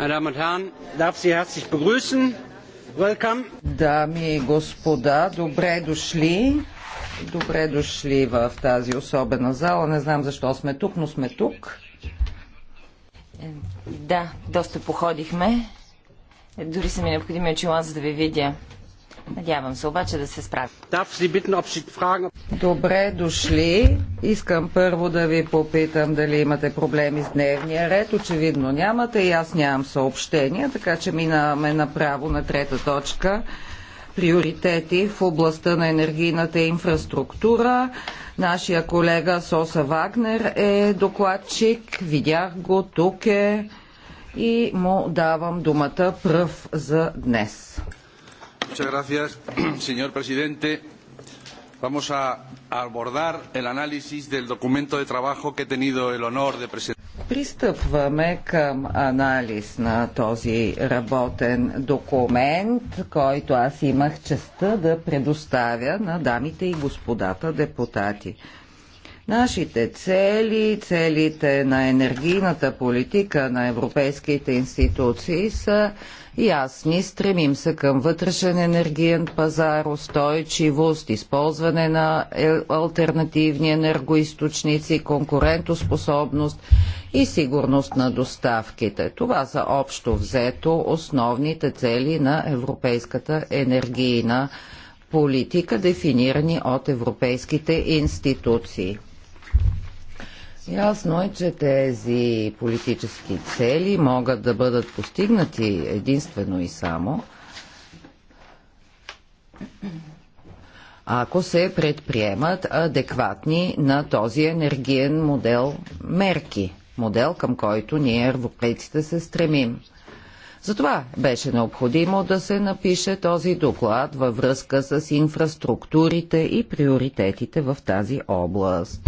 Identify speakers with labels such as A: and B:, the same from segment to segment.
A: Meine Damen und Herren, darf Sie herzlich begrüßen.
B: Welcome. Дами и господа, добре дошли. Добре дошли в тази особена зала. Не знам защо сме тук, но сме тук.
C: Е, да, доста походихме. Дори са ми необходими очила, за да ви видя. Надявам се обаче да се справи.
B: Добре дошли. Искам първо да ви попитам дали имате проблеми с дневния ред. Очевидно нямате и аз нямам съобщения, така че минаваме направо на трета точка. Приоритети в областта на енергийната инфраструктура. Нашия колега Соса Вагнер е докладчик. Видях го, тук е и му давам думата пръв за днес.
A: Muchas gracias, señor presidente. Vamos a abordar el análisis del documento de trabajo que he tenido el honor de presentar.
B: Пристъпваме към анализ на този работен документ, който аз имах честа да предоставя на дамите и господата депутати. Нашите цели, целите на енергийната политика на европейските институции са ясни. Стремим се към вътрешен енергиен пазар, устойчивост, използване на е, альтернативни енергоисточници, конкурентоспособност и сигурност на доставките. Това са общо взето основните цели на европейската енергийна политика, дефинирани от европейските институции. Ясно е, че тези политически цели могат да бъдат постигнати единствено и само ако се предприемат адекватни на този енергиен модел мерки, модел към който ние европейците се стремим. Затова беше необходимо да се напише този доклад във връзка с инфраструктурите и приоритетите в тази област.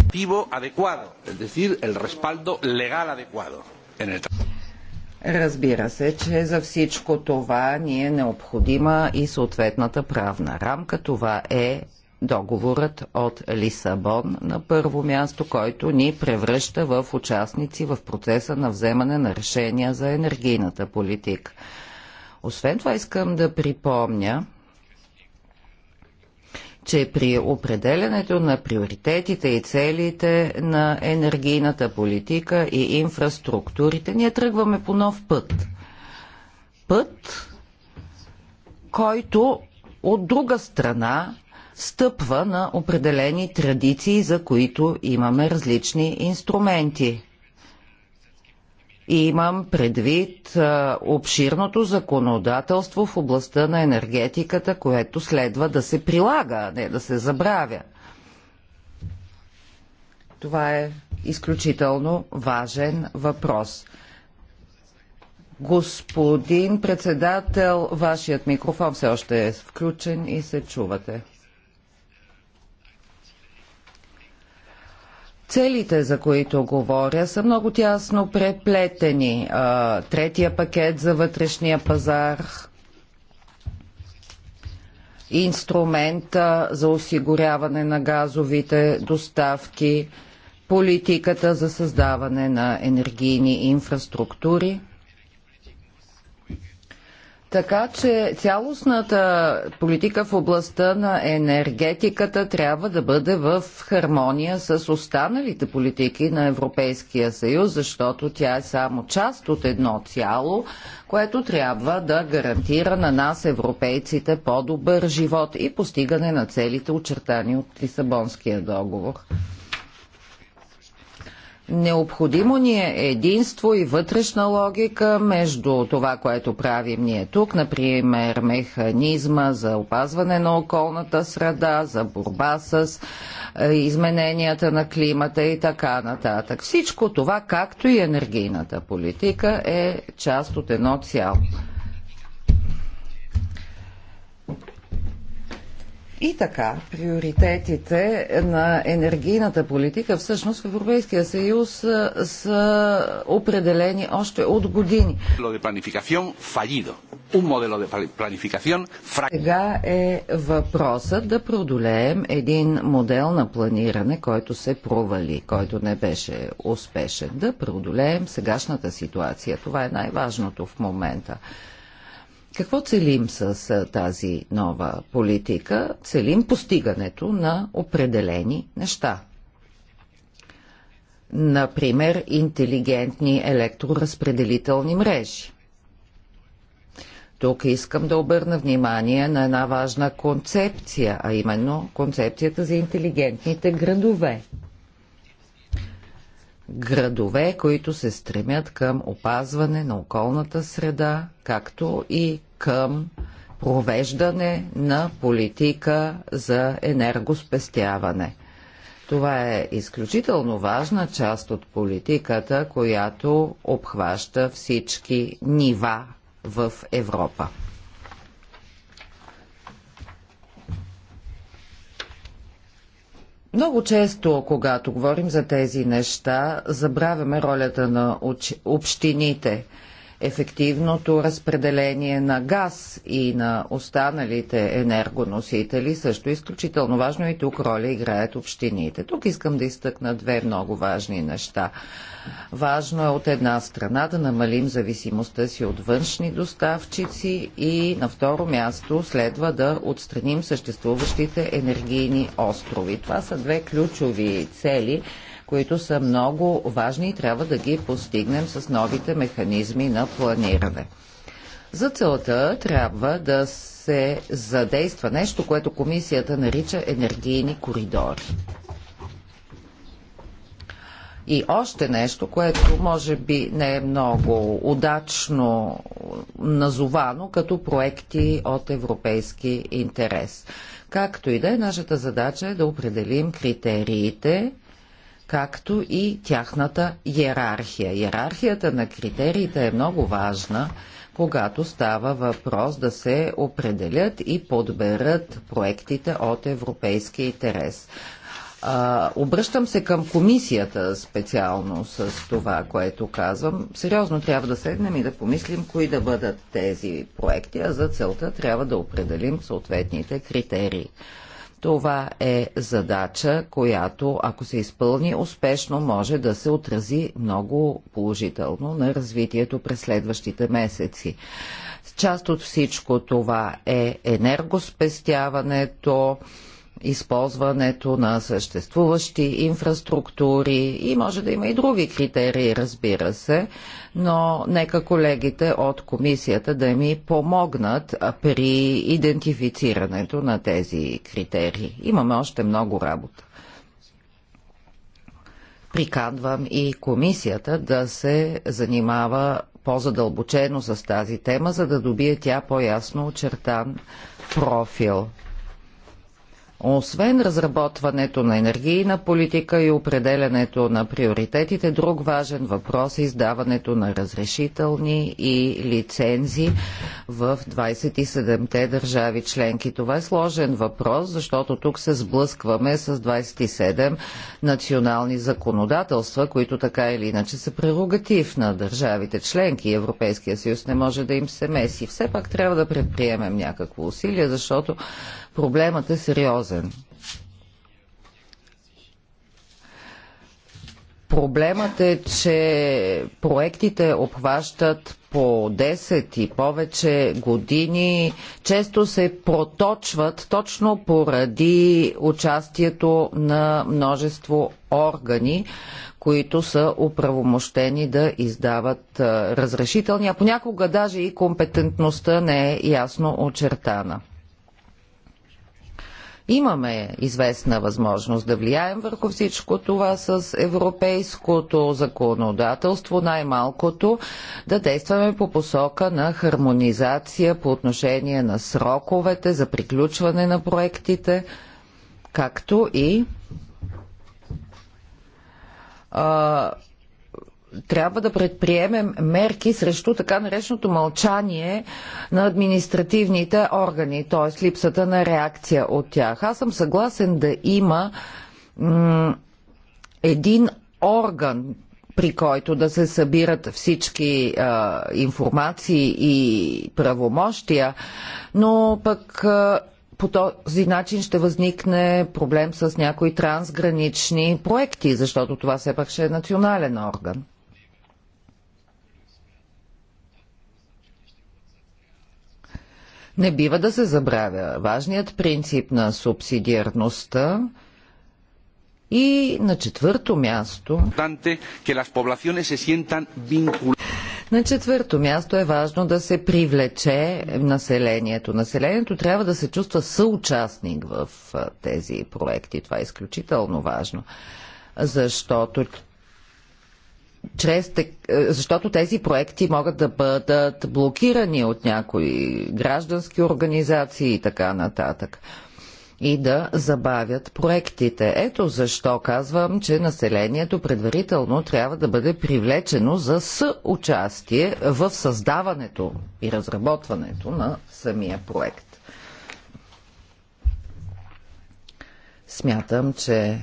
B: Разбира се, че за всичко това ни е необходима и съответната правна рамка. Това е договорът от Лисабон на първо място, който ни превръща в участници в процеса на вземане на решения за енергийната политика. Освен това искам да припомня, че при определенето на приоритетите и целите на енергийната политика и инфраструктурите ние тръгваме по нов път. Път, който от друга страна стъпва на определени традиции, за които имаме различни инструменти. И имам предвид а, обширното законодателство в областта на енергетиката, което следва да се прилага, а не да се забравя. Това е изключително важен въпрос. Господин председател, вашият микрофон все още е включен и се чувате. Целите, за които говоря, са много тясно преплетени. Третия пакет за вътрешния пазар, инструмента за осигуряване на газовите доставки, политиката за създаване на енергийни инфраструктури – така че цялостната политика в областта на енергетиката трябва да бъде в хармония с останалите политики на Европейския съюз, защото тя е само част от едно цяло, което трябва да гарантира на нас, европейците, по-добър живот и постигане на целите, очертани от Лисабонския договор. Необходимо ни е единство и вътрешна логика между това, което правим ние тук, например механизма за опазване на околната среда, за борба с е, измененията на климата и така нататък. Всичко това, както и енергийната политика, е част от едно цяло. И така, приоритетите на енергийната политика всъщност в Европейския съюз са, определени още от години. Сега е въпросът да продолеем един модел на планиране, който се провали, който не беше успешен. Да продолеем сегашната ситуация. Това е най-важното в момента. Какво целим с тази нова политика? Целим постигането на определени неща. Например, интелигентни електроразпределителни мрежи. Тук искам да обърна внимание на една важна концепция, а именно концепцията за интелигентните градове градове, които се стремят към опазване на околната среда, както и към провеждане на политика за енергоспестяване. Това е изключително важна част от политиката, която обхваща всички нива в Европа. Много често, когато говорим за тези неща, забравяме ролята на общините. Ефективното разпределение на газ и на останалите енергоносители също е изключително важно и тук роля играят общините. Тук искам да изтъкна две много важни неща. Важно е от една страна да намалим зависимостта си от външни доставчици и на второ място следва да отстраним съществуващите енергийни острови. Това са две ключови цели, които са много важни и трябва да ги постигнем с новите механизми на планиране. За целта трябва да се задейства нещо, което комисията нарича енергийни коридори. И още нещо, което може би не е много удачно назовано като проекти от европейски интерес. Както и да е, нашата задача е да определим критериите, както и тяхната иерархия. Иерархията на критериите е много важна, когато става въпрос да се определят и подберат проектите от европейски интерес. А, обръщам се към комисията специално с това, което казвам. Сериозно трябва да седнем и да помислим кои да бъдат тези проекти, а за целта трябва да определим съответните критерии. Това е задача, която, ако се изпълни успешно, може да се отрази много положително на развитието през следващите месеци. Част от всичко това е енергоспестяването, използването на съществуващи инфраструктури и може да има и други критерии, разбира се, но нека колегите от комисията да ми помогнат при идентифицирането на тези критерии. Имаме още много работа. Приканвам и комисията да се занимава по-задълбочено с тази тема, за да добие тя по-ясно очертан профил. Освен разработването на енергийна политика и определенето на приоритетите, друг важен въпрос е издаването на разрешителни и лицензи в 27-те държави членки. Това е сложен въпрос, защото тук се сблъскваме с 27 национални законодателства, които така или иначе са прерогатив на държавите членки. Европейския съюз не може да им се меси. Все пак трябва да предприемем някакво усилие, защото Проблемът е сериозен. Проблемът е, че проектите обхващат по 10 и повече години, често се проточват точно поради участието на множество органи, които са управомощени да издават разрешителни, а понякога даже и компетентността не е ясно очертана имаме известна възможност да влияем върху всичко това с европейското законодателство, най-малкото да действаме по посока на хармонизация по отношение на сроковете за приключване на проектите, както и а, трябва да предприемем мерки срещу така нареченото мълчание на административните органи, т.е. липсата на реакция от тях. Аз съм съгласен да има един орган, при който да се събират всички а, информации и правомощия, но пък а, по този начин ще възникне проблем с някои трансгранични проекти, защото това все пак ще е национален орган. Не бива да се забравя важният принцип на субсидиарността и на четвърто място на четвърто място е важно да се привлече населението. Населението трябва да се чувства съучастник в тези проекти. Това е изключително важно, защото чрез, е, защото тези проекти могат да бъдат блокирани от някои граждански организации и така нататък и да забавят проектите. Ето защо казвам, че населението предварително трябва да бъде привлечено за съучастие в създаването и разработването на самия проект. Смятам, че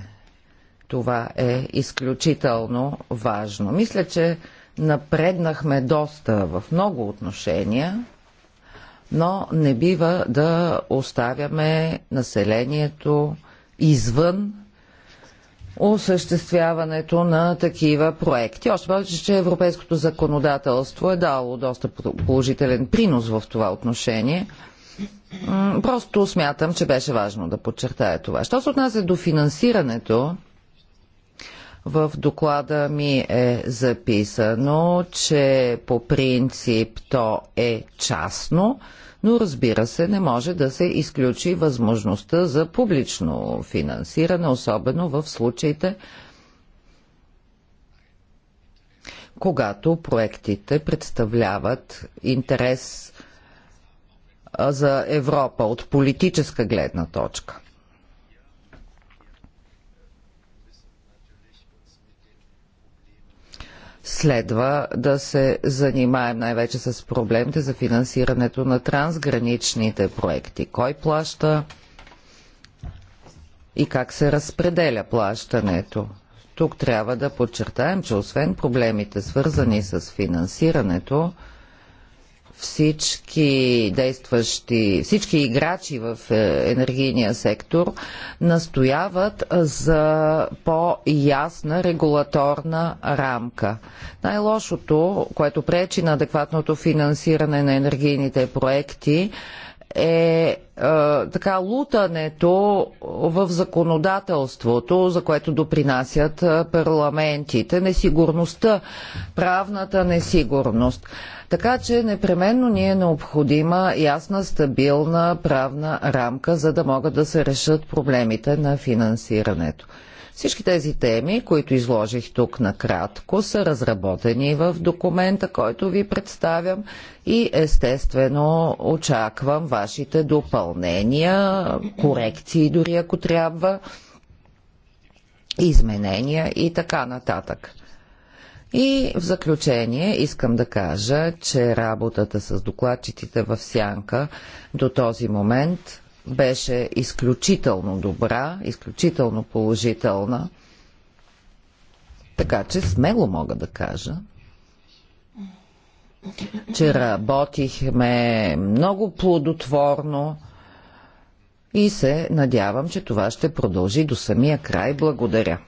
B: това е изключително важно. Мисля, че напреднахме доста в много отношения, но не бива да оставяме населението извън осъществяването на такива проекти. Още повече, че европейското законодателство е дало доста положителен принос в това отношение. Просто смятам, че беше важно да подчертая това. Що се отнася до финансирането, в доклада ми е записано, че по принцип то е частно, но разбира се, не може да се изключи възможността за публично финансиране, особено в случаите, когато проектите представляват интерес за Европа от политическа гледна точка. следва да се занимаем най-вече с проблемите за финансирането на трансграничните проекти. Кой плаща и как се разпределя плащането? Тук трябва да подчертаем, че освен проблемите свързани с финансирането, всички действащи, всички играчи в е, енергийния сектор настояват за по-ясна регулаторна рамка. Най-лошото, което пречи на адекватното финансиране на енергийните проекти, е, е така лутането в законодателството, за което допринасят е, парламентите, несигурността, правната несигурност. Така че непременно ни е необходима ясна, стабилна правна рамка, за да могат да се решат проблемите на финансирането. Всички тези теми, които изложих тук накратко, са разработени в документа, който ви представям и естествено очаквам вашите допълнения, корекции дори ако трябва, изменения и така нататък. И в заключение искам да кажа, че работата с докладчиците в Сянка до този момент беше изключително добра, изключително положителна. Така че смело мога да кажа, че работихме много плодотворно и се надявам, че това ще продължи до самия край. Благодаря.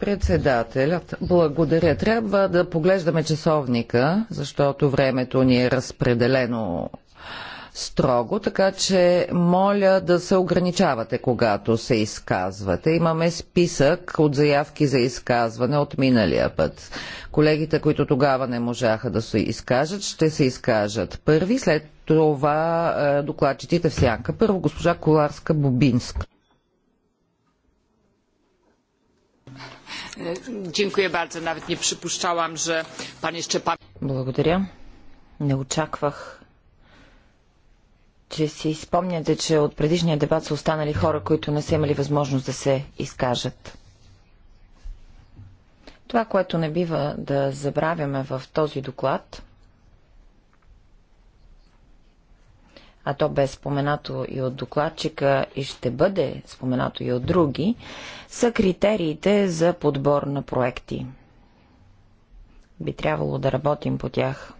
B: Председателят, благодаря. Трябва да поглеждаме часовника, защото времето ни е разпределено строго, така че моля да се ограничавате, когато се изказвате. Имаме списък от заявки за изказване от миналия път. Колегите, които тогава не можаха да се изкажат, ще се изкажат първи, след това е, докладчетите в сянка. Първо госпожа Коларска-Бубинска.
C: Благодаря. Не очаквах че си спомняте, че от предишния дебат са останали хора, които не са имали възможност да се изкажат. Това, което не бива да забравяме в този доклад, а то бе споменато и от докладчика и ще бъде споменато и от други, са критериите за подбор на проекти. Би трябвало да работим по тях.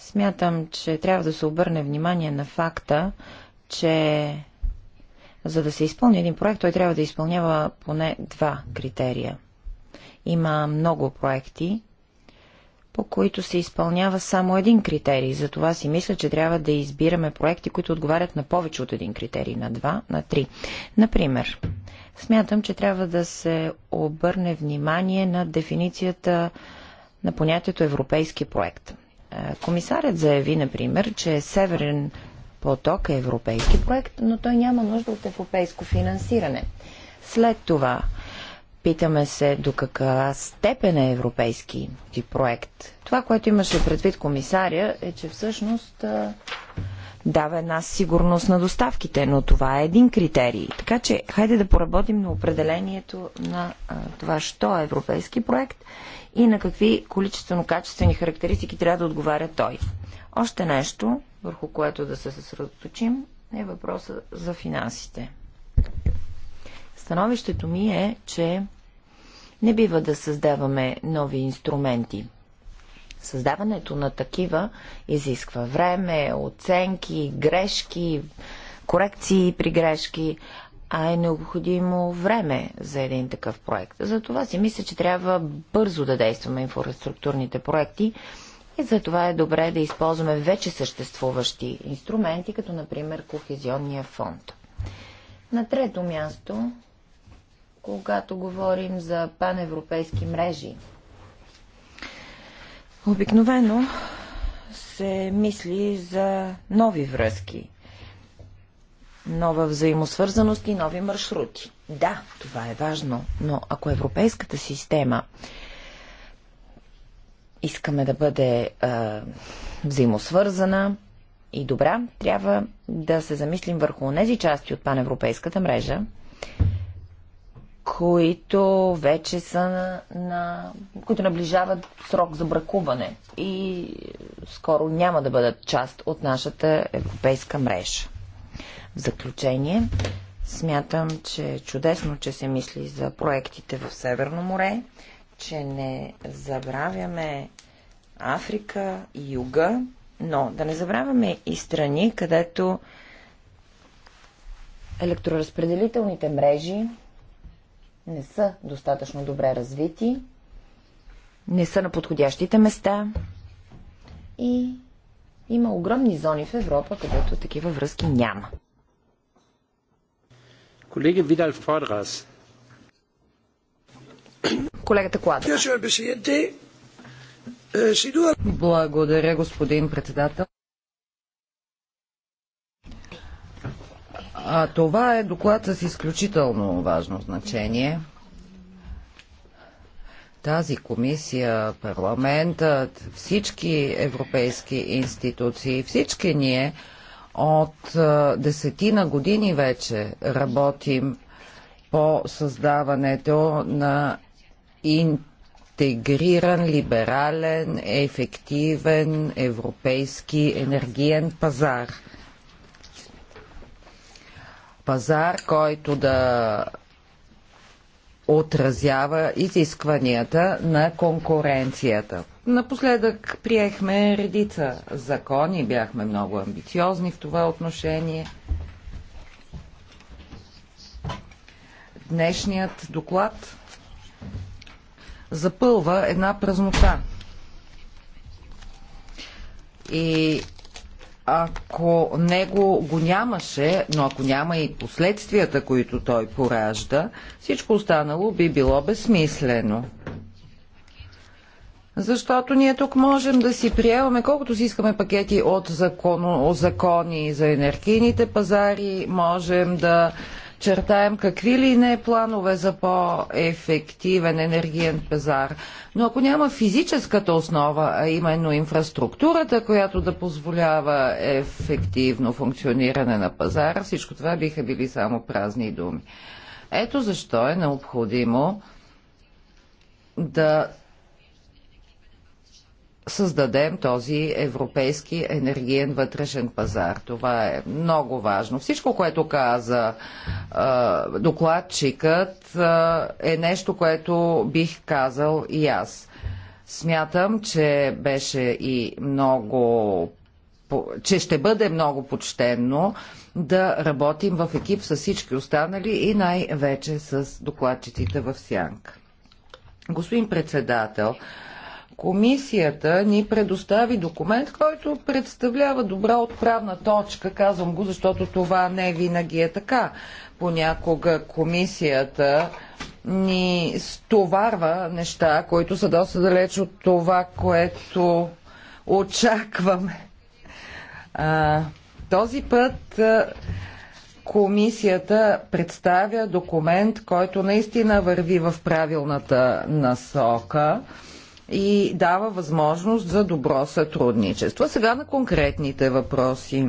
C: Смятам, че трябва да се обърне внимание на факта, че за да се изпълни един проект, той трябва да изпълнява поне два критерия. Има много проекти, по които се изпълнява само един критерий. Затова си мисля, че трябва да избираме проекти, които отговарят на повече от един критерий, на два, на три. Например, смятам, че трябва да се обърне внимание на дефиницията на понятието европейски проект. Комисарят заяви, например, че Северен поток е европейски проект, но той няма нужда от европейско финансиране. След това питаме се до каква степен е европейски ти проект. Това, което имаше предвид комисаря, е, че всъщност дава една сигурност на доставките, но това е един критерий. Така че, хайде да поработим на определението на а, това, що е европейски проект и на какви количествено-качествени характеристики трябва да отговаря той. Още нещо, върху което да се съсредоточим, е въпроса за финансите. Становището ми е, че не бива да създаваме нови инструменти. Създаването на такива изисква време, оценки, грешки, корекции при грешки, а е необходимо време за един такъв проект. Затова си мисля, че трябва бързо да действаме инфраструктурните проекти и затова е добре да използваме вече съществуващи инструменти, като например Кохезионния фонд. На трето място, когато говорим за паневропейски мрежи, обикновено се мисли за нови връзки – нова взаимосвързаност и нови маршрути. Да, това е важно, но ако европейската система искаме да бъде а, взаимосвързана и добра, трябва да се замислим върху тези части от паневропейската мрежа, които вече са на, на... които наближават срок за бракуване и скоро няма да бъдат част от нашата европейска мрежа. В заключение, смятам, че е чудесно, че се мисли за проектите в Северно море, че не забравяме Африка и Юга, но да не забравяме и страни, където електроразпределителните мрежи не са достатъчно добре развити, не са на подходящите места и има огромни зони в Европа, където такива връзки няма. Колега Видал Фодрас. Колегата eh,
B: Благодаря, господин председател. това е доклад с изключително важно значение. Тази комисия, парламентът, всички европейски институции, всички ние от десетина години вече работим по създаването на интегриран, либерален, ефективен европейски енергиен пазар. Пазар, който да отразява изискванията на конкуренцията. Напоследък приехме редица закони, бяхме много амбициозни в това отношение. Днешният доклад запълва една празнота. И ако него го нямаше, но ако няма и последствията, които той поражда, всичко останало би било безсмислено. Защото ние тук можем да си приемаме колкото си искаме пакети от закон, закони за енергийните пазари, можем да чертаем какви ли не планове за по-ефективен енергиен пазар. Но ако няма физическата основа, а именно инфраструктурата, която да позволява ефективно функциониране на пазара, всичко това биха били само празни думи. Ето защо е необходимо да създадем този европейски енергиен вътрешен пазар. Това е много важно. Всичко, което каза е, докладчикът, е нещо, което бих казал и аз. Смятам, че беше и много че ще бъде много почтенно да работим в екип с всички останали и най-вече с докладчиците в Сянка. Господин председател, комисията ни предостави документ, който представлява добра отправна точка. Казвам го, защото това не винаги е така. Понякога комисията ни стоварва неща, които са доста далеч от това, което очакваме. А, този път а, комисията представя документ, който наистина върви в правилната насока и дава възможност за добро сътрудничество. Сега на конкретните въпроси.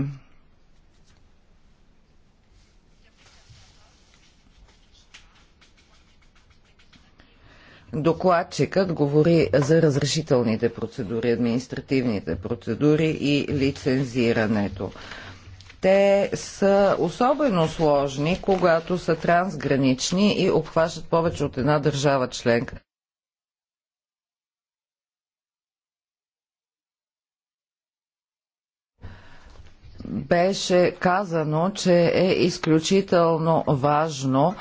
B: Докладчикът говори за разрешителните процедури, административните процедури и лицензирането. Те са особено сложни, когато са трансгранични и обхващат повече от една държава членка. беше казано, че е изключително важно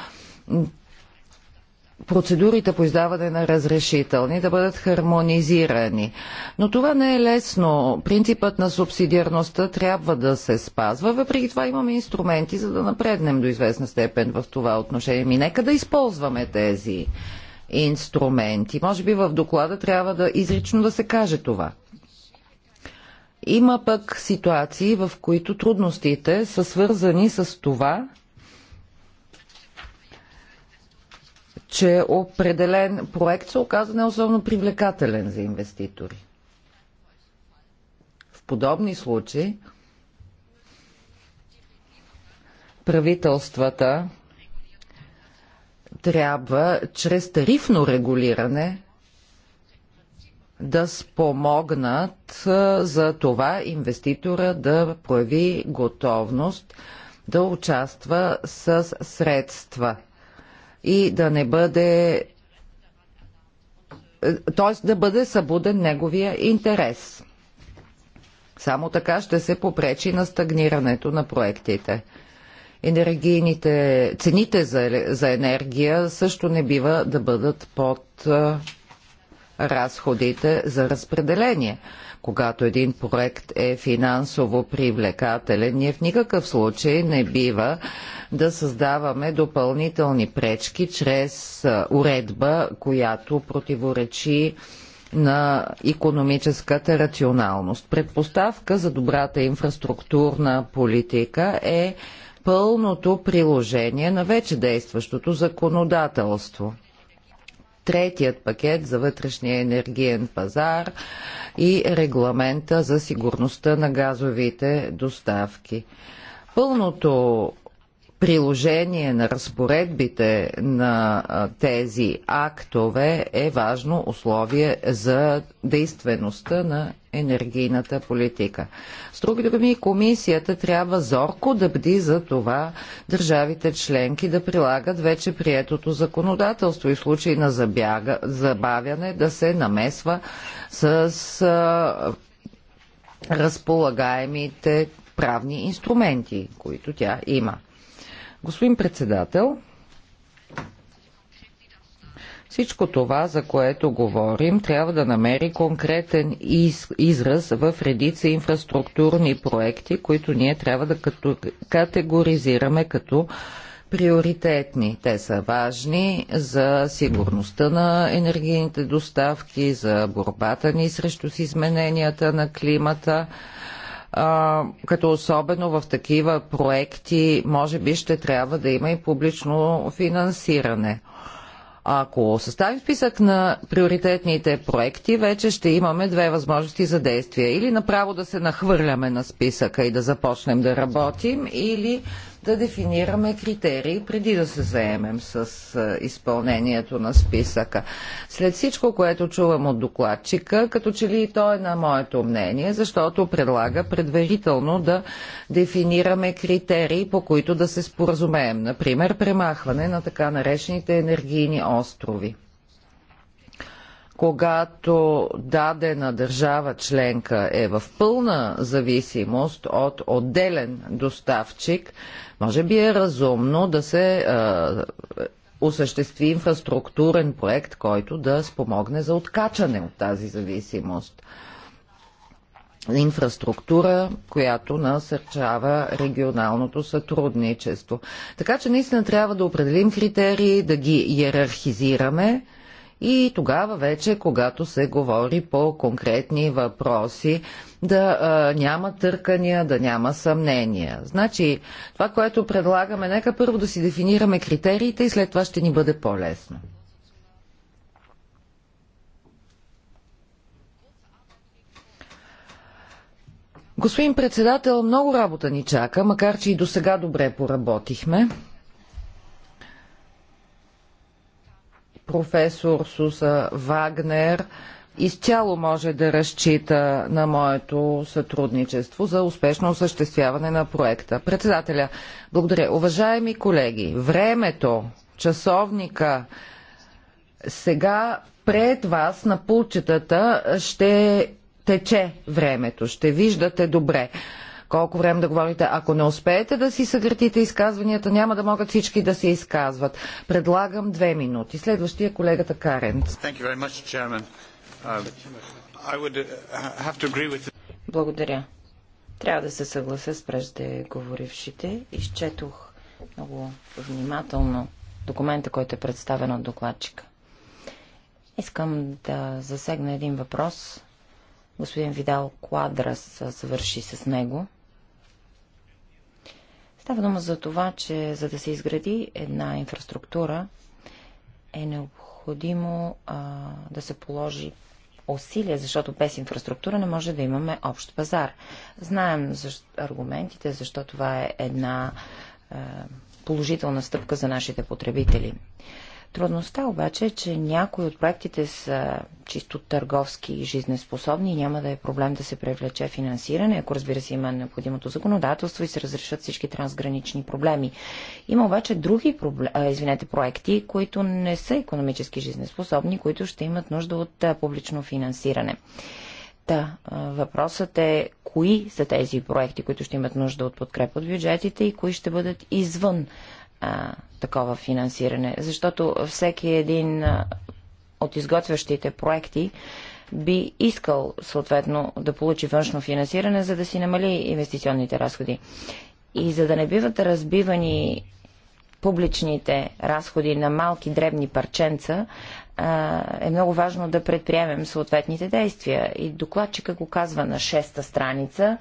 B: процедурите по издаване на разрешителни да бъдат хармонизирани. Но това не е лесно. Принципът на субсидиарността трябва да се спазва. Въпреки това имаме инструменти, за да напреднем до известна степен в това отношение. Ми нека да използваме тези инструменти. Може би в доклада трябва да изрично да се каже това. Има пък ситуации, в които трудностите са свързани с това, че определен проект се оказа не особено привлекателен за инвеститори. В подобни случаи правителствата трябва чрез тарифно регулиране да спомогнат за това инвеститора да прояви готовност да участва с средства и да не бъде е, т.е. да бъде събуден неговия интерес. Само така ще се попречи на стагнирането на проектите. Енергийните цените за, за енергия също не бива да бъдат под разходите за разпределение. Когато един проект е финансово привлекателен, ние в никакъв случай не бива да създаваме допълнителни пречки чрез уредба, която противоречи на економическата рационалност. Предпоставка за добрата инфраструктурна политика е пълното приложение на вече действащото законодателство третият пакет за вътрешния енергиен пазар и регламента за сигурността на газовите доставки. Пълното приложение на разпоредбите на тези актове е важно условие за действеността на енергийната политика. С други думи, комисията трябва зорко да бди за това държавите членки да прилагат вече приетото законодателство и в случай на забяга, забавяне да се намесва с а, разполагаемите правни инструменти, които тя има. Господин председател, всичко това, за което говорим, трябва да намери конкретен из, израз в редица инфраструктурни проекти, които ние трябва да като, категоризираме като приоритетни. Те са важни за сигурността на енергийните доставки, за борбата ни срещу с измененията на климата, а, като особено в такива проекти може би ще трябва да има и публично финансиране. Ако съставим списък на приоритетните проекти, вече ще имаме две възможности за действие. Или направо да се нахвърляме на списъка и да започнем да работим, или да дефинираме критерии преди да се заемем с изпълнението на списъка. След всичко, което чувам от докладчика, като че ли и той е на моето мнение, защото предлага предварително да дефинираме критерии, по които да се споразумеем. Например, премахване на така наречените енергийни острови когато дадена държава членка е в пълна зависимост от отделен доставчик, може би е разумно да се а, осъществи инфраструктурен проект, който да спомогне за откачане от тази зависимост. Инфраструктура, която насърчава регионалното сътрудничество. Така че наистина трябва да определим критерии, да ги иерархизираме и тогава вече, когато се говори по конкретни въпроси, да а, няма търкания, да няма съмнения. Значи, това, което предлагаме, нека първо да си дефинираме критериите и след това ще ни бъде по-лесно. Господин председател, много работа ни чака, макар че и до сега добре поработихме. професор Суса Вагнер изцяло може да разчита на моето сътрудничество за успешно осъществяване на проекта. Председателя, благодаря. Уважаеми колеги, времето, часовника, сега пред вас на пулчетата ще тече времето. Ще виждате добре колко време да говорите. Ако не успеете да си съкратите изказванията, няма да могат всички да се изказват. Предлагам две минути. Следващия е колегата Карент.
A: Um, uh,
C: Благодаря. Трябва да се съглася с преждеговорившите. Изчетох много внимателно документа, който е представен от докладчика. Искам да засегна един въпрос. Господин Видал Квадрас завърши с него. Става дума за това, че за да се изгради една инфраструктура, е необходимо а, да се положи усилия, защото без инфраструктура не може да имаме общ пазар. Знаем защо, аргументите, защо това е една а, положителна стъпка за нашите потребители. Трудността обаче е, че някои от проектите са чисто търговски и жизнеспособни и няма да е проблем да се привлече финансиране, ако разбира се има необходимото законодателство и се разрешат всички трансгранични проблеми. Има обаче други проблем, извинете, проекти, които не са економически жизнеспособни, които ще имат нужда от публично финансиране. Та, въпросът е кои са тези проекти, които ще имат нужда от подкрепа от бюджетите и кои ще бъдат извън а, такова финансиране, защото всеки един а, от изготвящите проекти би искал съответно да получи външно финансиране, за да си намали инвестиционните разходи. И за да не биват разбивани публичните разходи на малки дребни парченца, е много важно да предприемем съответните действия. И докладчика го казва на шеста страница,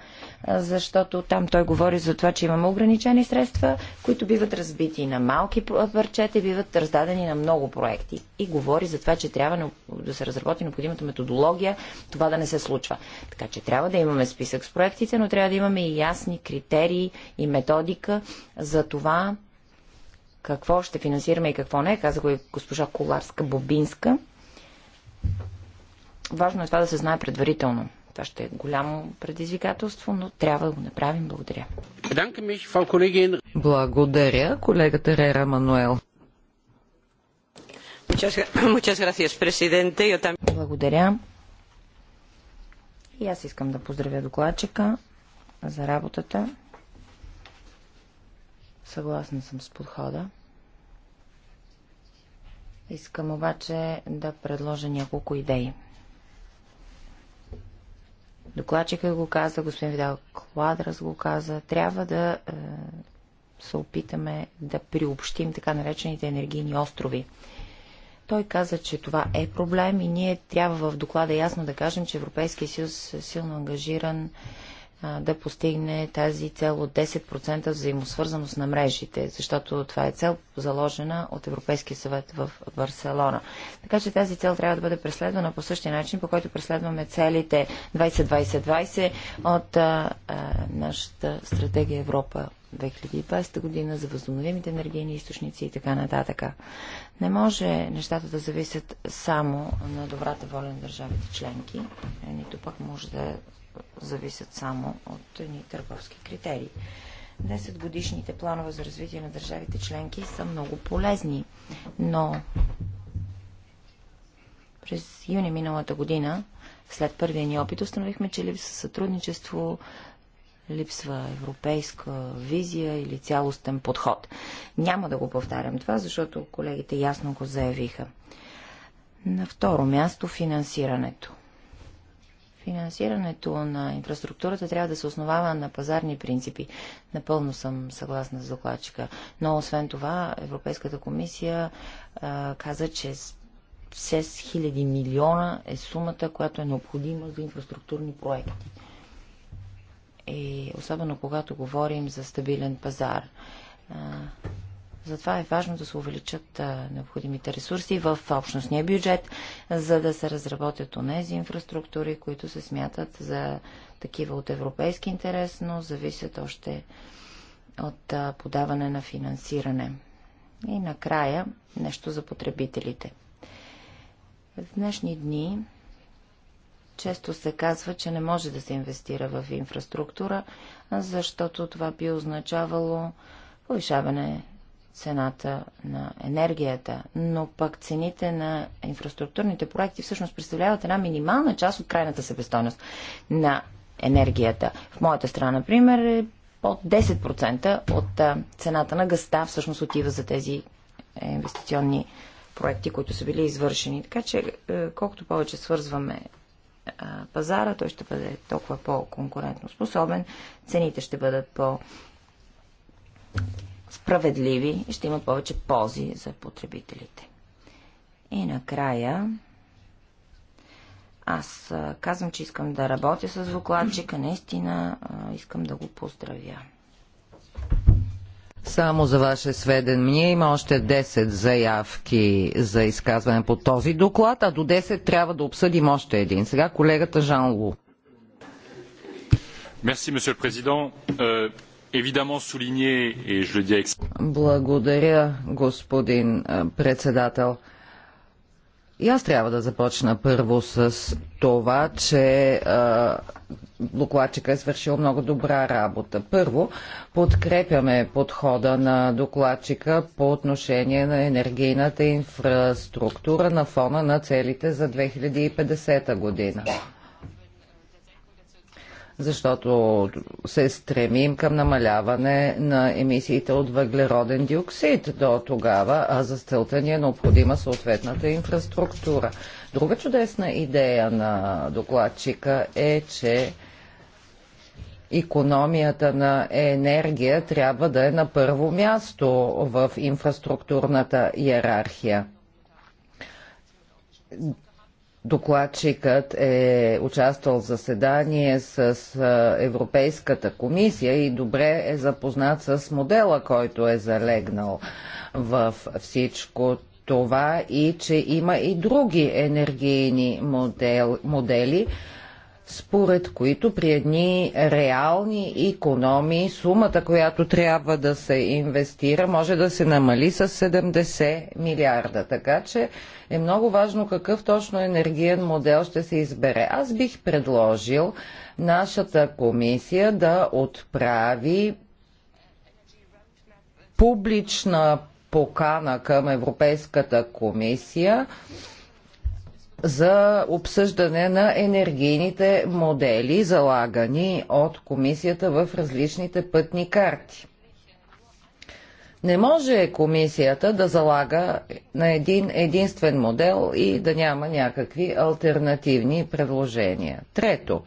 C: защото там той говори за това, че имаме ограничени средства, които биват разбити на малки парчета и биват раздадени на много проекти. И говори за това, че трябва да се разработи необходимата методология, това да не се случва. Така че трябва да имаме списък с проектите, но трябва да имаме и ясни критерии и методика за това какво ще финансираме и какво не, каза го и госпожа Коларска-Бобинска. Важно е това да се знае предварително. Това ще е голямо предизвикателство, но трябва да го направим. Благодаря. Благодаря, колегата Рера Мануел. Благодаря. И аз искам да поздравя докладчика за работата. Съгласна съм с подхода. Искам обаче да предложа няколко идеи. Докладчика го каза, господин Видал Кладрас го каза. Трябва да е, се опитаме да приобщим така наречените енергийни острови. Той каза, че това е проблем и ние трябва в доклада ясно да кажем, че Европейския съюз е силно ангажиран да постигне тази цел от 10% взаимосвързаност на мрежите, защото това е цел заложена от Европейския съвет в Барселона. Така че тази цел трябва да бъде преследвана по същия начин, по който преследваме целите 20-20-20 от а, а, нашата стратегия Европа 2020 година за възобновимите енергийни източници и така нататък. Не може нещата да зависят само на добрата воля на държавите членки, нито пък може да зависят само от едни търговски критерии. 10 годишните планове за развитие на държавите членки са много полезни, но през юни миналата година, след първия ни опит, установихме, че липсва сътрудничество, липсва европейска визия или цялостен подход. Няма да го повтарям това, защото колегите ясно го заявиха. На второ място финансирането. Финансирането на инфраструктурата трябва да се основава на пазарни принципи. Напълно съм съгласна с докладчика. Но освен това, Европейската комисия а, каза, че 6000 милиона е сумата, която е необходима за инфраструктурни проекти. И особено когато говорим за стабилен пазар. А, затова е важно да се увеличат необходимите ресурси в общностния бюджет, за да се разработят онези инфраструктури, които се смятат за такива от европейски интерес, но зависят още от подаване на финансиране. И накрая нещо за потребителите. В днешни дни често се казва, че не може да се инвестира в инфраструктура, защото това би означавало повишаване цената на енергията, но пък цените на инфраструктурните проекти всъщност представляват една минимална част от крайната себестойност на енергията. В моята страна, например, е под 10% от цената на гъста всъщност отива за тези е, инвестиционни проекти, които са били извършени. Така че е, колкото повече свързваме пазара, той ще бъде толкова по-конкурентно способен, цените ще бъдат по справедливи и ще има повече ползи за потребителите. И накрая аз казвам, че искам да работя с докладчика. Наистина искам да го поздравя.
B: Само за ваше сведение има още 10 заявки за изказване по този доклад, а до 10 трябва да обсъдим още един. Сега колегата Жан Лу.
A: Мерси, месье президент.
B: Благодаря, господин председател. И аз трябва да започна първо с това, че докладчика е свършил много добра работа. Първо, подкрепяме подхода на докладчика по отношение на енергийната инфраструктура на фона на целите за 2050 година защото се стремим към намаляване на емисиите от въглероден диоксид до тогава, а за целта ни е необходима съответната инфраструктура. Друга чудесна идея на докладчика е, че економията на енергия трябва да е на първо място в инфраструктурната иерархия докладчикът е участвал в заседание с Европейската комисия и добре е запознат с модела, който е залегнал в всичко това и че има и други енергийни модели, според които при едни реални економии сумата, която трябва да се инвестира, може да се намали с 70 милиарда. Така че е много важно какъв точно енергиен модел ще се избере. Аз бих предложил нашата комисия да отправи публична покана към Европейската комисия за обсъждане на енергийните модели, залагани от комисията в различните пътни карти. Не може комисията да залага на един единствен модел и да няма някакви альтернативни предложения. Трето,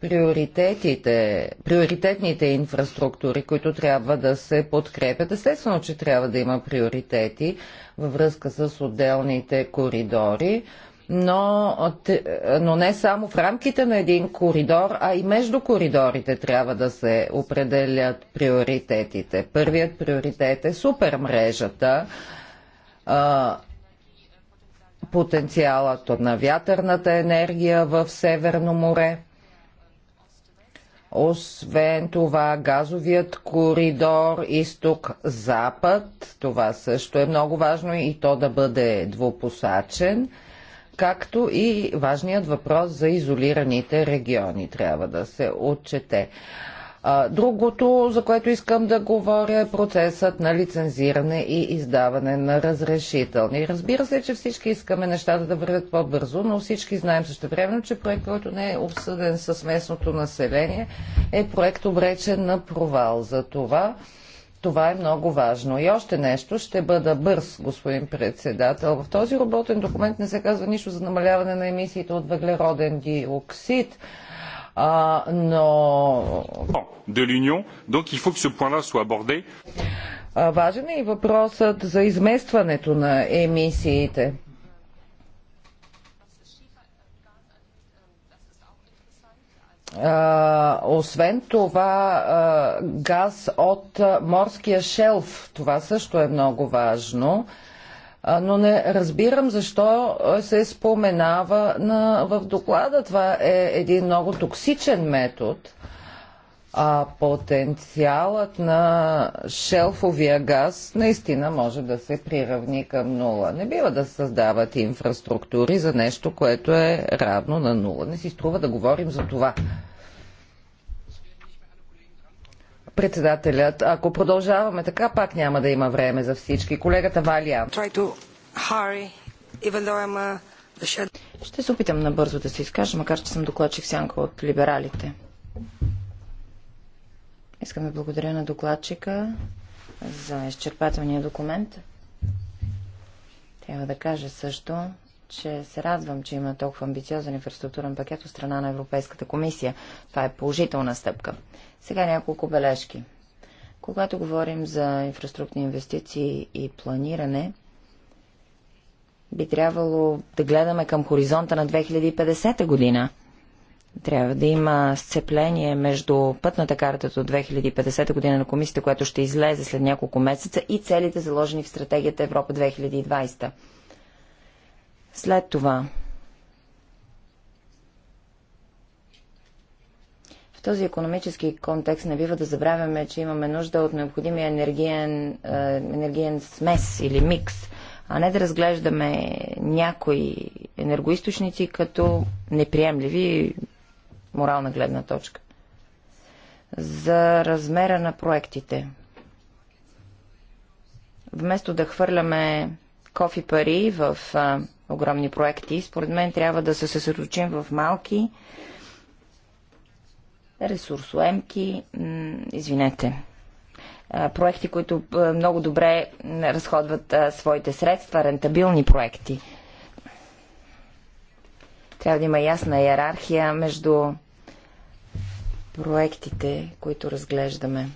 B: приоритетите, приоритетните инфраструктури, които трябва да се подкрепят. Естествено, че трябва да има приоритети във връзка с отделните коридори, но, но не само в рамките на един коридор, а и между коридорите трябва да се определят приоритетите. Първият приоритет е супермрежата, потенциалът на вятърната енергия в Северно море. Освен това, газовият коридор изток-запад, това също е много важно и то да бъде двупосачен – както и важният въпрос за изолираните региони трябва да се отчете. Другото, за което искам да говоря, е процесът на лицензиране и издаване на разрешителни. Разбира се, че всички искаме нещата да вървят по-бързо, но всички знаем също време, че проект, който не е обсъден с местното население, е проект обречен на провал. За това това е много важно. И още нещо, ще бъда бърз, господин председател. В този работен документ не се казва нищо за намаляване на емисиите от въглероден диоксид, а, но... De l'Union, donc il faut que ce point-là soit abordé. Важен е и въпросът за изместването на емисиите. освен това, а, газ от морския шелф, това също е много важно, а, но не разбирам защо се споменава на, в доклада. Това е един много токсичен метод – а потенциалът на шелфовия газ наистина може да се приравни към нула. Не бива да създават инфраструктури за нещо, което е равно на нула. Не си струва да говорим за това. Председателят, ако продължаваме така, пак няма да има време за всички. Колегата Валия.
C: Ще се опитам набързо да се изкажа, макар че съм докладчик сянка от либералите. Искам да благодаря на докладчика за изчерпателния документ. Трябва да кажа също, че се радвам, че има толкова амбициозен инфраструктурен пакет от страна на Европейската комисия. Това е положителна стъпка. Сега няколко бележки. Когато говорим за инфраструктурни инвестиции и планиране, би трябвало да гледаме към хоризонта на 2050 година – трябва да има сцепление между пътната карта до 2050 година на комисията, която ще излезе след няколко месеца и целите заложени в стратегията Европа 2020. След това В този економически контекст не бива да забравяме, че имаме нужда от необходимия енергиен, е, енергиен смес или микс, а не да разглеждаме някои енергоисточници като неприемливи морална гледна точка. За размера на проектите. Вместо да хвърляме кофи пари в а, огромни проекти, според мен трябва да се съсредоточим в малки, ресурсоемки, извинете, проекти, които много добре разходват своите средства, рентабилни проекти. Трябва да има ясна иерархия между проектите, които разглеждаме.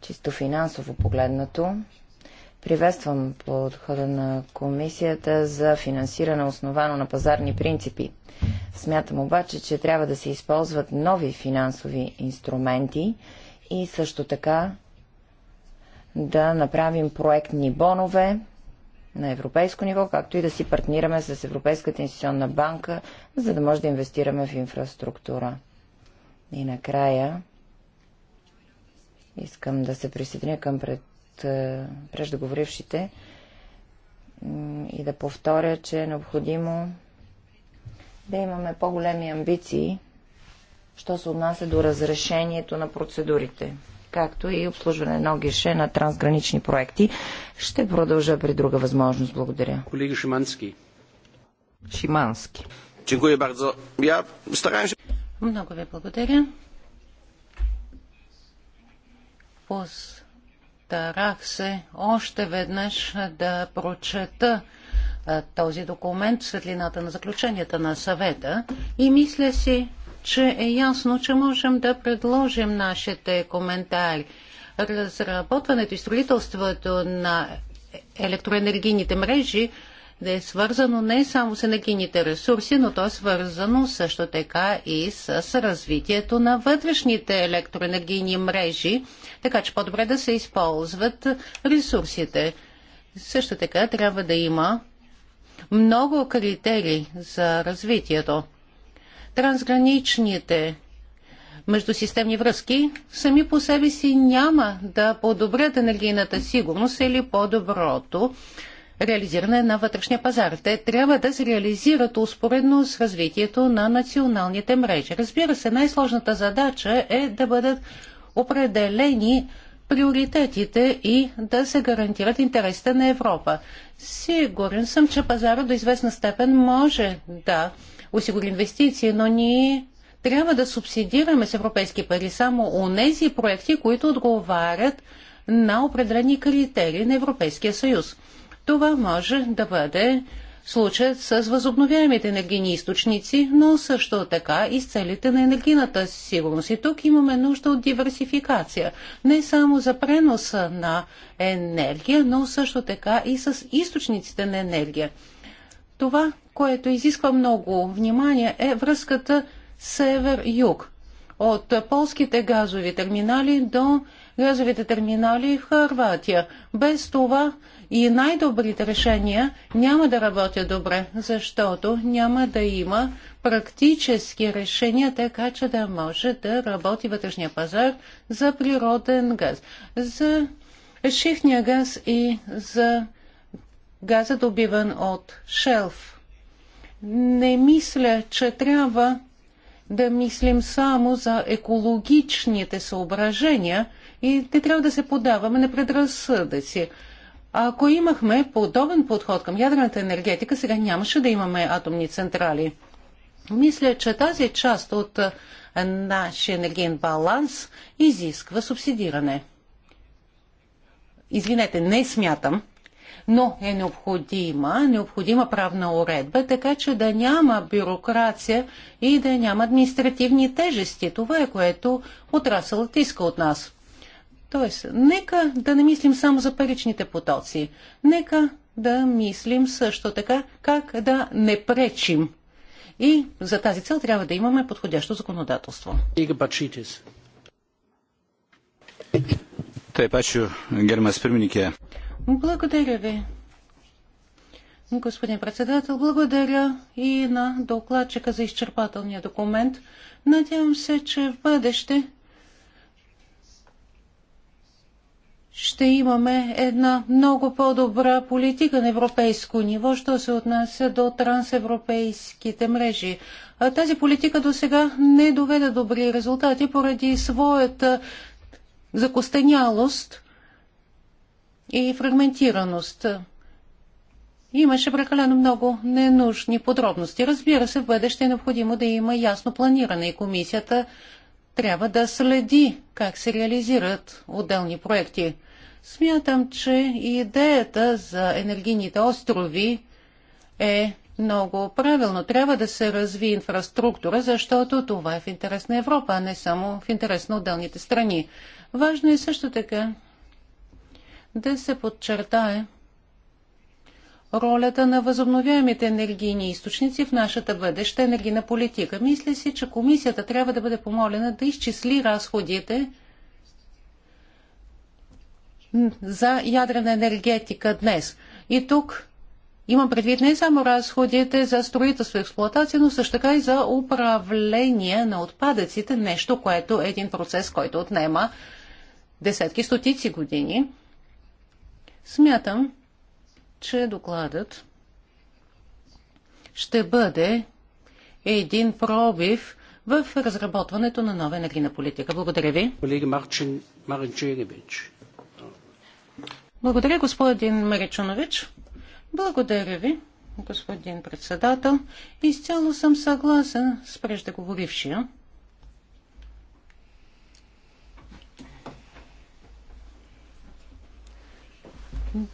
C: Чисто финансово погледнато, приветствам подхода на комисията за финансиране основано на пазарни принципи. Смятам обаче, че трябва да се използват нови финансови инструменти и също така да направим проектни бонове, на европейско ниво, както и да си партнираме с Европейската инвестиционна банка, за да може да инвестираме в инфраструктура. И накрая искам да се присъединя към пред, е, преждоговорившите и да повторя, че е необходимо да имаме по-големи амбиции, що се отнася до разрешението на процедурите както и обслужване на гише на трансгранични проекти. Ще продължа при друга възможност. Благодаря.
A: Колега Шимански.
C: Шимански.
A: Dziękuję бардзо. Я starałem
D: Много ви благодаря. Постарах се още веднъж да прочета този документ в светлината на заключенията на съвета и мисля си, че е ясно, че можем да предложим нашите коментари. Разработването и строителството на електроенергийните мрежи да е свързано не само с енергийните ресурси, но то е свързано също така и с развитието на вътрешните електроенергийни мрежи, така че по-добре да се използват ресурсите. Също така трябва да има много критерии за развитието трансграничните междусистемни връзки сами по себе си няма да подобрят енергийната сигурност или по-доброто реализиране на вътрешния пазар. Те трябва да се реализират успоредно с развитието на националните мрежи. Разбира се, най-сложната задача е да бъдат определени приоритетите и да се гарантират интересите на Европа. Сигурен съм, че пазара до известна степен може да осигури инвестиции, но ние трябва да субсидираме с европейски пари само у нези проекти, които отговарят на определени критерии на Европейския съюз. Това може да бъде случаят с възобновяемите енергийни източници, но също така и с целите на енергийната сигурност. И тук имаме нужда от диверсификация, не само за преноса на енергия, но също така и с източниците на енергия. Това, което изисква много внимание, е връзката север-юг. От полските газови терминали до газовите терминали в Харватия. Без това и най-добрите решения няма да работят добре, защото няма да има практически решения, така че да може да работи вътрешния пазар за природен газ. За шифтния газ и за газа добиван от шелф. Не мисля, че трябва да мислим само за екологичните съображения и не трябва да се подаваме на предразсъдъци. Ако имахме подобен подход към ядрената енергетика, сега нямаше да имаме атомни централи. Мисля, че тази част от нашия енергиен баланс изисква субсидиране. Извинете, не смятам, но е необходима, необходима правна уредба, така че да няма бюрокрация и да няма административни тежести. Това е което отрасълът иска от нас. Тоест, нека да не мислим само за паричните потоци. Нека да мислим също така как да не пречим. И за тази цел трябва да имаме подходящо законодателство.
A: Taip, ačiū, gerbiamas pirmininkė.
D: Благодаря ви. Господин председател, благодаря и на докладчика за изчерпателния документ. Надявам се, че в бъдеще ще имаме една много по-добра политика на европейско ниво, що се отнася до трансевропейските мрежи. А тази политика до сега не доведе добри резултати поради своята закостенялост – и фрагментираност. Имаше прекалено много ненужни подробности. Разбира се, в бъдеще е необходимо да има ясно планиране и комисията трябва да следи как се реализират отделни проекти. Смятам, че идеята за енергийните острови е много правилно. Трябва да се разви инфраструктура, защото това е в интерес на Европа, а не само в интерес на отделните страни. Важно е също така да се подчертае ролята на възобновяемите енергийни източници в нашата бъдеща енергийна политика. Мисля си, че комисията трябва да бъде помолена да изчисли разходите за ядрена енергетика днес. И тук имам предвид не само разходите за строителство и експлуатация, но също така и за управление на отпадъците, нещо, което е един процес, който отнема десетки, стотици години – Смятам, че докладът ще бъде един пробив в разработването на нова енергийна политика. Благодаря ви. Марчин Благодаря, господин Маричунович. Благодаря ви, господин председател. Изцяло съм съгласен с преждеговорившия.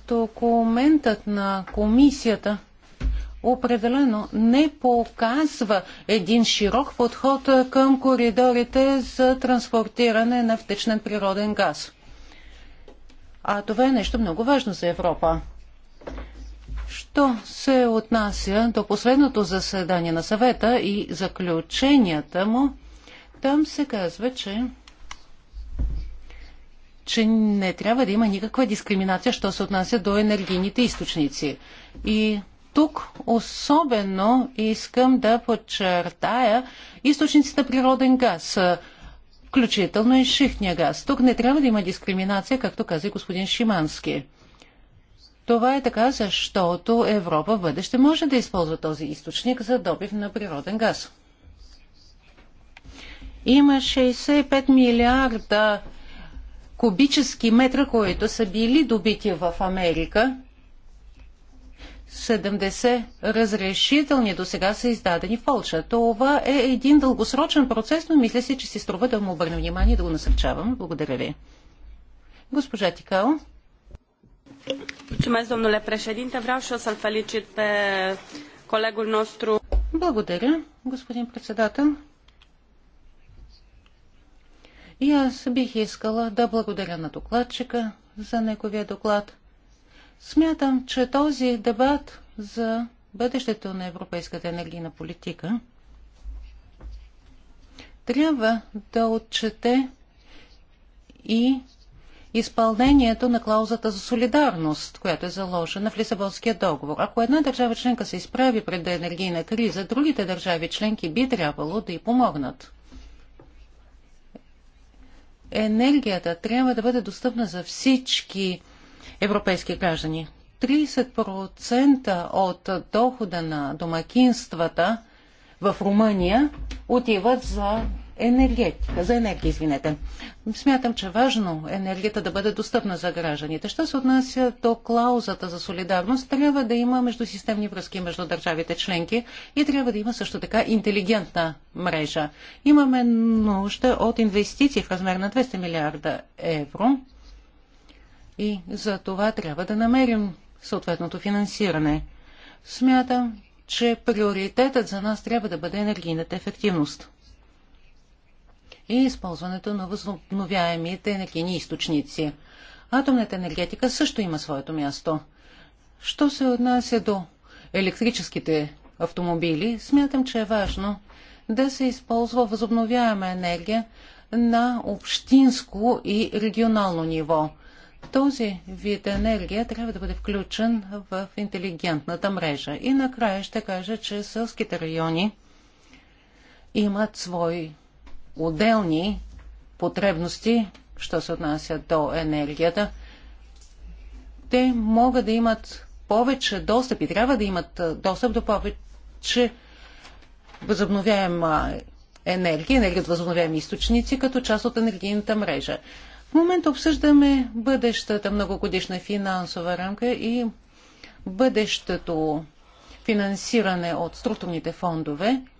D: документът на комисията определено не показва един широк подход към коридорите за транспортиране на втечнен природен газ. А това е нещо много важно за Европа. Що се отнася до последното заседание на съвета и заключенията му, там се казва, че че не трябва да има никаква дискриминация, що се отнася до енергийните източници. И тук особено искам да подчертая източниците на природен газ, включително и шихния газ. Тук не трябва да има дискриминация, както каза и господин Шимански. Това е така, защото Европа в бъдеще може да използва този източник за добив на природен газ. Има 65 милиарда кубически метра, които са били добити в Америка. 70 разрешителни до сега са издадени в Польша. Това е един дългосрочен процес, но мисля си, че си струва да му обърна внимание и да го насърчавам. Благодаря ви. Госпожа Тикао. Благодаря, господин председател. И аз бих искала да благодаря на докладчика за неговия доклад. Смятам, че този дебат за бъдещето на европейската енергийна политика трябва да отчете и изпълнението на клаузата за солидарност, която е заложена в Лисабонския договор. Ако една държава членка се изправи пред енергийна криза, другите държави членки би трябвало да й помогнат енергията трябва да бъде достъпна за всички европейски граждани. 30% от дохода на домакинствата в Румъния отиват за енергетика, за енергия, извинете. Смятам, че е важно енергията да бъде достъпна за гражданите. Що се отнася до клаузата за солидарност, трябва да има междусистемни връзки между държавите членки и трябва да има също така интелигентна мрежа. Имаме нужда от инвестиции в размер на 200 милиарда евро и за това трябва да намерим съответното финансиране. Смятам, че приоритетът за нас трябва да бъде енергийната ефективност и използването на възобновяемите енергийни източници. Атомната енергетика също има своето място. Що се отнася до електрическите автомобили, смятам, че е важно да се използва възобновяема енергия на общинско и регионално ниво. Този вид енергия трябва да бъде включен в интелигентната мрежа. И накрая ще кажа, че селските райони имат свой отделни потребности, що се отнася до енергията, те могат да имат повече достъп и трябва да имат достъп до повече възобновяема енергия, енергия от възобновяеми източници, като част от енергийната мрежа. В момента обсъждаме бъдещата многогодишна финансова рамка и бъдещето финансиране от структурните фондове –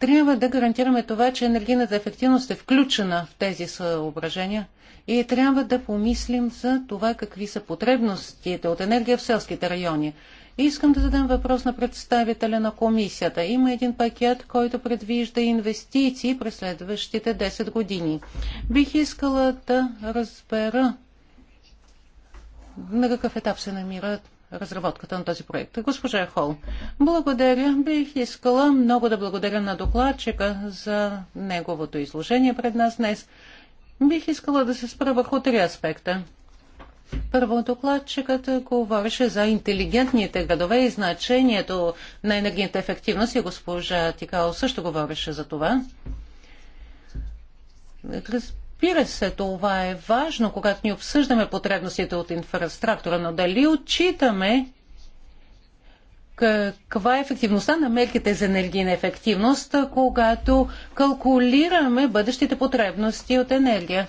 D: трябва да гарантираме това, че енергийната ефективност е включена в тези съображения и трябва да помислим за това какви са потребностите от енергия в селските райони. Искам да задам въпрос на представителя на комисията. Има един пакет, който предвижда инвестиции през следващите 10 години. Бих искала да разбера на какъв етап се намират разработката на този проект. Госпожа Хол, благодаря. Бих искала много да благодаря на докладчика за неговото изложение пред нас днес. Бих искала да се спра върху три аспекта. Първо, докладчикът говореше за интелигентните градове и значението на енергийната ефективност и госпожа Тикао също говореше за това. Разбира се, това е важно, когато ни обсъждаме потребностите от инфраструктура, но дали отчитаме каква е ефективността на мерките за енергийна ефективност, когато калкулираме бъдещите потребности от енергия.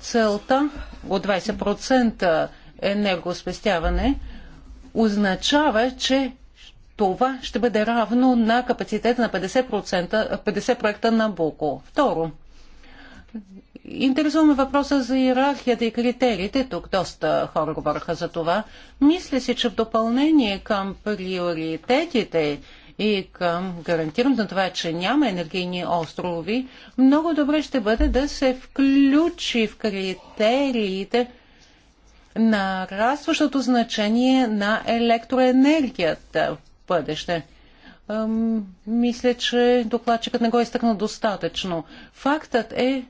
D: Целта от 20% енергоспестяване означава, че това ще бъде равно на капацитета на 50%, 50 проекта на БОКО. Второ, интересуваме въпроса за иерархията и критериите. Тук доста хора говориха за това. Мисля си, че в допълнение към приоритетите и към гарантирането на това, че няма енергийни острови, много добре ще бъде да се включи в критериите нарастващото значение на електроенергията бъдеще. Мисля, че докладчикът не го е стъкнал достатъчно. Фактът е,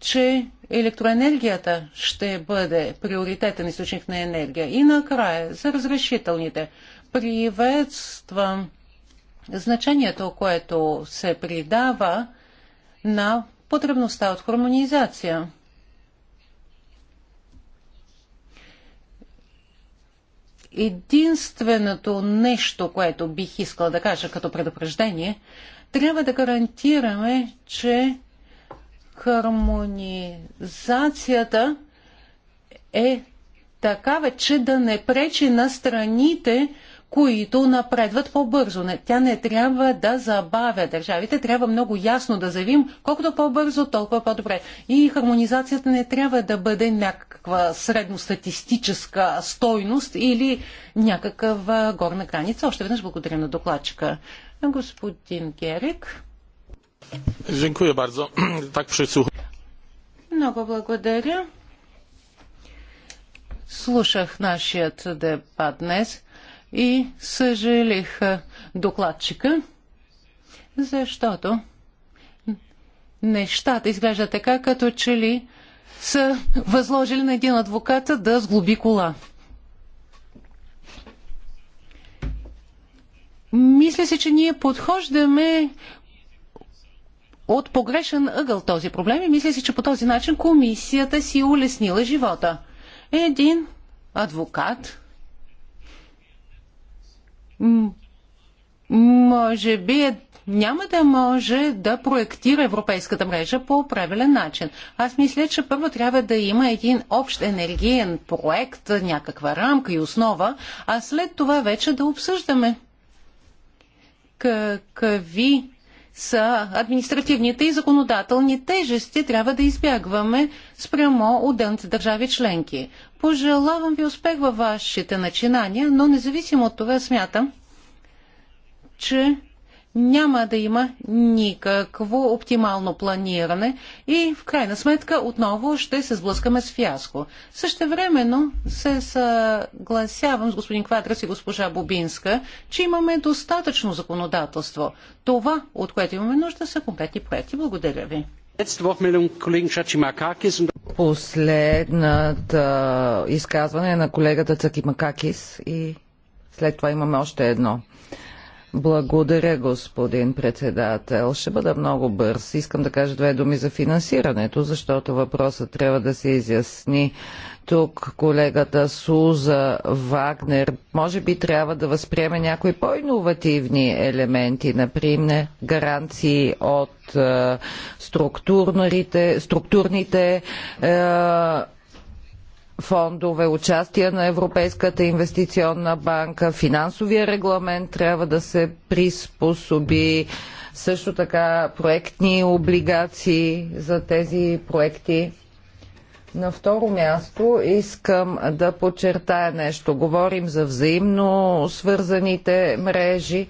D: че електроенергията ще бъде приоритетен източник на енергия. И накрая, за разрешителните, приветствам значението, което се придава на потребността от хармонизация. единственото нещо, което бих искала да кажа като предупреждение, трябва да гарантираме, че хармонизацията е такава, че да не пречи на страните които напредват по-бързо. Тя не трябва да забавя държавите, трябва много ясно да заявим, колкото по-бързо, толкова по-добре. И хармонизацията не трябва да бъде някаква средностатистическа стойност или някаква горна граница. Още веднъж благодаря на докладчика. Господин Герик.
A: Дякую bardzo. Так
D: Много благодаря. Слушах нашият дебат днес и съжалих докладчика, защото нещата изглеждат така, като че ли са възложили на един адвокат да сглоби кола. Мисля си, че ние подхождаме от погрешен ъгъл този проблем и мисля се, че по този начин комисията си улеснила живота. Един адвокат може би е, няма да може да проектира европейската мрежа по правилен начин. Аз мисля, че първо трябва да има един общ енергиен проект, някаква рамка и основа, а след това вече да обсъждаме какви са административните и законодателни тежести, трябва да избягваме спрямо отделните държави членки. Пожелавам ви успех във вашите начинания, но независимо от това смятам, че няма да има никакво оптимално планиране и в крайна сметка отново ще се сблъскаме с фиаско. времено се съгласявам с господин Квадрас и госпожа Бобинска, че имаме достатъчно законодателство. Това, от което имаме нужда, са конкретни проекти. Благодаря ви.
B: Последната изказване е на колегата Цакимакакис и след това имаме още едно. Благодаря, господин председател. Ще бъда много бърз. Искам да кажа две думи за финансирането, защото въпросът трябва да се изясни. Тук колегата Суза Вагнер може би трябва да възприеме някои по-инновативни елементи, например гаранции от е, структурните, структурните е, фондове, участие на Европейската инвестиционна банка, финансовия регламент трябва да се приспособи, също така проектни облигации за тези проекти. На второ място искам да подчертая нещо. Говорим за взаимно свързаните мрежи.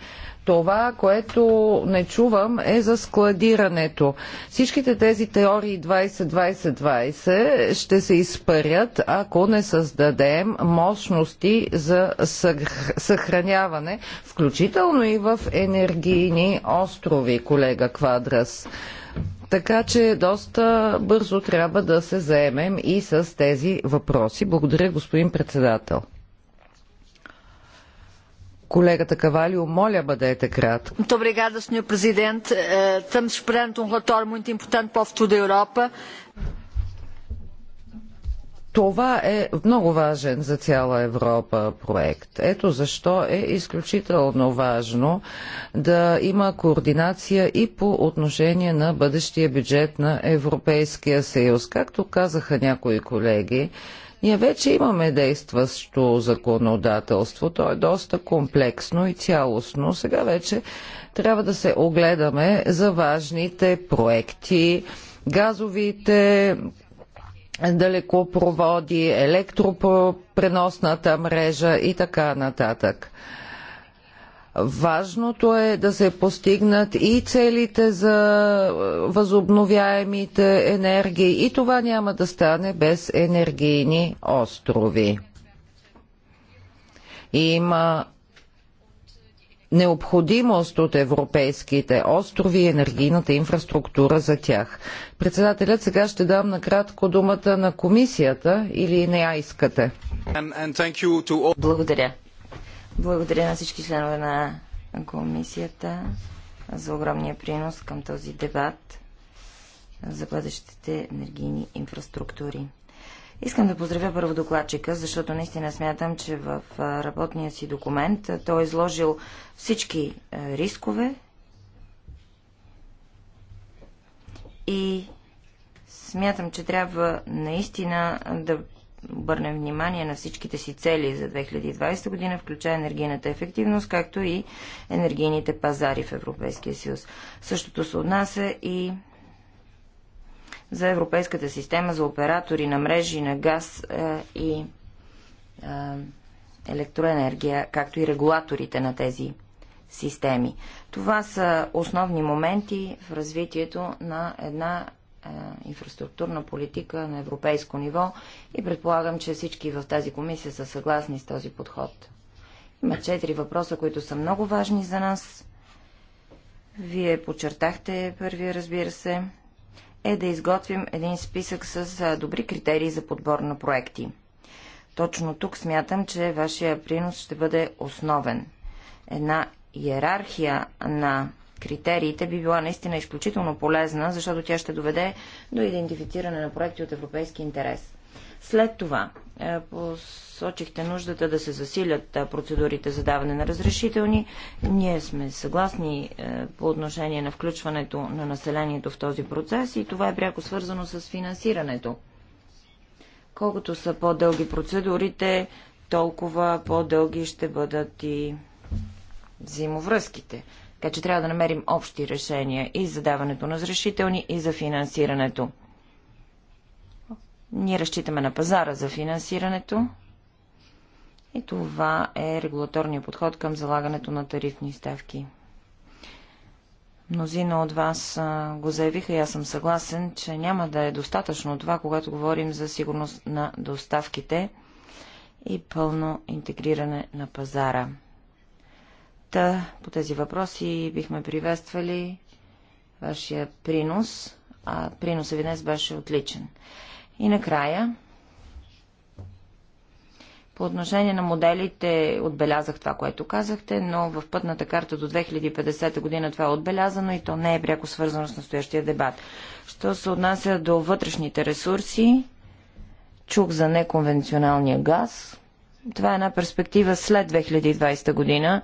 B: Това, което не чувам е за складирането. Всичките тези теории 20-20-20 ще се изпарят, ако не създадем мощности за съхраняване, включително и в енергийни острови, колега Квадрас. Така че доста бързо трябва да се заемем и с тези въпроси. Благодаря, господин председател. Колегата Кавалио, моля бъдете кратко. Muito obrigada, Sr. Presidente. Eh, estamos esperando um relatório muito importante para o futuro da Europa. Това е много важен за цяла Европа проект. Ето защо е изключително важно да има координация и по отношение на бъдещия бюджет на Европейския съюз. Както казаха някои колеги, ние вече имаме действащо законодателство. То е доста комплексно и цялостно. Сега вече трябва да се огледаме за важните проекти, газовите далекопроводи, електропреносната мрежа и така нататък. Важното е да се постигнат и целите за е, възобновяемите енергии и това няма да стане без енергийни острови. Има необходимост от европейските острови и енергийната инфраструктура за тях. Председателят, сега ще дам накратко думата на комисията или не я искате.
C: Благодаря. Благодаря на всички членове на комисията за огромния принос към този дебат за бъдещите енергийни инфраструктури. Искам да поздравя първо докладчика, защото наистина смятам, че в работния си документ той е изложил всички рискове и смятам, че трябва наистина да обърнем внимание на всичките си цели за 2020 година, включая енергийната ефективност, както и енергийните пазари в Европейския съюз. Същото се отнася и за Европейската система за оператори на мрежи на газ е, и е, електроенергия, както и регулаторите на тези системи. Това са основни моменти в развитието на една е, инфраструктурна политика на европейско ниво и предполагам, че всички в тази комисия са съгласни с този подход. Има четири въпроса, които са много важни за нас. Вие подчертахте първия, разбира се, е да изготвим един списък с е, добри критерии за подбор на проекти. Точно тук смятам, че вашия принос ще бъде основен. Една иерархия на критериите би била наистина изключително полезна, защото тя ще доведе до идентифициране на проекти от европейски интерес. След това е, посочихте нуждата да се засилят е, процедурите за даване на разрешителни. Ние сме съгласни е, по отношение на включването на населението в този процес и това е пряко свързано с финансирането. Колкото са по-дълги процедурите, толкова по-дълги ще бъдат и взаимовръзките. Така че трябва да намерим общи решения и за даването на разрешителни, и за финансирането. Ние разчитаме на пазара за финансирането. И това е регулаторният подход към залагането на тарифни ставки. Мнозина от вас го заявиха и аз съм съгласен, че няма да е достатъчно това, когато говорим за сигурност на доставките и пълно интегриране на пазара. Та, по тези въпроси бихме приветствали вашия принос, а приносът ви днес беше отличен. И накрая, по отношение на моделите отбелязах това, което казахте, но в пътната карта до 2050 година това е отбелязано и то не е пряко свързано с настоящия дебат. Що се отнася до вътрешните ресурси, чух за неконвенционалния газ. Това е една перспектива след 2020 година,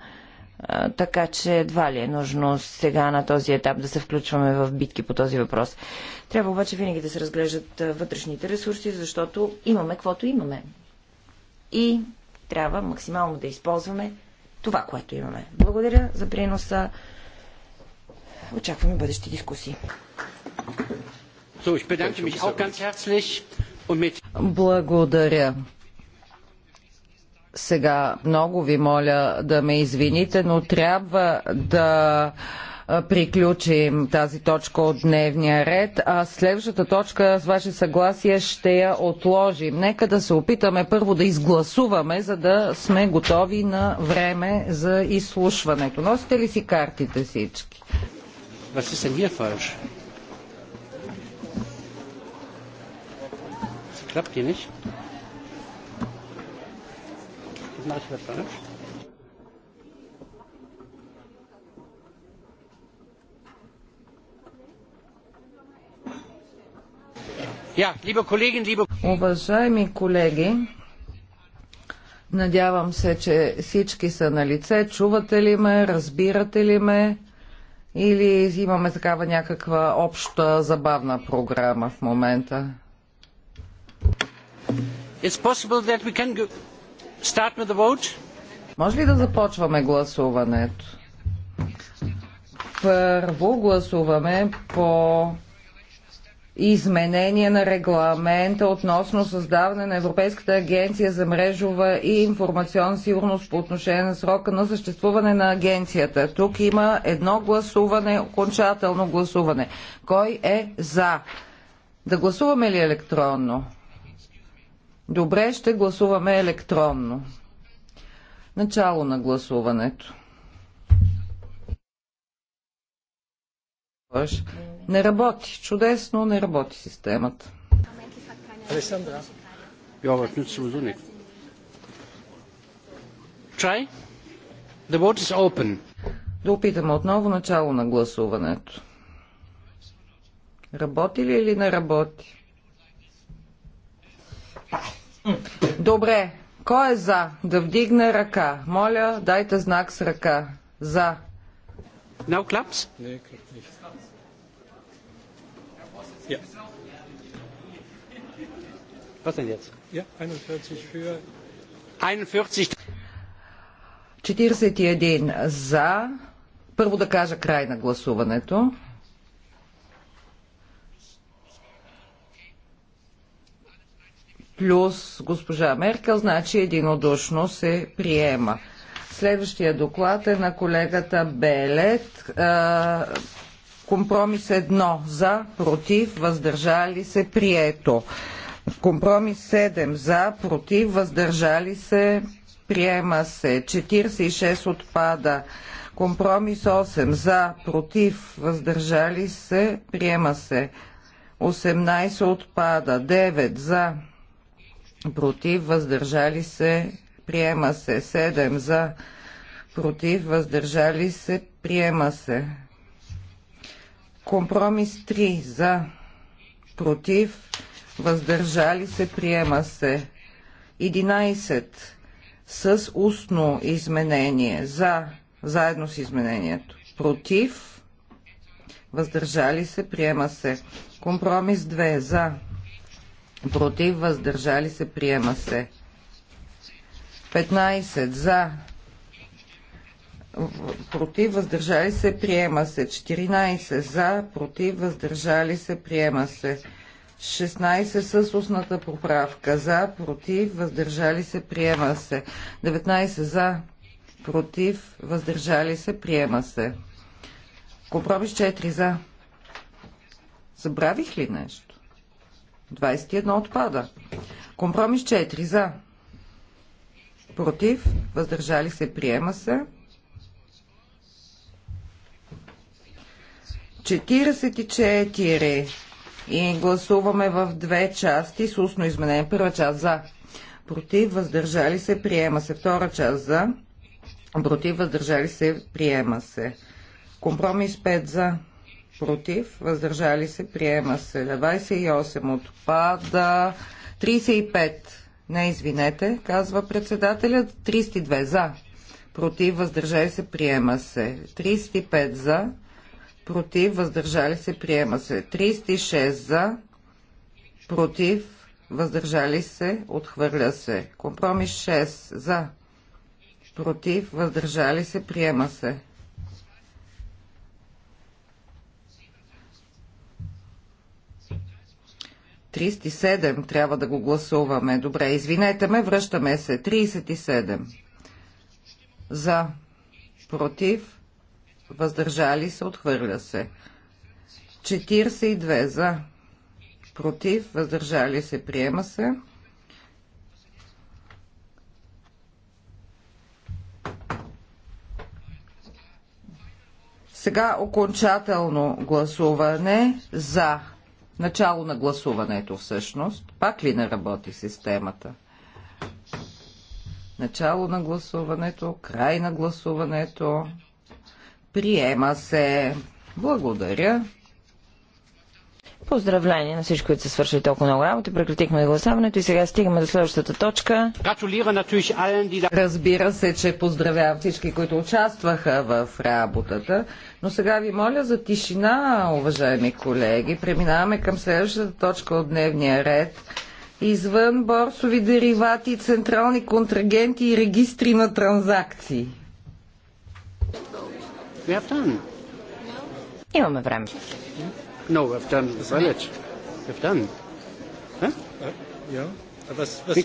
C: така че едва ли е нужно сега на този етап да се включваме в битки по този въпрос. Трябва обаче винаги да се разглеждат вътрешните ресурси, защото имаме каквото имаме. И трябва максимално да използваме това, което имаме. Благодаря за приноса. Очакваме бъдещи дискусии. Благодаря.
B: Сега много ви моля да ме извините, но трябва да приключим тази точка от дневния ред, а следващата точка, с ваше съгласие, ще я отложим. Нека да се опитаме първо да изгласуваме, за да сме готови на време за изслушването. Носите ли си картите всички? Was ist denn hier falsch? Das klappt hier nicht. Уважаеми колеги, надявам се, че всички са на лице. Чувате ли ме? Разбирате ли ме? Или имаме такава някаква обща забавна програма в момента?
A: It's possible that we can go start with the vote?
B: Може ли да започваме гласуването? Първо гласуваме по изменение на регламента относно създаване на Европейската агенция за мрежова и информационна сигурност по отношение на срока на съществуване на агенцията. Тук има едно гласуване, окончателно гласуване. Кой е за? Да гласуваме ли електронно? Добре, ще гласуваме електронно. Начало на гласуването. Не работи. Чудесно не работи системата. Александра. Try. The vote is open. Да опитаме отново начало на гласуването. Работи ли или не работи? Добре. Кой е за? Да вдигне ръка. Моля, дайте знак с ръка. За.
A: Now claps? Не, klappt
B: 41 за. Първо да кажа край на гласуването. плюс госпожа Меркел, значи единодушно се приема. Следващия доклад е на колегата Белет. Компромис 1 за, против, въздържали се, прието. Компромис 7 за, против, въздържали се, приема се. 46 отпада. Компромис 8 за, против, въздържали се, приема се. 18 отпада. 9 за, против, въздържали се, приема се. 7 за, против, въздържали се, приема се. Компромис 3 за, против, въздържали се, приема се. 11 с устно изменение за, заедно с изменението, против, въздържали се, приема се. Компромис 2 за, против, въздържали се, приема се. 15 за, против, въздържали се, приема се. 14 за, против, въздържали се, приема се. 16 с устната поправка. За, против, въздържали се, приема се. 19 за, против, въздържали се, приема се. пробиш 4 за. Забравих ли нещо? 21 отпада. Компромис 4 за. Против. Въздържали се. Приема се. 44. И гласуваме в две части с устно изменение. Първа част за. Против. Въздържали се. Приема се. Втора част за. Против. Въздържали се. Приема се. Компромис 5 за против, въздържали се, приема се. 28 отпада. 35. Не, извинете, казва председателят. 32 за. Против, въздържали се, приема се. 35 за. Против, въздържали се, приема се. 36 за. Против, въздържали се, отхвърля се. Компромис 6 за. Против, въздържали се, приема се. 37 трябва да го гласуваме. Добре, извинете ме, връщаме се. 37. За. Против. Въздържали се. Отхвърля се. 42. За. Против. Въздържали се. Приема се. Сега окончателно гласуване за Начало на гласуването всъщност. Пак ли не работи системата? Начало на гласуването, край на гласуването. Приема се. Благодаря.
C: Поздравление на всички, които са свършили толкова много работа. Прекратихме гласаването и сега стигаме до следващата точка. Разбира се, че поздравявам всички, които участваха в
B: работата. Но сега ви моля за тишина, уважаеми колеги. Преминаваме към следващата точка от дневния ред. Извън борсови деривати, централни контрагенти и регистри на транзакции. Имаме време.
A: No, we've done the village. We've done. Huh? Uh, yeah. Was, was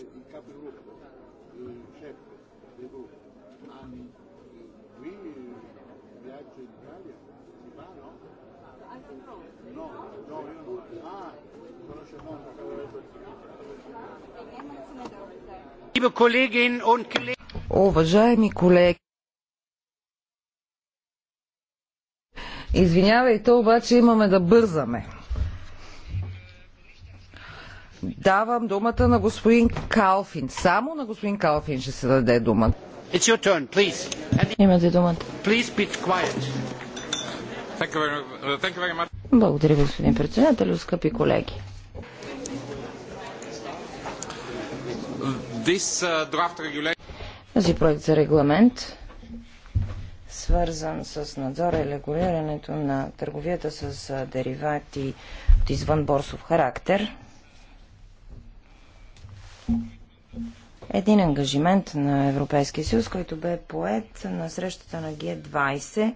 A: Liebe Kolleginnen und
B: Уважаеми колеги, Извинявайте, обаче имаме да бързаме. Давам думата на господин Калфин. Само на господин Калфин ще се даде думата.
A: It's your turn, please. Имате думата. Please be quiet. Thank you very, thank you very much.
C: Благодаря, господин председател, скъпи колеги. This, uh, draft regulation... Този проект за регламент свързан с надзора и регулирането на търговията с деривати от извънборсов характер. Един ангажимент на Европейския съюз, който бе поет на срещата на Г20,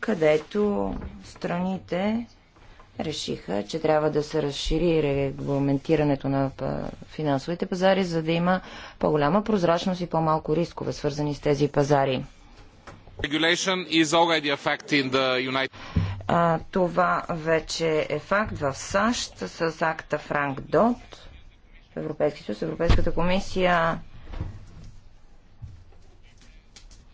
C: където страните решиха, че трябва да се разшири регламентирането на финансовите пазари, за да има по-голяма прозрачност и по-малко рискове, свързани с тези пазари това вече е факт в САЩ с акта Франк Дот. Европейски съюз, Европейската комисия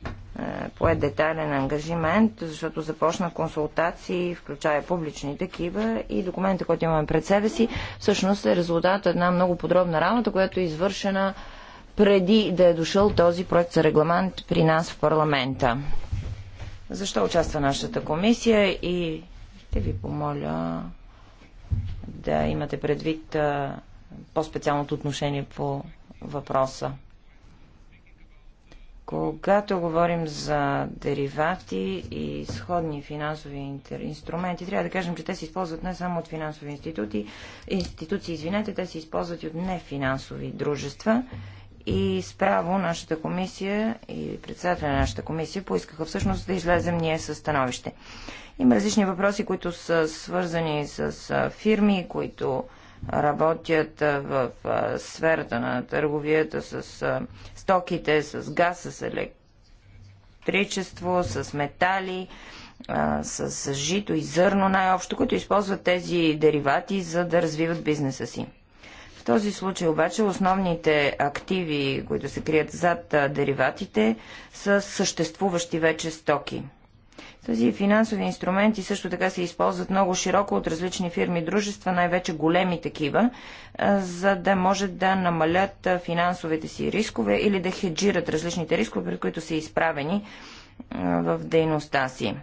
C: е, пое детайлен ангажимент, защото започна консултации, включая публични такива и документа, който имаме пред себе си, всъщност е резултат от една много подробна работа, която е извършена преди да е дошъл този проект за регламент при нас в парламента. Защо участва нашата комисия и ще ви помоля да имате предвид по-специалното отношение по въпроса. Когато говорим за деривати и сходни финансови инструменти, трябва да кажем, че те се използват не само от финансови институти, институции, извинете, те се използват и от нефинансови дружества. И справо нашата комисия и председателя на нашата комисия поискаха всъщност да излезем ние с становище. Има различни въпроси, които са свързани с фирми, които работят в сферата на търговията с стоките, с газ, с електричество, с метали, с жито и зърно най-общо, които използват тези деривати, за да развиват бизнеса си този случай обаче основните активи, които се крият зад дериватите, са съществуващи вече стоки. Тези финансови инструменти също така се използват много широко от различни фирми и дружества, най-вече големи такива, за да може да намалят финансовите си рискове или да хеджират различните рискове, при които са изправени в дейността си.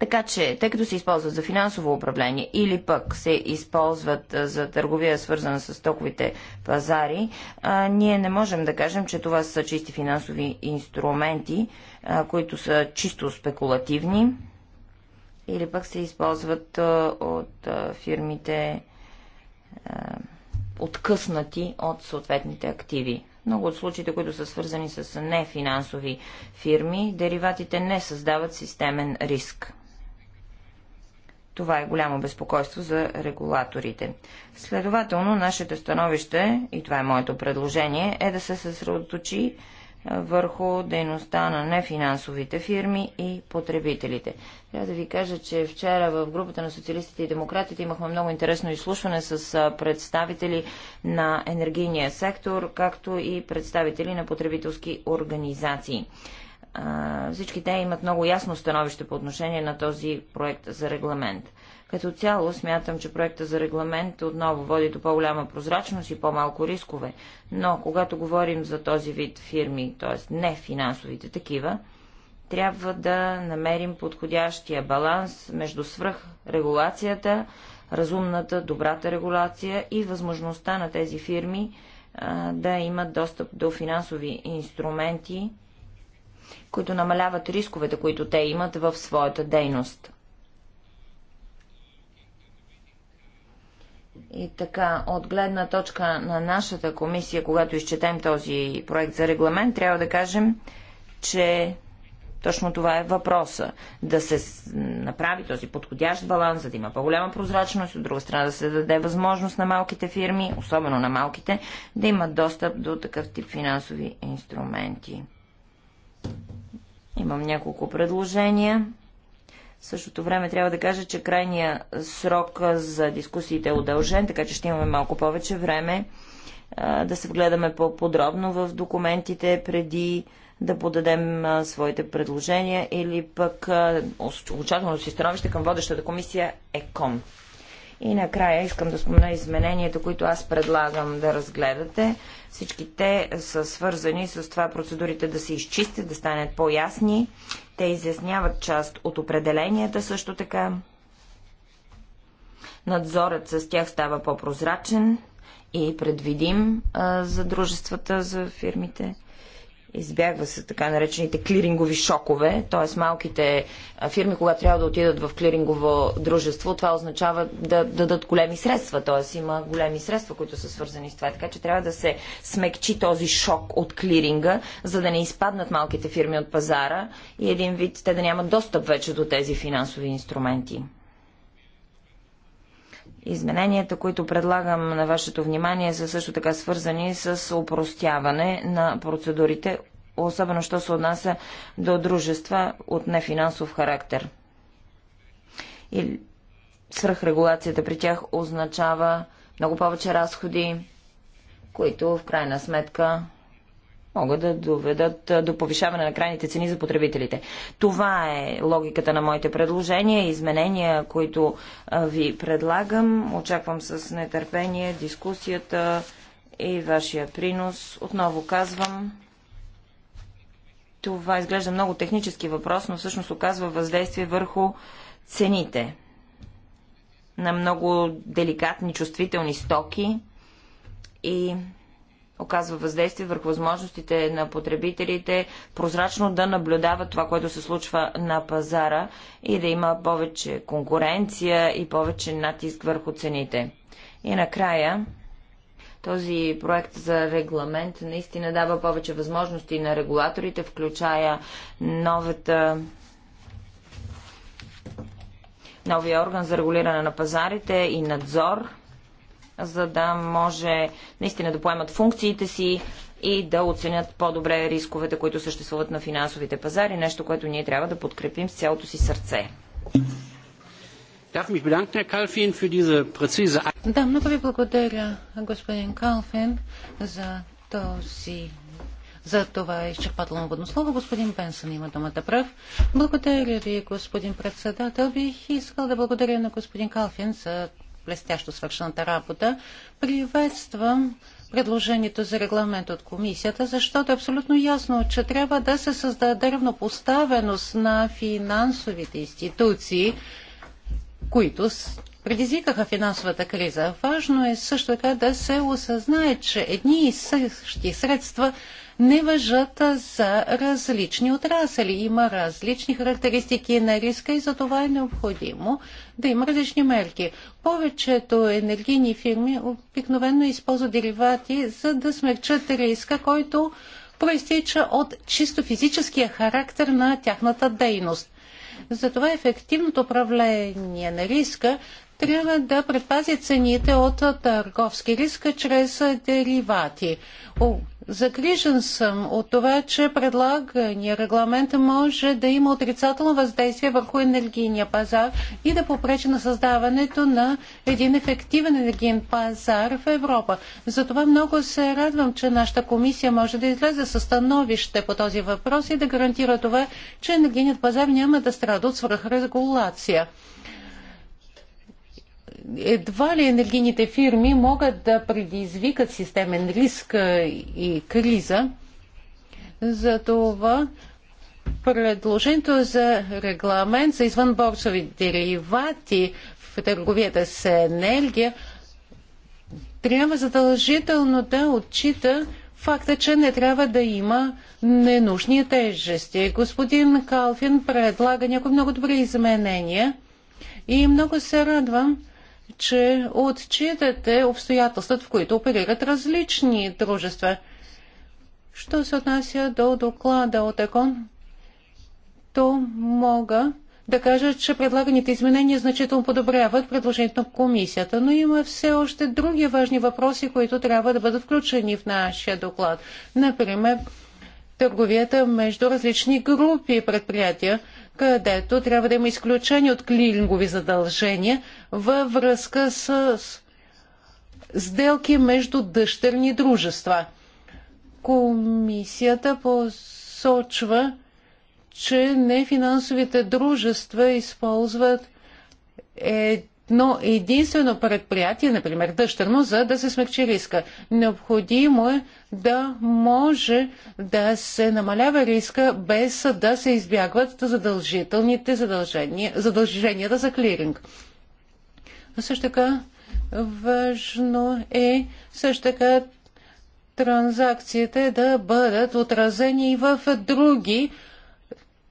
C: Така че, тъй като се използват за финансово управление или пък се използват за търговия, свързана с токовите пазари, а, ние не можем да кажем, че това са чисти финансови инструменти, а, които са чисто спекулативни или пък се използват а, от а, фирмите а, откъснати от съответните активи. Много от случаите, които са свързани с нефинансови фирми, дериватите не създават системен риск. Това е голямо безпокойство за регулаторите. Следователно, нашето становище, и това е моето предложение, е да се съсредоточи върху дейността на нефинансовите фирми и потребителите. Трябва да ви кажа, че вчера в групата на социалистите и демократите имахме много интересно изслушване с представители на енергийния сектор, както и представители на потребителски организации всички те имат много ясно становище по отношение на този проект за регламент. Като цяло смятам, че проекта за регламент отново води до по-голяма прозрачност и по-малко рискове, но когато говорим за този вид фирми, т.е. не финансовите такива, трябва да намерим подходящия баланс между свръхрегулацията, разумната, добрата регулация и възможността на тези фирми а, да имат достъп до финансови инструменти, които намаляват рисковете, които те имат в своята дейност. И така, от гледна точка на нашата комисия, когато изчетем този проект за регламент, трябва да кажем, че точно това е въпроса. Да се направи този подходящ баланс, за да има по-голяма прозрачност, от друга страна да се даде възможност на малките фирми, особено на малките, да имат достъп до такъв тип финансови инструменти. Имам няколко предложения. В същото време трябва да кажа, че крайния срок за дискусиите е удължен, така че ще имаме малко повече време да се вгледаме по-подробно в документите преди да подадем своите предложения или пък очакваното си становище към водещата комисия ЕКОМ. И накрая искам да спомена измененията, които аз предлагам да разгледате. Всички те са свързани с това процедурите да се изчистят, да станат по-ясни. Те изясняват част от определенията също така. Надзорът с тях става по-прозрачен и предвидим а, за дружествата, за фирмите. Избягва се така наречените клирингови шокове, т.е. малките фирми, когато трябва да отидат в клирингово дружество, това означава да дадат големи средства, т.е. има големи средства, които са свързани с това. Така че трябва да се смекчи този шок от клиринга, за да не изпаднат малките фирми от пазара и един вид те да нямат достъп вече до тези финансови инструменти. Измененията, които предлагам на вашето внимание, са също така свързани с упростяване на процедурите, особено що се отнася до дружества от нефинансов характер. И свръхрегулацията при тях означава много повече разходи, които в крайна сметка могат да доведат до повишаване на крайните цени за потребителите. Това е логиката на моите предложения, изменения, които ви предлагам. Очаквам с нетърпение дискусията и вашия принос. Отново казвам, това изглежда много технически въпрос, но всъщност оказва въздействие върху цените на много деликатни, чувствителни стоки и оказва въздействие върху възможностите на потребителите прозрачно да наблюдават това, което се случва на пазара и да има повече конкуренция и повече натиск върху цените. И накрая, този проект за регламент наистина дава повече възможности на регулаторите, включая новата новия орган за регулиране на пазарите и надзор – за да може наистина да поемат функциите си и да оценят по-добре рисковете, които съществуват на финансовите пазари, нещо, което ние трябва да подкрепим с цялото си сърце.
D: Да, много ви благодаря, господин Калфин, за този за това изчерпателно водно слово господин Бенсън има думата прав. Благодаря ви, господин председател. Бих искал да благодаря на господин Калфин за блестящо свършената работа. Приветствам предложението за регламент от комисията, защото е абсолютно ясно, че трябва да се създаде равнопоставеност на финансовите институции, които предизвикаха финансовата криза. Важно е също така да се осъзнае, че едни и същи средства не въжат за различни отрасли. Има различни характеристики на риска и за това е необходимо да има различни мерки. Повечето енергийни фирми обикновено използват деривати, за да смягчат риска, който проистича от чисто физическия характер на тяхната дейност. Затова ефективното управление на риска трябва да предпази цените от търговски риска чрез деривати. Загрижен съм от това, че предлагания регламент може да има отрицателно въздействие върху енергийния пазар и да попречи на създаването на един ефективен енергиен пазар в Европа. Затова много се радвам, че нашата комисия може да излезе със становище по този въпрос и да гарантира това, че енергийният пазар няма да страда от свръхрегулация едва ли енергийните фирми могат да предизвикат системен риск и криза. Затова предложението за регламент за извънборсови деривати в търговията с енергия трябва задължително да отчита факта, че не трябва да има ненужни тежести. Господин Калфин предлага някои много добри изменения и много се радвам, че отчитате обстоятелствата, в които оперират различни дружества. Що се отнася до доклада от ЕКОН, то мога да кажа, че предлаганите изменения значително подобряват предложението на комисията, но има все още други важни въпроси, които трябва да бъдат включени в нашия доклад. Например, търговията между различни групи предприятия където трябва да има изключение от клирингови задължения във връзка с сделки между дъщерни дружества. Комисията посочва, че нефинансовите дружества използват е но единствено предприятие, например дъщерно, за да се смекчи риска. Необходимо е да може да се намалява риска без да се избягват задължителните задължения, задълженията за клиринг. Също така важно е също така транзакциите да бъдат отразени и в други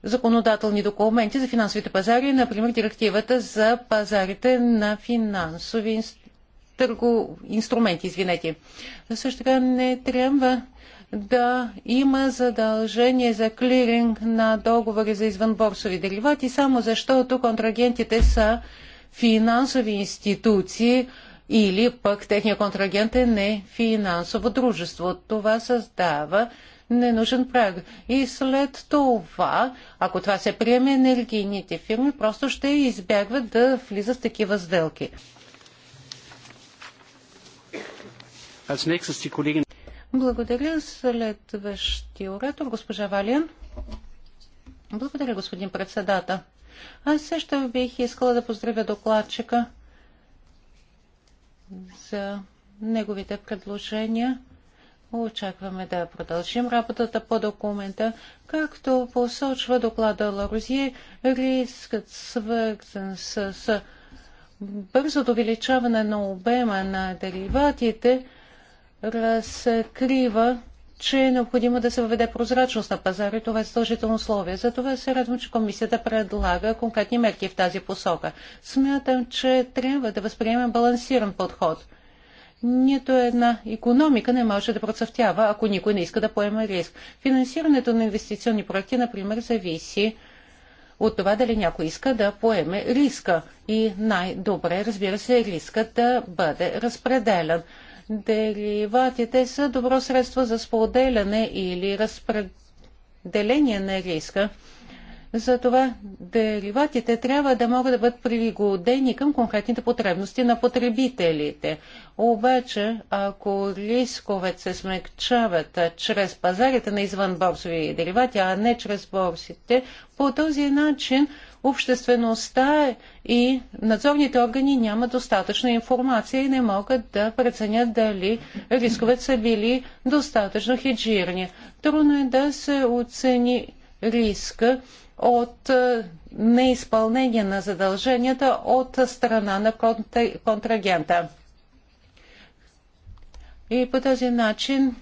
D: законодателни документи за финансовите пазари, например директивата за пазарите на финансови инструменти търго инструменти, извинете. Също така не трябва да има задължение за клиринг на договори за извънборсови деривати, само защото контрагентите са финансови институции или пък техния контрагент е не финансово дружество. Това създава ненужен праг. И след това, ако това се приеме, енергийните фирми просто ще избягват да влизат в такива сделки. Благодаря. Следващия оратор, госпожа Валиан. Благодаря, господин председател. Аз също бих искала да поздравя докладчика за неговите предложения. Очакваме да продължим работата по документа. Както посочва доклада Ларузие, рискът свързан с, бързото увеличаване на обема на деривативите разкрива, че е необходимо да се въведе прозрачност на пазара и това е сложително условие. Затова се радвам, че комисията предлага конкретни мерки в тази посока. Смятам, че трябва да възприемем балансиран подход – нито една економика не може да процъфтява, ако никой не иска да поема риск. Финансирането на инвестиционни проекти, например, зависи от това дали някой иска да поеме риска. И най-добре, разбира се, рискът да бъде разпределен. Дериватите са добро средство за споделяне или разпределение на риска. Затова дериватите трябва да могат да бъдат пригодени към конкретните потребности на потребителите. Обаче, ако рисковете се смекчават чрез пазарите на извънборсови деривати, а не чрез борсите, по този начин обществеността и надзорните органи нямат достатъчна информация и не могат да преценят дали рисковете са били достатъчно хеджирани. Трудно е да се оцени риска от е, неизпълнение на задълженията от страна на контрагента. И по този начин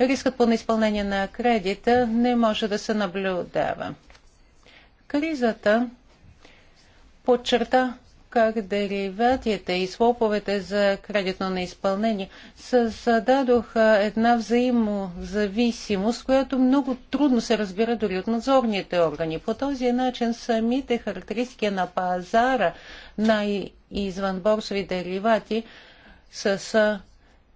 D: рискът по неизпълнение на кредита не може да се наблюдава. Кризата подчерта как деривативите и слоповете за кредитно неизпълнение създадоха една взаимозависимост, която много трудно се разбира дори от надзорните органи. По този начин самите характеристики на пазара на извънборсови деривати с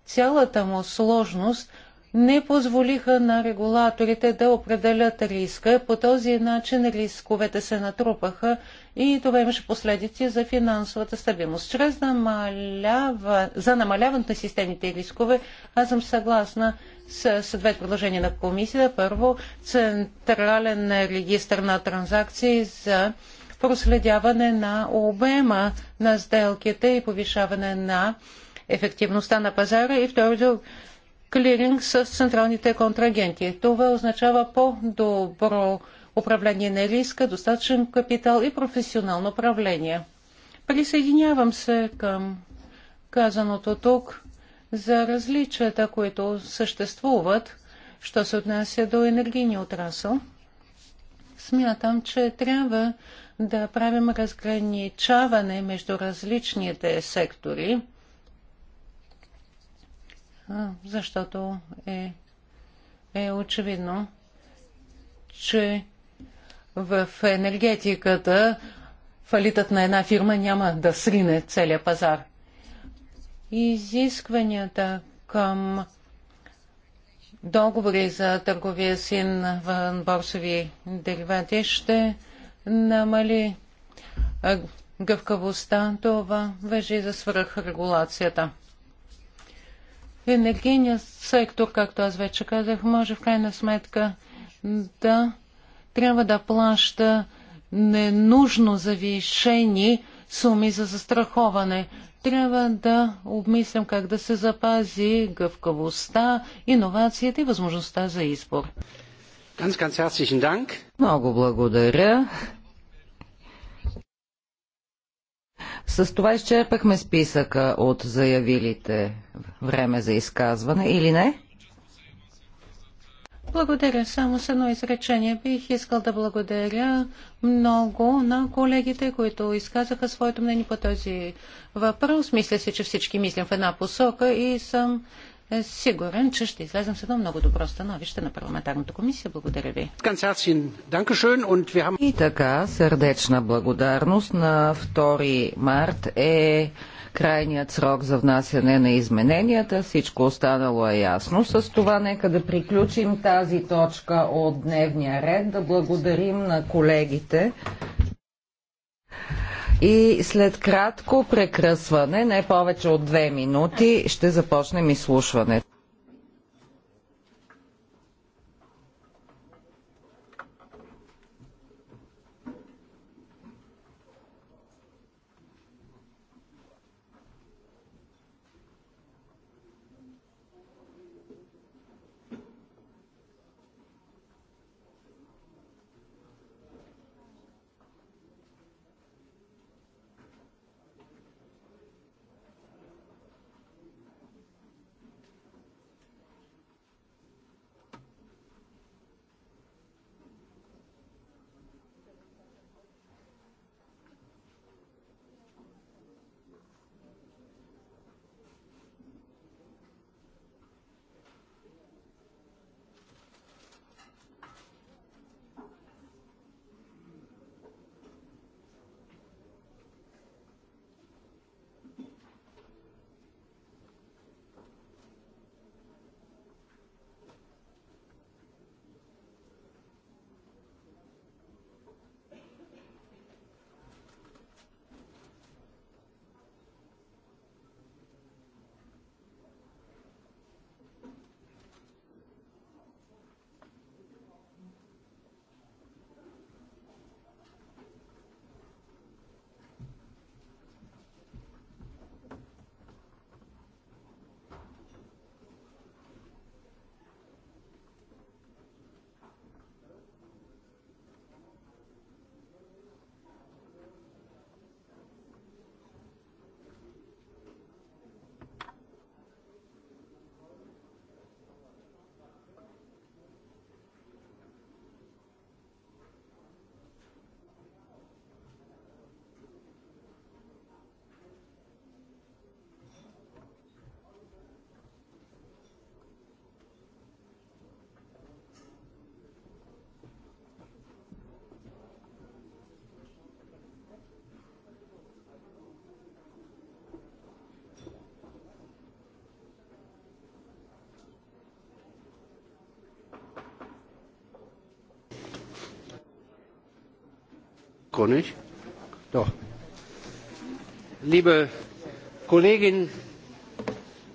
D: цялата му сложност – не позволиха на регулаторите да определят риска. По този начин рисковете се натрупаха и това имаше последици за финансовата стабилност. Чрез намалява... за намаляването на системните рискове, аз съм съгласна с, с две предложения на комисията. Първо, централен регистр на транзакции за проследяване на обема на сделките и повишаване на ефективността на пазара и второ клиринг с централните контрагенти. Това означава по-добро управление на риска, достатъчен капитал и професионално управление. Присъединявам се към казаното тук за различията, които съществуват, що се отнася до енергийния отрасъл. Смятам, че трябва да правим разграничаване между различните сектори защото е, е очевидно, че в енергетиката фалитът на една фирма няма да срине целия пазар. Изискванията към договори за търговия в борсови деривати ще намали гъвкавостта. Това въжи за свръхрегулацията енергийният сектор, както аз вече казах, може в крайна сметка да трябва да плаща ненужно завишени суми за застраховане. Трябва да обмислям как да се запази гъвкавостта, иновацията и
A: възможността за избор.
B: Много благодаря. С това изчерпахме списъка от заявилите време за изказване или не?
D: Благодаря. Само с едно изречение бих искал да благодаря много на колегите, които изказаха своето мнение по този въпрос. Мисля си, че всички мислим в една посока и съм е, сигурен, че ще излезем с едно много добро становище на парламентарната комисия. Благодаря ви.
B: И така, сърдечна благодарност на 2 март е крайният срок за внасяне на измененията. Всичко останало е ясно. С това нека да приключим тази точка от дневния ред. Да благодарим на колегите. И след кратко прекръсване, не повече от две минути, ще започнем изслушването. Liebe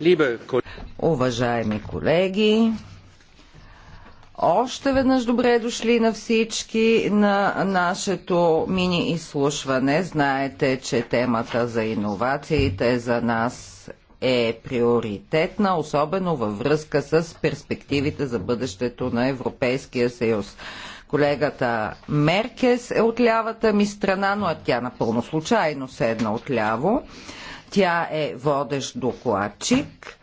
B: liebe Уважаеми колеги, още веднъж добре дошли на всички на нашето мини изслушване. Знаете, че темата за иновациите за нас е приоритетна, особено във връзка с перспективите за бъдещето на Европейския съюз. Колегата Меркес е от лявата ми страна, но е тя напълно случайно седна от ляво. Тя е водещ докладчик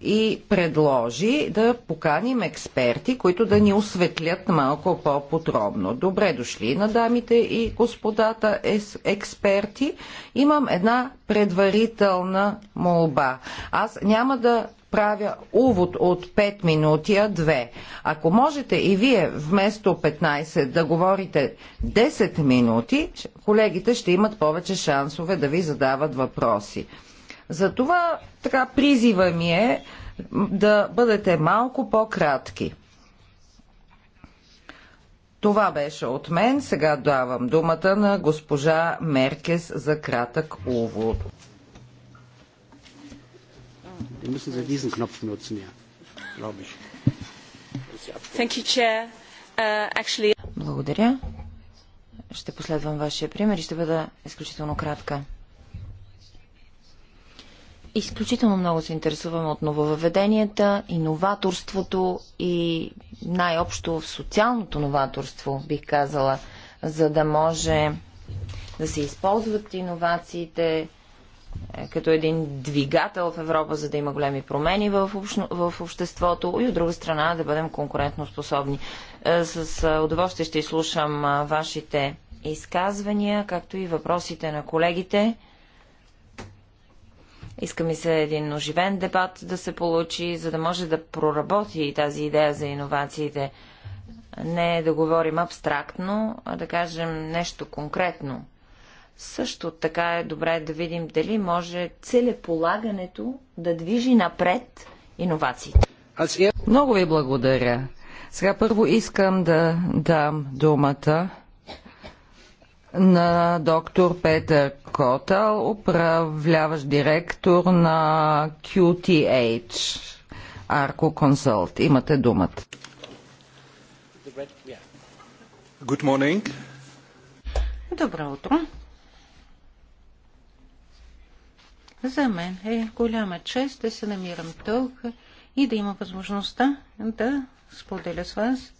B: и предложи да поканим експерти, които да ни осветлят малко по-подробно. Добре дошли на дамите и господата експерти. Имам една предварителна молба. Аз няма да правя увод от 5 минути, а 2. Ако можете и вие вместо 15 да говорите 10 минути, колегите ще имат повече шансове да ви задават въпроси. Затова така призива ми е да бъдете малко по-кратки. Това беше от мен. Сега давам думата на госпожа Меркес за кратък увод.
A: Uh,
C: Благодаря. Ще последвам вашия пример и ще бъда изключително кратка. Изключително много се интересуваме от нововъведенията, иноваторството и най-общо в социалното новаторство, бих казала, за да може да се използват иновациите е, като един двигател в Европа, за да има големи промени в, в обществото и от друга страна да бъдем конкурентно способни. Е, с е, удоволствие ще изслушам вашите изказвания, както и въпросите на колегите. Иска ми се един оживен дебат да се получи, за да може да проработи тази идея за иновациите. Не да говорим абстрактно, а да кажем нещо конкретно. Също така е добре да видим дали може целеполагането да движи напред иновациите. Много ви
B: благодаря. Сега първо искам да дам думата на доктор Петър Котал, управляващ директор на QTH Arco Consult. Имате думата. Good morning.
D: Добро утро. За мен е голяма чест да се намирам тук и да има възможността да споделя с вас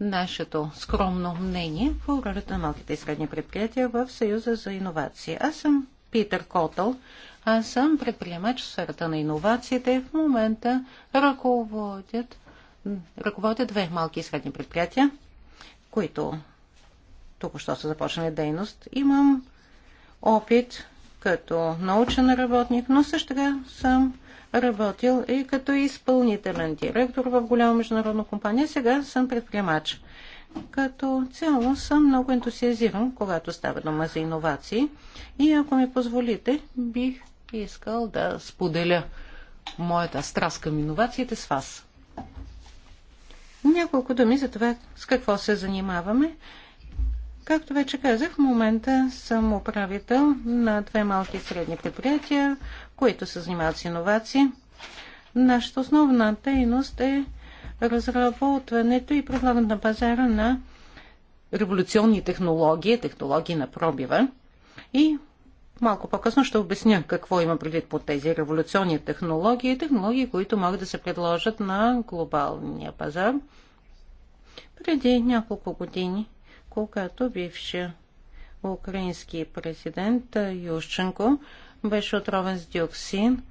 D: нашето скромно мнение по ролята на малките и средни предприятия в Съюза за иновации. Аз съм Питър Котъл. Аз съм предприемач в сферата на иновациите и в момента ръководят, ръководят две малки и средни предприятия, които току-що са започнали дейност. Имам опит като научен работник, но също така съм работил и като изпълнителен директор в голяма международна компания. Сега съм предприемач. Като цяло съм много ентусиазиран, когато става дума за иновации. И ако ми позволите, бих искал да споделя моята страст към иновациите с вас. Няколко думи за това с какво се занимаваме. Както вече казах, в момента съм управител на две малки и средни предприятия, които се занимават с иновации. Нашата основна дейност е разработването и предлагане на пазара на революционни технологии, технологии на пробива. И малко по-късно ще обясня какво има предвид по тези революционни технологии, технологии, които могат да се предложат на глобалния пазар. Преди няколко години, когато бивши украински президент Ющенко беше отровен с диоксин.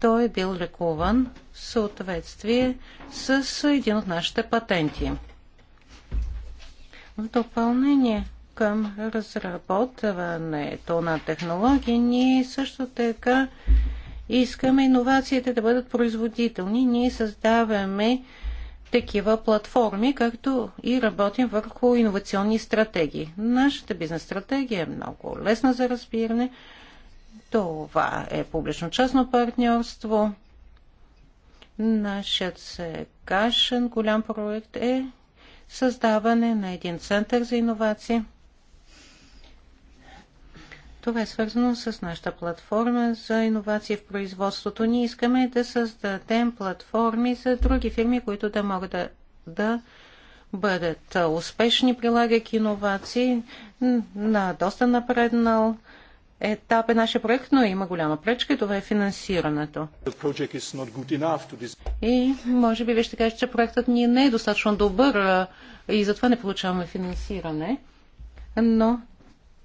D: Той е бил лекуван в съответствие с един от нашите патенти. В допълнение към разработването на технологии, ние също така искаме иновациите да бъдат производителни. Ние създаваме такива платформи, както и работим върху иновационни стратегии. Нашата бизнес стратегия е много лесна за разбиране. Това е публично-частно партньорство. Нашият сегашен голям проект е създаване на един център за иновации. Това е свързано с нашата платформа за иновации в производството. Ние искаме да създадем платформи за други фирми, които да могат да, да бъдат успешни, прилагайки иновации на доста напреднал етап е нашия проект, но има голяма пречка и това е финансирането. И може би вие ще кажете, че проектът ни не е достатъчно добър и затова не получаваме финансиране. Но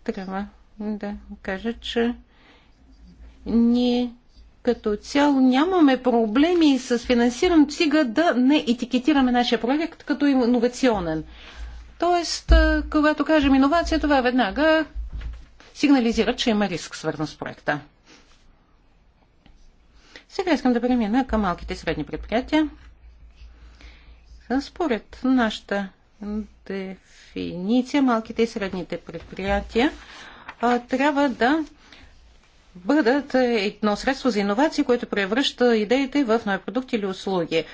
D: трябва да кажа, че ние като цяло нямаме проблеми с финансиране цига да не етикетираме нашия проект като иновационен. Тоест, когато кажем иновация, това е веднага сигнализират, че има риск свързан с проекта. Сега искам да премина към малките и средни предприятия. Според нашата дефиниция, малките и средните предприятия а, трябва да бъдат едно средство за иновации, което превръща идеите в нови продукти или услуги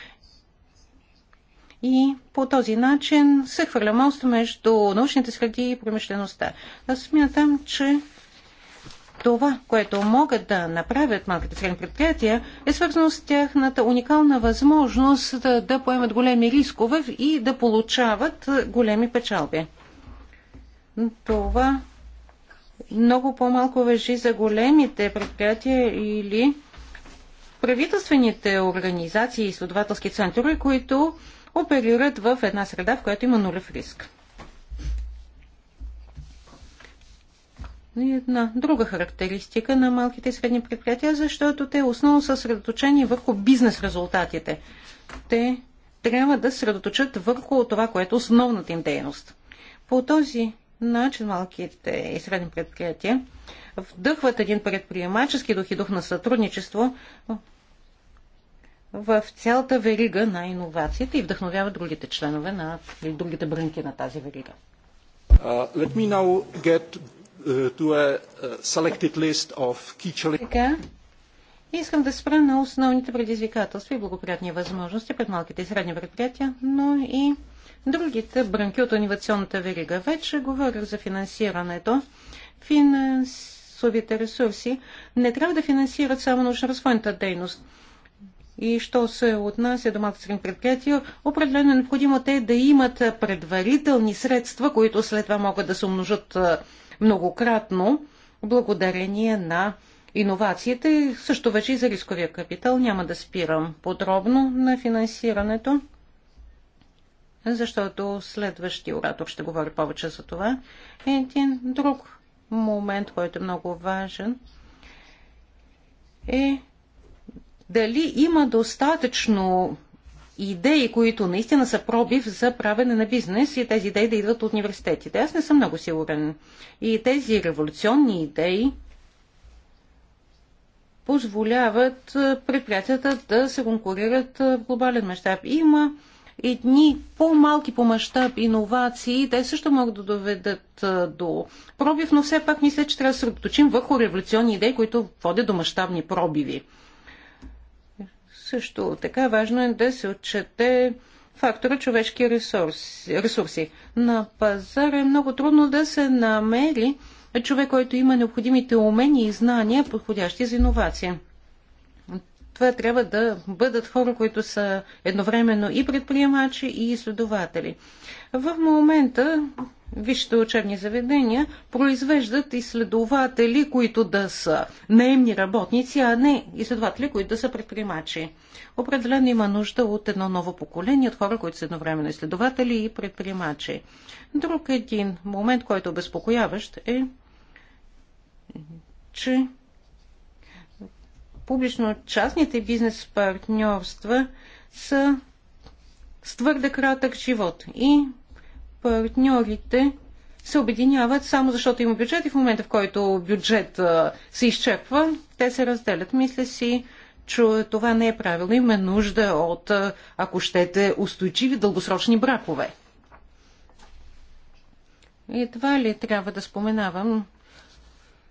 D: и по този начин се хвърля мост между научните среди и промишлеността. Аз смятам, че това, което могат да направят малките средни предприятия, е свързано с тяхната уникална възможност да, да поемат големи рискове и да получават големи печалби. Това много по-малко въжи за големите предприятия или правителствените организации и изследователски центрове, които оперират в една среда, в която има нулев риск. една друга характеристика на малките и средни предприятия, защото те основно са средоточени върху бизнес резултатите. Те трябва да средоточат върху това, което е основната им дейност. По този начин малките и средни предприятия вдъхват един предприемачески дух и дух на
A: сътрудничество
D: в цялата верига на иновациите и вдъхновява другите членове на другите брънки на тази верига.
A: Uh,
D: искам да спра на основните предизвикателства и благоприятни възможности пред малките и средни предприятия, но и другите брънки от инновационната верига. Вече говорих за финансирането. Финансовите ресурси не трябва да финансират само научно-развойната дейност – и що се отнася до маркетинг предприятия, определено е необходимо те да имат предварителни средства, които след това могат да се умножат многократно благодарение на иновациите. Също вече и за рисковия капитал. Няма да спирам подробно на финансирането, защото следващия оратор ще говори повече за това. Един друг момент, който е много важен, е дали има достатъчно идеи, които наистина са пробив за правене на бизнес и тези идеи да идват от университетите. Аз не съм много сигурен. И тези революционни идеи позволяват предприятията да се конкурират в глобален мащаб. Има едни по-малки по мащаб иновации, те също могат да доведат до пробив, но все пак мисля, че трябва да се съсредоточим върху революционни идеи, които водят до мащабни пробиви. Също така важно е да се отчете фактора човешки ресурси. ресурси. На пазара е много трудно да се намери човек, който има необходимите умения и знания, подходящи за иновация. Това трябва да бъдат хора, които са едновременно и предприемачи, и изследователи. В момента висшите учебни заведения произвеждат изследователи, които да са наемни работници, а не изследователи, които да са предприемачи. Определено има нужда от едно ново поколение, от хора, които са едновременно изследователи и предприемачи. Друг един момент, който е обезпокояващ е, че публично-частните бизнес партньорства са с твърде кратък живот и партньорите се обединяват само защото има бюджет и в момента, в който бюджет се изчерпва, те се разделят. Мисля си, че това не е правилно. Има нужда от, ако щете, устойчиви дългосрочни бракове. И това ли трябва да споменавам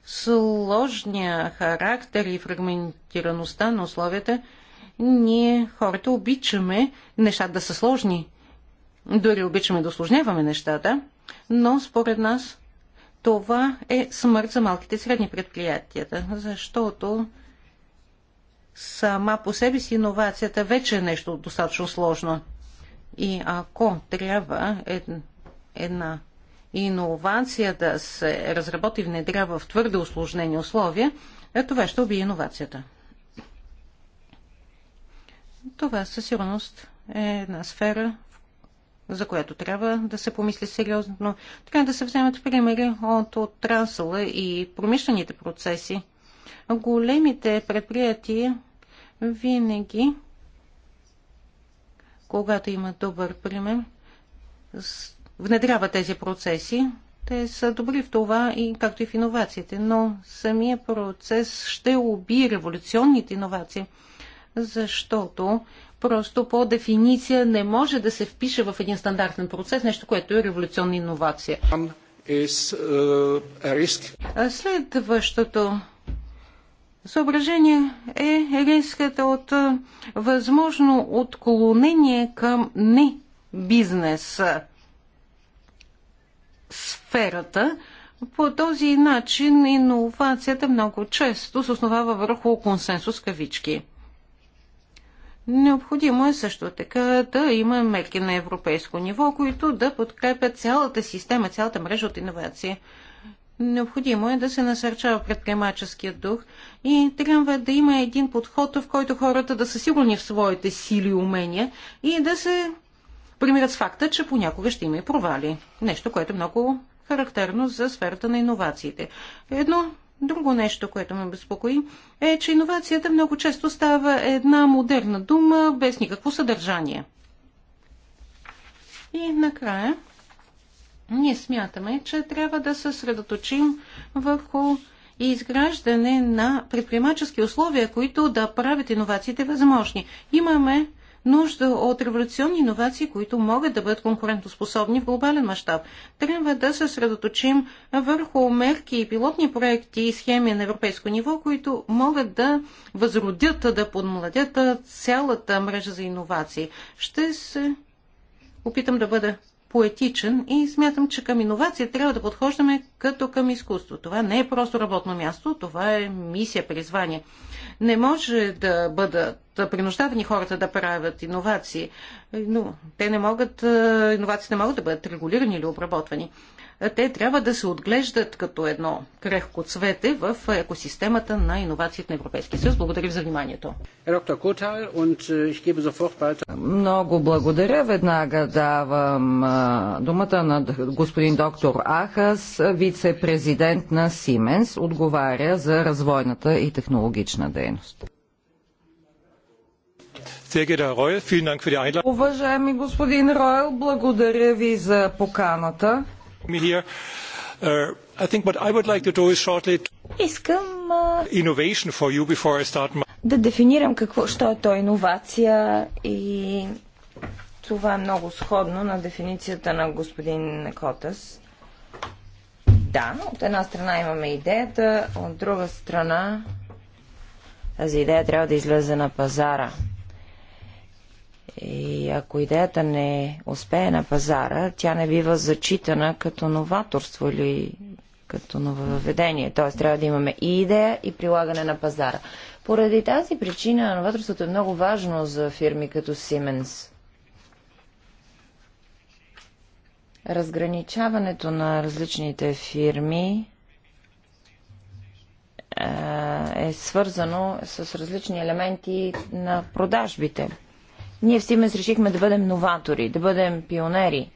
D: сложния характер и фрагментираността на условията. Ние хората обичаме нещата да са сложни, дори обичаме да осложняваме нещата, но според нас това е смърт за малките и средни предприятията, защото сама по себе си иновацията вече е нещо достатъчно сложно. И ако трябва една иновация да се разработи и внедрява в твърде осложнени условия, е това ще убие иновацията. Това със сигурност е една сфера, за която трябва да се помисли сериозно. Трябва да се вземат примери от отрасъла и промишлените процеси. Големите предприятия винаги, когато има добър пример, внедряват тези процеси. Те са добри в това, и както и в иновациите, но самия процес ще уби революционните иновации, защото просто по дефиниция не може да се впише в един стандартен процес, нещо, което е революционна иновация.
A: Uh,
D: следващото съображение е рискът от възможно отклонение към не бизнес сферата. По този начин иновацията много често се основава върху консенсус кавички. Необходимо е също така да има мерки на европейско ниво, които да подкрепят цялата система, цялата мрежа от иновации. Необходимо е да се насърчава предприемаческия дух и трябва да има един подход, в който хората да са сигурни в своите сили и умения и да се примират с факта, че понякога ще има и провали. Нещо, което е много характерно за сферата на иновациите. Едно Друго нещо, което ме безпокои, е, че иновацията много често става една модерна дума без никакво съдържание. И накрая, ние смятаме, че трябва да се съсредоточим върху и изграждане на предприемачески условия, които да правят иновациите възможни. Имаме нужда от революционни иновации, които могат да бъдат конкурентоспособни в глобален мащаб. Трябва да се средоточим върху мерки и пилотни проекти и схеми на европейско ниво, които могат да възродят, да подмладят цялата мрежа за иновации. Ще се опитам да бъда поетичен и смятам, че към иновация трябва да подхождаме като към изкуство. Това не е просто работно място, това е мисия, призвание. Не може да бъдат да принуждавани хората да правят иновации, но те не могат, е, иновациите не могат да бъдат регулирани или обработвани те трябва да се отглеждат като едно крехко цвете в екосистемата на иновациите на Европейския съюз. Благодаря ви
A: за вниманието. Э,
B: Много благодаря. Веднага давам думата на господин доктор Ахас, вице-президент на Сименс, отговаря за развойната и технологична дейност. Уважаеми господин Ройл, благодаря ви за поканата.
C: Искам да дефинирам какво що е то иновация и това е много сходно на дефиницията на господин Котас. Да, от една страна имаме идеята, от друга страна тази идея трябва да излезе на пазара – и ако идеята не успее на пазара, тя не бива зачитана като новаторство или като нововведение. Т.е. трябва да имаме и идея, и прилагане на пазара. Поради тази причина новаторството е много важно за фирми като Siemens. Разграничаването на различните фирми е, е свързано с различни елементи на продажбите – ние в Siemens решихме да бъдем новатори, да бъдем пионери.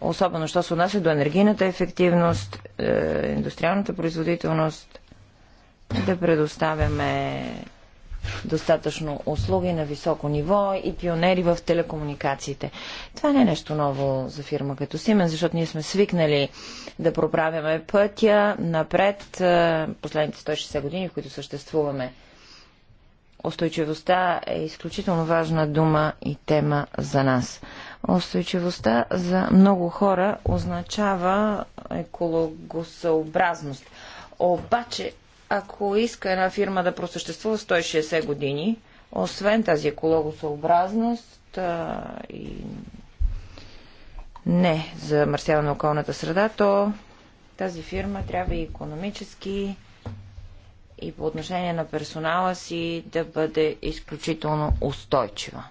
C: Особено, що се отнася до енергийната ефективност, е, индустриалната производителност, да предоставяме достатъчно услуги на високо ниво и пионери в телекомуникациите. Това не е нещо ново за фирма като Симен, защото ние сме свикнали да проправяме пътя напред е, последните 160 години, в които съществуваме. Устойчивостта е изключително важна дума и тема за нас. Устойчивостта за много хора означава екологосъобразност. Обаче, ако иска една фирма да просъществува 160 години, освен тази екологосъобразност а, и не за на околната среда, то тази фирма трябва и економически, и по отношение на персонала си да бъде изключително устойчива.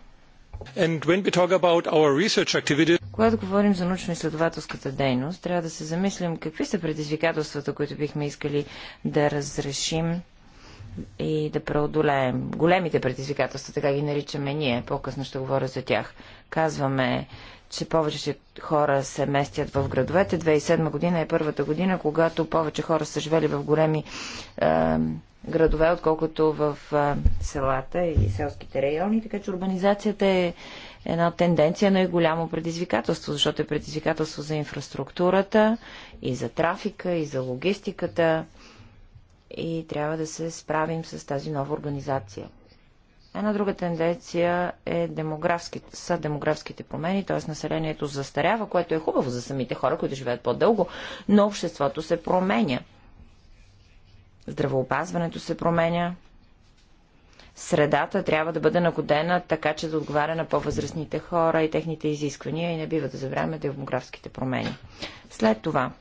C: Когато говорим за научно-изследователската дейност, трябва да се замислим какви са предизвикателствата, които бихме искали да разрешим и да преодолеем. Големите предизвикателства, така ги наричаме ние, по-късно ще говоря за тях. Казваме, че повече хора се местят в градовете. 2007 година е първата година, когато повече хора са живели в големи е, градове, отколкото в е, селата и селските райони. Така че урбанизацията е една тенденция, но и е голямо предизвикателство, защото е предизвикателство за инфраструктурата и за трафика, и за логистиката. И трябва да се справим с тази нова организация. Една друга тенденция е демографски, са демографските промени, т.е. населението застарява, което е хубаво за самите хора, които живеят по-дълго, но обществото се променя. Здравоопазването се променя. Средата трябва да бъде нагодена така, че да отговаря на по-възрастните хора и техните изисквания и не бива да забравяме демографските промени. След това,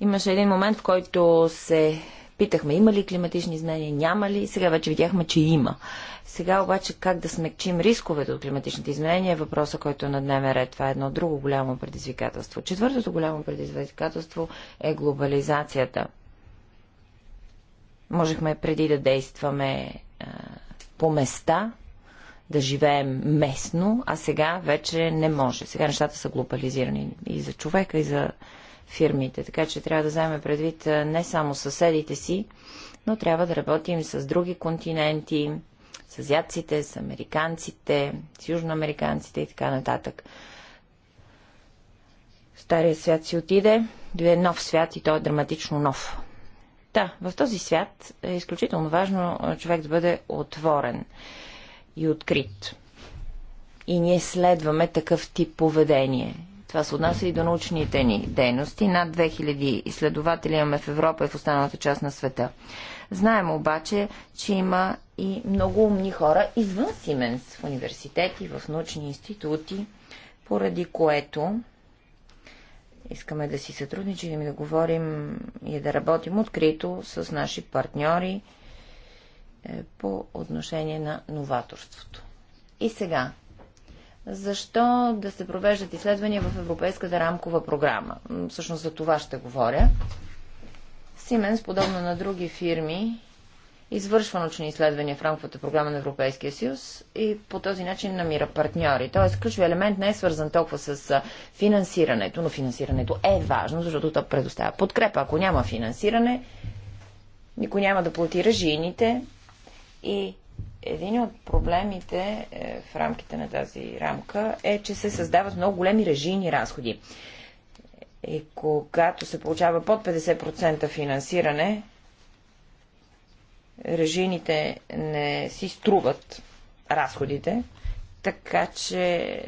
C: имаше един момент, в който се Питахме има ли климатични изменения, няма ли. Сега вече видяхме, че има. Сега обаче как да смекчим рисковете от климатичните изменения е въпроса, който е на дневен ред. Това е едно друго голямо предизвикателство. Четвъртото голямо предизвикателство е глобализацията. Можехме преди да действаме а, е, по места, да живеем местно, а сега вече не може. Сега нещата са глобализирани и за човека, и за фирмите. Така че трябва да вземем предвид не само съседите си, но трябва да работим с други континенти, с азиатците, с американците, с южноамериканците и така нататък. Стария свят си отиде, дойде нов свят и той е драматично нов. Да, в този свят е изключително важно човек да бъде отворен и открит. И ние следваме такъв тип поведение. Това се отнася и до научните ни дейности. Над 2000 изследователи имаме в Европа и в останалата част на света. Знаем обаче, че има и много умни хора извън Сименс в университети, в научни институти, поради което искаме да си сътрудничим и да говорим и да работим открито с наши партньори е, по отношение на новаторството. И сега защо да се провеждат изследвания в Европейската рамкова програма. Всъщност за това ще говоря. Сименс, подобно на други фирми, извършва научни изследвания в рамковата програма на Европейския съюз и по този начин намира партньори. Тоест, ключови елемент не е свързан толкова с финансирането, но финансирането е важно, защото то предоставя подкрепа. Ако няма финансиране, никой няма да плати режийните и един от проблемите е, в рамките на тази рамка е, че се създават много големи режийни разходи. И когато се получава под 50% финансиране, режийните не си струват разходите, така че е,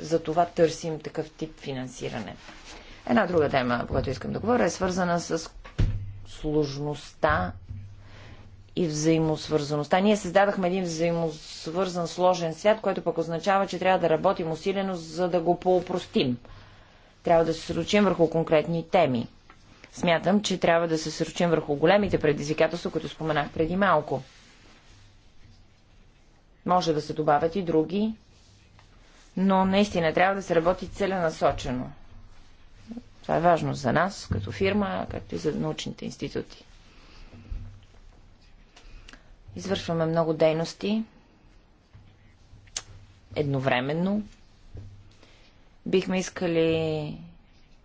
C: за това търсим такъв тип финансиране. Една друга тема, която искам да говоря, е свързана с сложността и взаимосвързаността. Ние създадахме един взаимосвързан сложен свят, което пък означава, че трябва да работим усилено, за да го поупростим. Трябва да се срочим върху конкретни теми. Смятам, че трябва да се срочим върху големите предизвикателства, които споменах преди малко. Може да се добавят и други, но наистина трябва да се работи целенасочено. Това е важно за нас, като фирма, както и за научните институти. Извършваме много дейности едновременно. Бихме искали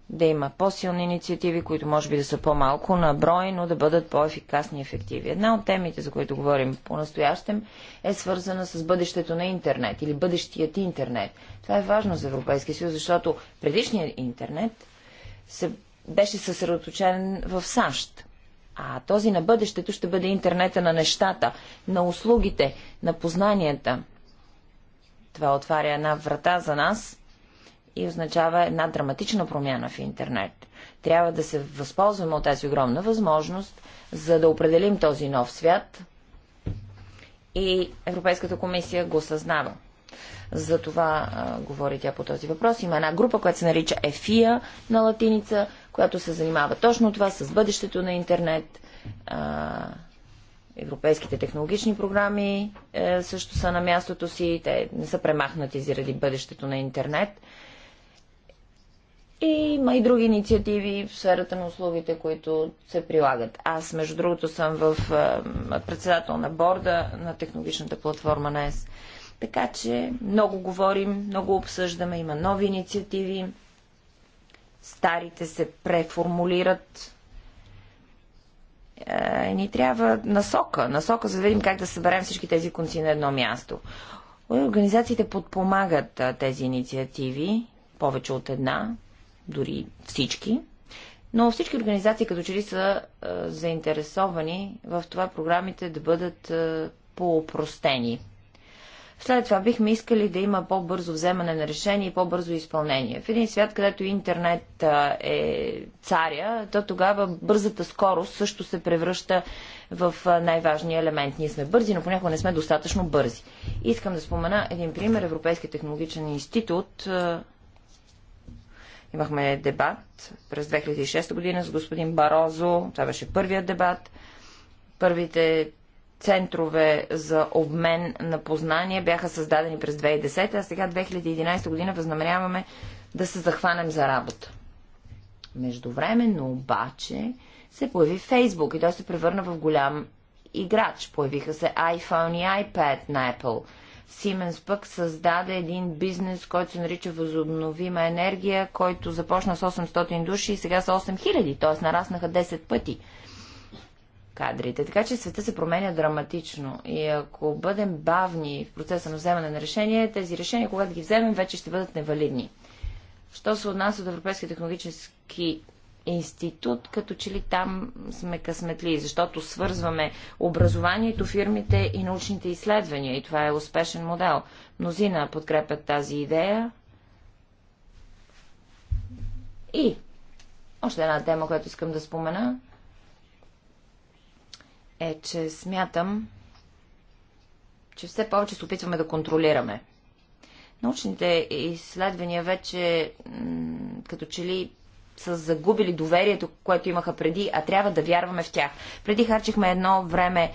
C: да има по-силни инициативи, които може би да са по-малко на брой, но да бъдат по-ефикасни и ефективи. Една от темите, за които говорим по-настоящем, е свързана с бъдещето на интернет или бъдещият интернет. Това е важно за Европейския съюз, защото предишният интернет се беше съсредоточен в САЩ. А този на бъдещето ще бъде интернета на нещата, на услугите, на познанията. Това отваря една врата за нас и означава една драматична промяна в интернет. Трябва да се възползваме от тази огромна възможност, за да определим този нов свят и Европейската комисия го съзнава. За това а, говори тя по този въпрос. Има една група, която се нарича Ефия на латиница, която се занимава точно това с бъдещето на интернет. А, европейските технологични програми е, също са на мястото си. Те не са премахнати заради бъдещето на интернет. И има и други инициативи в сферата на услугите, които се прилагат. Аз, между другото, съм в е, председател на борда на технологичната платформа на ЕС. Така че много говорим, много обсъждаме, има нови инициативи, старите се преформулират. Е, ни трябва насока, насока, за да видим как да съберем всички тези конци на едно място. Организациите подпомагат е, тези инициативи, повече от една, дори всички. Но всички организации като че ли са е, заинтересовани в това програмите да бъдат е, по-опростени. След това бихме искали да има по-бързо вземане на решение и по-бързо изпълнение. В един свят, където интернет е царя, то тогава бързата скорост също се превръща в най-важния елемент. Ние сме бързи, но понякога не сме достатъчно бързи. Искам да спомена един пример. Европейския технологичен институт Имахме дебат през 2006 година с господин Барозо. Това беше първият дебат. Първите центрове за обмен на познания бяха създадени през 2010, а сега 2011 година възнамеряваме да се захванем за работа. Междувременно обаче се появи Фейсбук и той се превърна в голям играч. Появиха се iPhone и iPad на Apple. Siemens пък създаде един бизнес, който се нарича възобновима енергия, който започна с 800 души и сега са 8000, т.е. нараснаха 10 пъти кадрите. Така че света се променя драматично и ако бъдем бавни в процеса на вземане на решение, тези решения, когато ги вземем, вече ще бъдат невалидни. Що се отнася от Европейския технологически институт, като че ли там сме късметли, защото свързваме образованието, фирмите и научните изследвания и това е успешен модел. Мнозина подкрепят тази идея. И още една тема, която искам да спомена – е, че смятам, че все повече се опитваме да контролираме. Научните изследвания вече като че ли са загубили доверието, което имаха преди, а трябва да вярваме в тях. Преди харчихме едно време,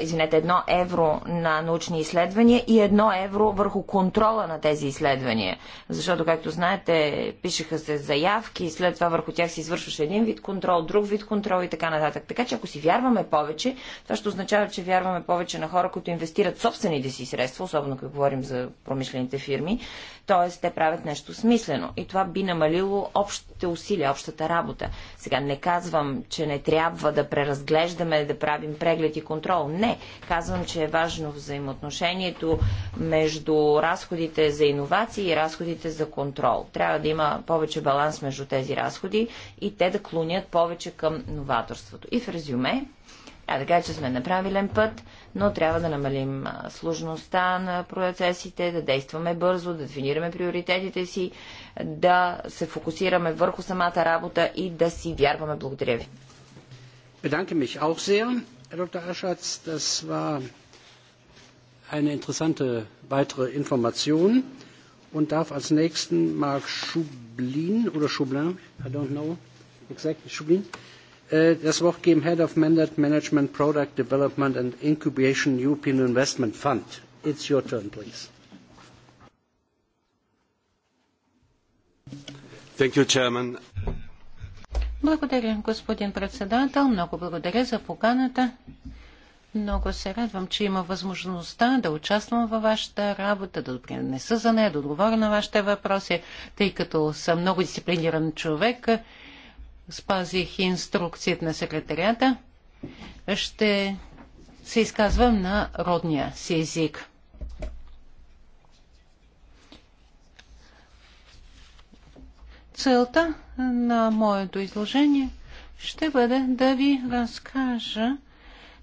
C: извинете, едно евро на научни изследвания и едно евро върху контрола на тези изследвания. Защото, както знаете, пишеха се заявки, след това върху тях се извършваше един вид контрол, друг вид контрол и така нататък. Така че, ако си вярваме повече, това ще означава, че вярваме повече на хора, които инвестират собствените си средства, особено като говорим за промишлените фирми, т.е. те правят нещо смислено. И това би намалило общите усилия общата работа. Сега не казвам, че не трябва да преразглеждаме, да правим преглед и контрол. Не. Казвам, че е важно взаимоотношението между разходите за иновации и разходите за контрол. Трябва да има повече баланс между тези разходи и те да клонят повече към новаторството. И в резюме, е, трябва да кажа, че сме на правилен път, но трябва да намалим сложността на процесите, да действаме бързо, да дефинираме приоритетите си, да се фокусираме върху самата работа и да си вярваме. Благодаря ви.
A: Bedanke mich auch sehr, Herr Dr. Aschatz. Das war eine interessante weitere Information und darf als nächsten Marc Schublin oder Schublin, I don't know exactly, Schublin, das Wort geben Head of Mandate Management, Product Development and Incubation European Investment Fund. It's your turn, please. Thank you, Chairman.
D: Благодаря, господин председател. Много благодаря за поканата. Много се радвам, че има възможността да участвам във вашата работа, да допринеса за нея, да отговоря на вашите въпроси, тъй като съм много дисциплиниран човек спазих инструкциите на секретарията. Ще се изказвам на родния си език. Целта на моето изложение ще бъде да ви разкажа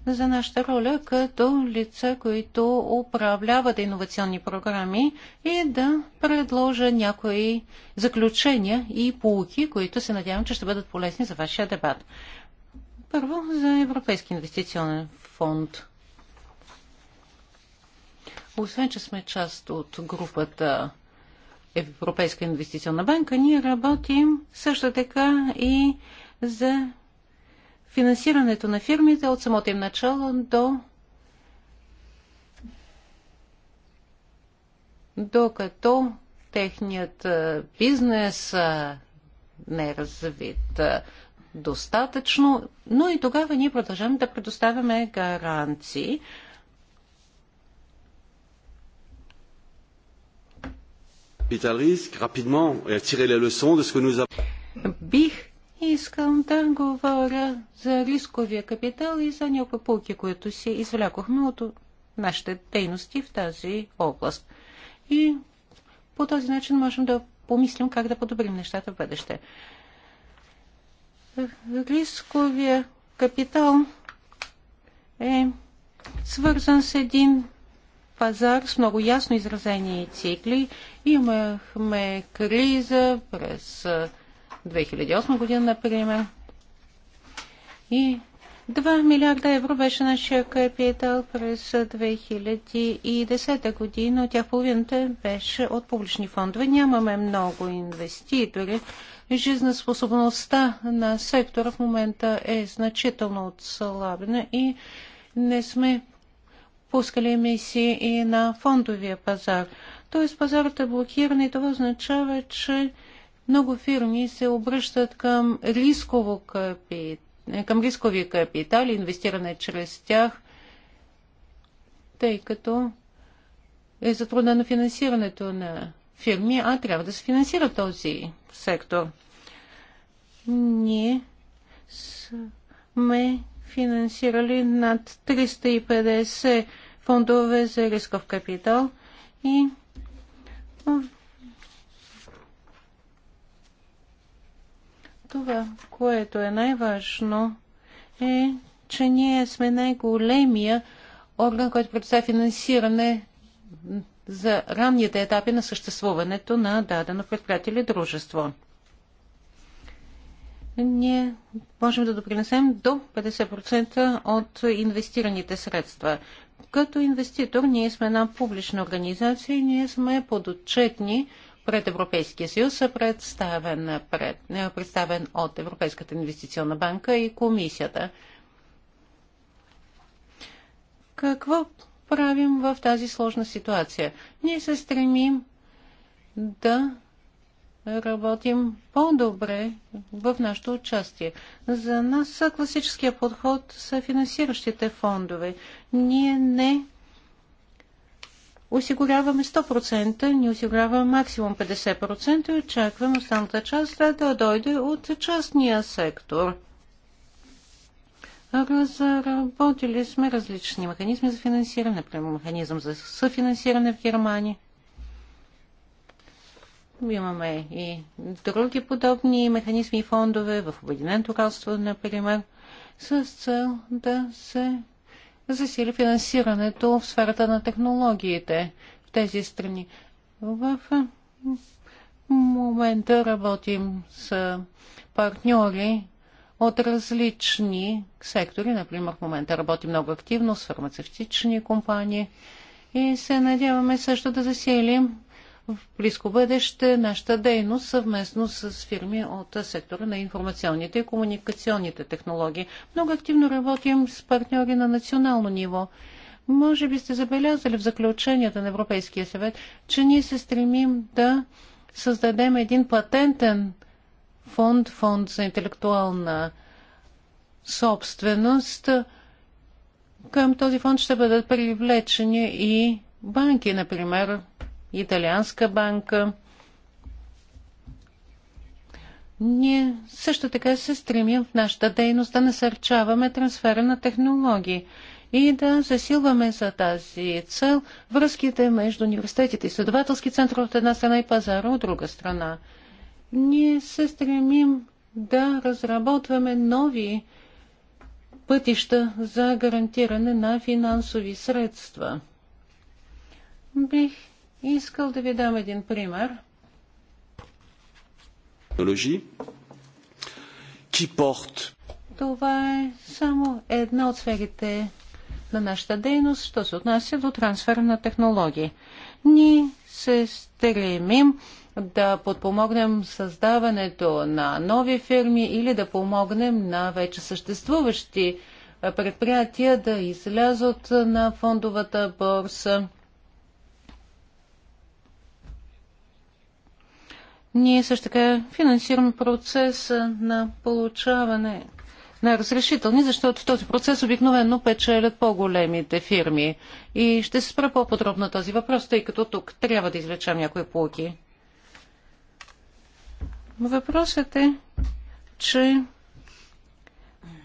D: за нашата роля като лица, които управляват иновационни програми и да предложа някои заключения и полуки, които се надявам, че ще бъдат полезни за вашия дебат. Първо за Европейски инвестиционен фонд. Освен, че сме част от групата Европейска инвестиционна банка, ние работим също така и за финансирането на фирмите от самото им начало до докато техният бизнес не е развит достатъчно, но и тогава ние продължаваме да предоставяме гаранции. Бих Искам да говоря за рисковия капитал и за някои полки, които си извлякохме от нашите дейности в тази област. И по този начин можем да помислим как да подобрим нещата в бъдеще. Рисковия капитал е свързан с един пазар с много ясно изразени цикли. Имахме криза през 2008 година, например. И 2 милиарда евро беше нашия капитал през 2010 година. От тях половината беше от публични фондове. Нямаме много инвеститори. Жизнеспособността на сектора в момента е значително отслабена и не сме пускали емисии и на фондовия пазар. Тоест пазарът е блокиран и това означава, че много фирми се обръщат към, рисково капи, е, към рискови капитали, инвестиране е чрез тях, тъй като е затруднено финансирането на фирми, а трябва да се финансира този сектор. Ние сме финансирали над 350 фондове за рисков капитал и Това, което е най-важно, е, че ние сме най-големия орган, който представя финансиране за ранните етапи на съществуването на дадено предприятие или дружество. Ние можем да допринесем до 50% от инвестираните средства. Като инвеститор ние сме една публична организация и ние сме подотчетни пред Европейския съюз, представен, пред, представен от Европейската инвестиционна банка и комисията. Какво правим в тази сложна ситуация? Ние се стремим да работим по-добре в нашето участие. За нас класическия подход са финансиращите фондове. Ние не осигуряваме 100%, ни осигуряваме максимум 50% и очакваме останата част да дойде от частния сектор. Разработили сме различни механизми за финансиране, например механизъм за съфинансиране в Германия. Имаме и други подобни механизми и фондове в Обединеното кралство, например, с цел да се засили финансирането в сферата на технологиите в тези страни. В момента работим с партньори от различни сектори. Например, в момента работим много активно с фармацевтични компании и се надяваме също да засилим в близко бъдеще нашата дейност съвместно с фирми от сектора на информационните и комуникационните технологии. Много активно работим с партньори на национално ниво. Може би сте забелязали в заключенията на Европейския съвет, че ние се стремим да създадем един патентен фонд, фонд за интелектуална собственост. Към този фонд ще бъдат привлечени и банки, например, италианска банка. Ние също така се стремим в нашата дейност да насърчаваме трансфера на технологии и да засилваме за тази цел връзките между университетите и следователски центрове от една страна и пазара от друга страна. Ние се стремим да разработваме нови пътища за гарантиране на финансови средства. Бих Искал да ви дам един пример. Това е само една от сферите на нашата дейност, що се отнася до трансфер на технологии. Ние се стремим да подпомогнем създаването на нови фирми или да помогнем на вече съществуващи предприятия да излязат на фондовата борса Ние също така финансираме процеса на получаване на разрешителни, защото този процес обикновено печелят по-големите фирми. И ще се спра по-подробно този въпрос, тъй като тук трябва да извлечам някои полки. Въпросът е, че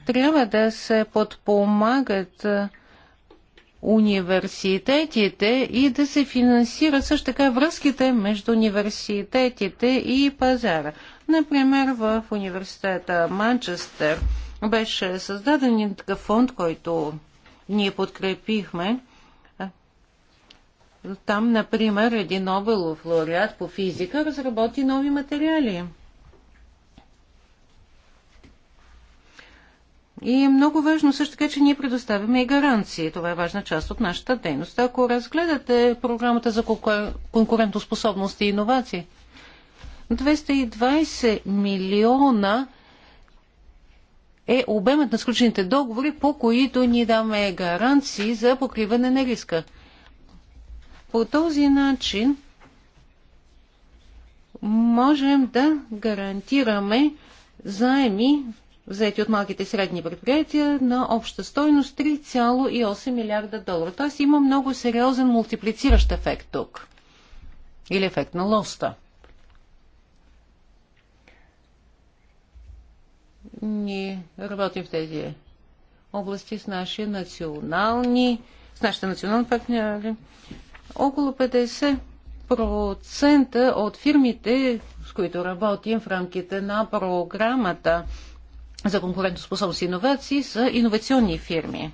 D: трябва да се подпомагат университетите и да се финансират също така връзките между университетите и пазара. Например, в университета Манчестър беше създаден такъв фонд, който ние подкрепихме. Там, например, един Нобелов лауреат по физика разработи нови материали. И е много важно също така, че ние предоставяме и гаранции. Това е важна част от нашата дейност. Ако разгледате програмата за конкурентоспособност и иновации, 220 милиона е обемът на сключените договори, по които ни даваме гаранции за покриване на риска. По този начин можем да гарантираме заеми взети от малките и средни предприятия на обща стойност 3,8 милиарда долара. Тоест има много сериозен мултиплициращ ефект тук. Или ефект на лоста. Ние работим в тези области с нашите национални, с нашите национални партньори. Около 50% от фирмите, с които работим в рамките на програмата за конкурентоспособност и иновации са иновационни фирми.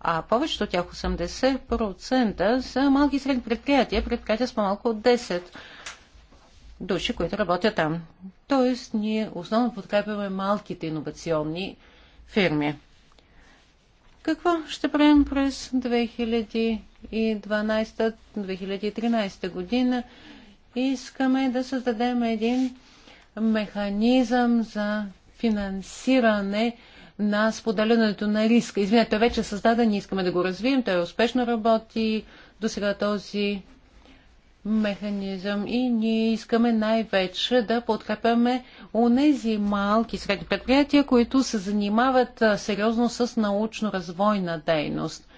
D: А повечето от тях 80% са малки и средни предприятия, предприятия с по-малко от 10 души, които работят там. Тоест, ние основно подкрепяме малките иновационни фирми. Какво ще правим през 2012-2013 година? Искаме да създадем един механизъм за финансиране на споделянето на риска. Извинете, той вече е създаден, искаме да го развием, той успешно работи до сега този механизъм и ние искаме най-вече да подкрепяме онези малки средни предприятия, които се занимават сериозно с научно-развойна дейност.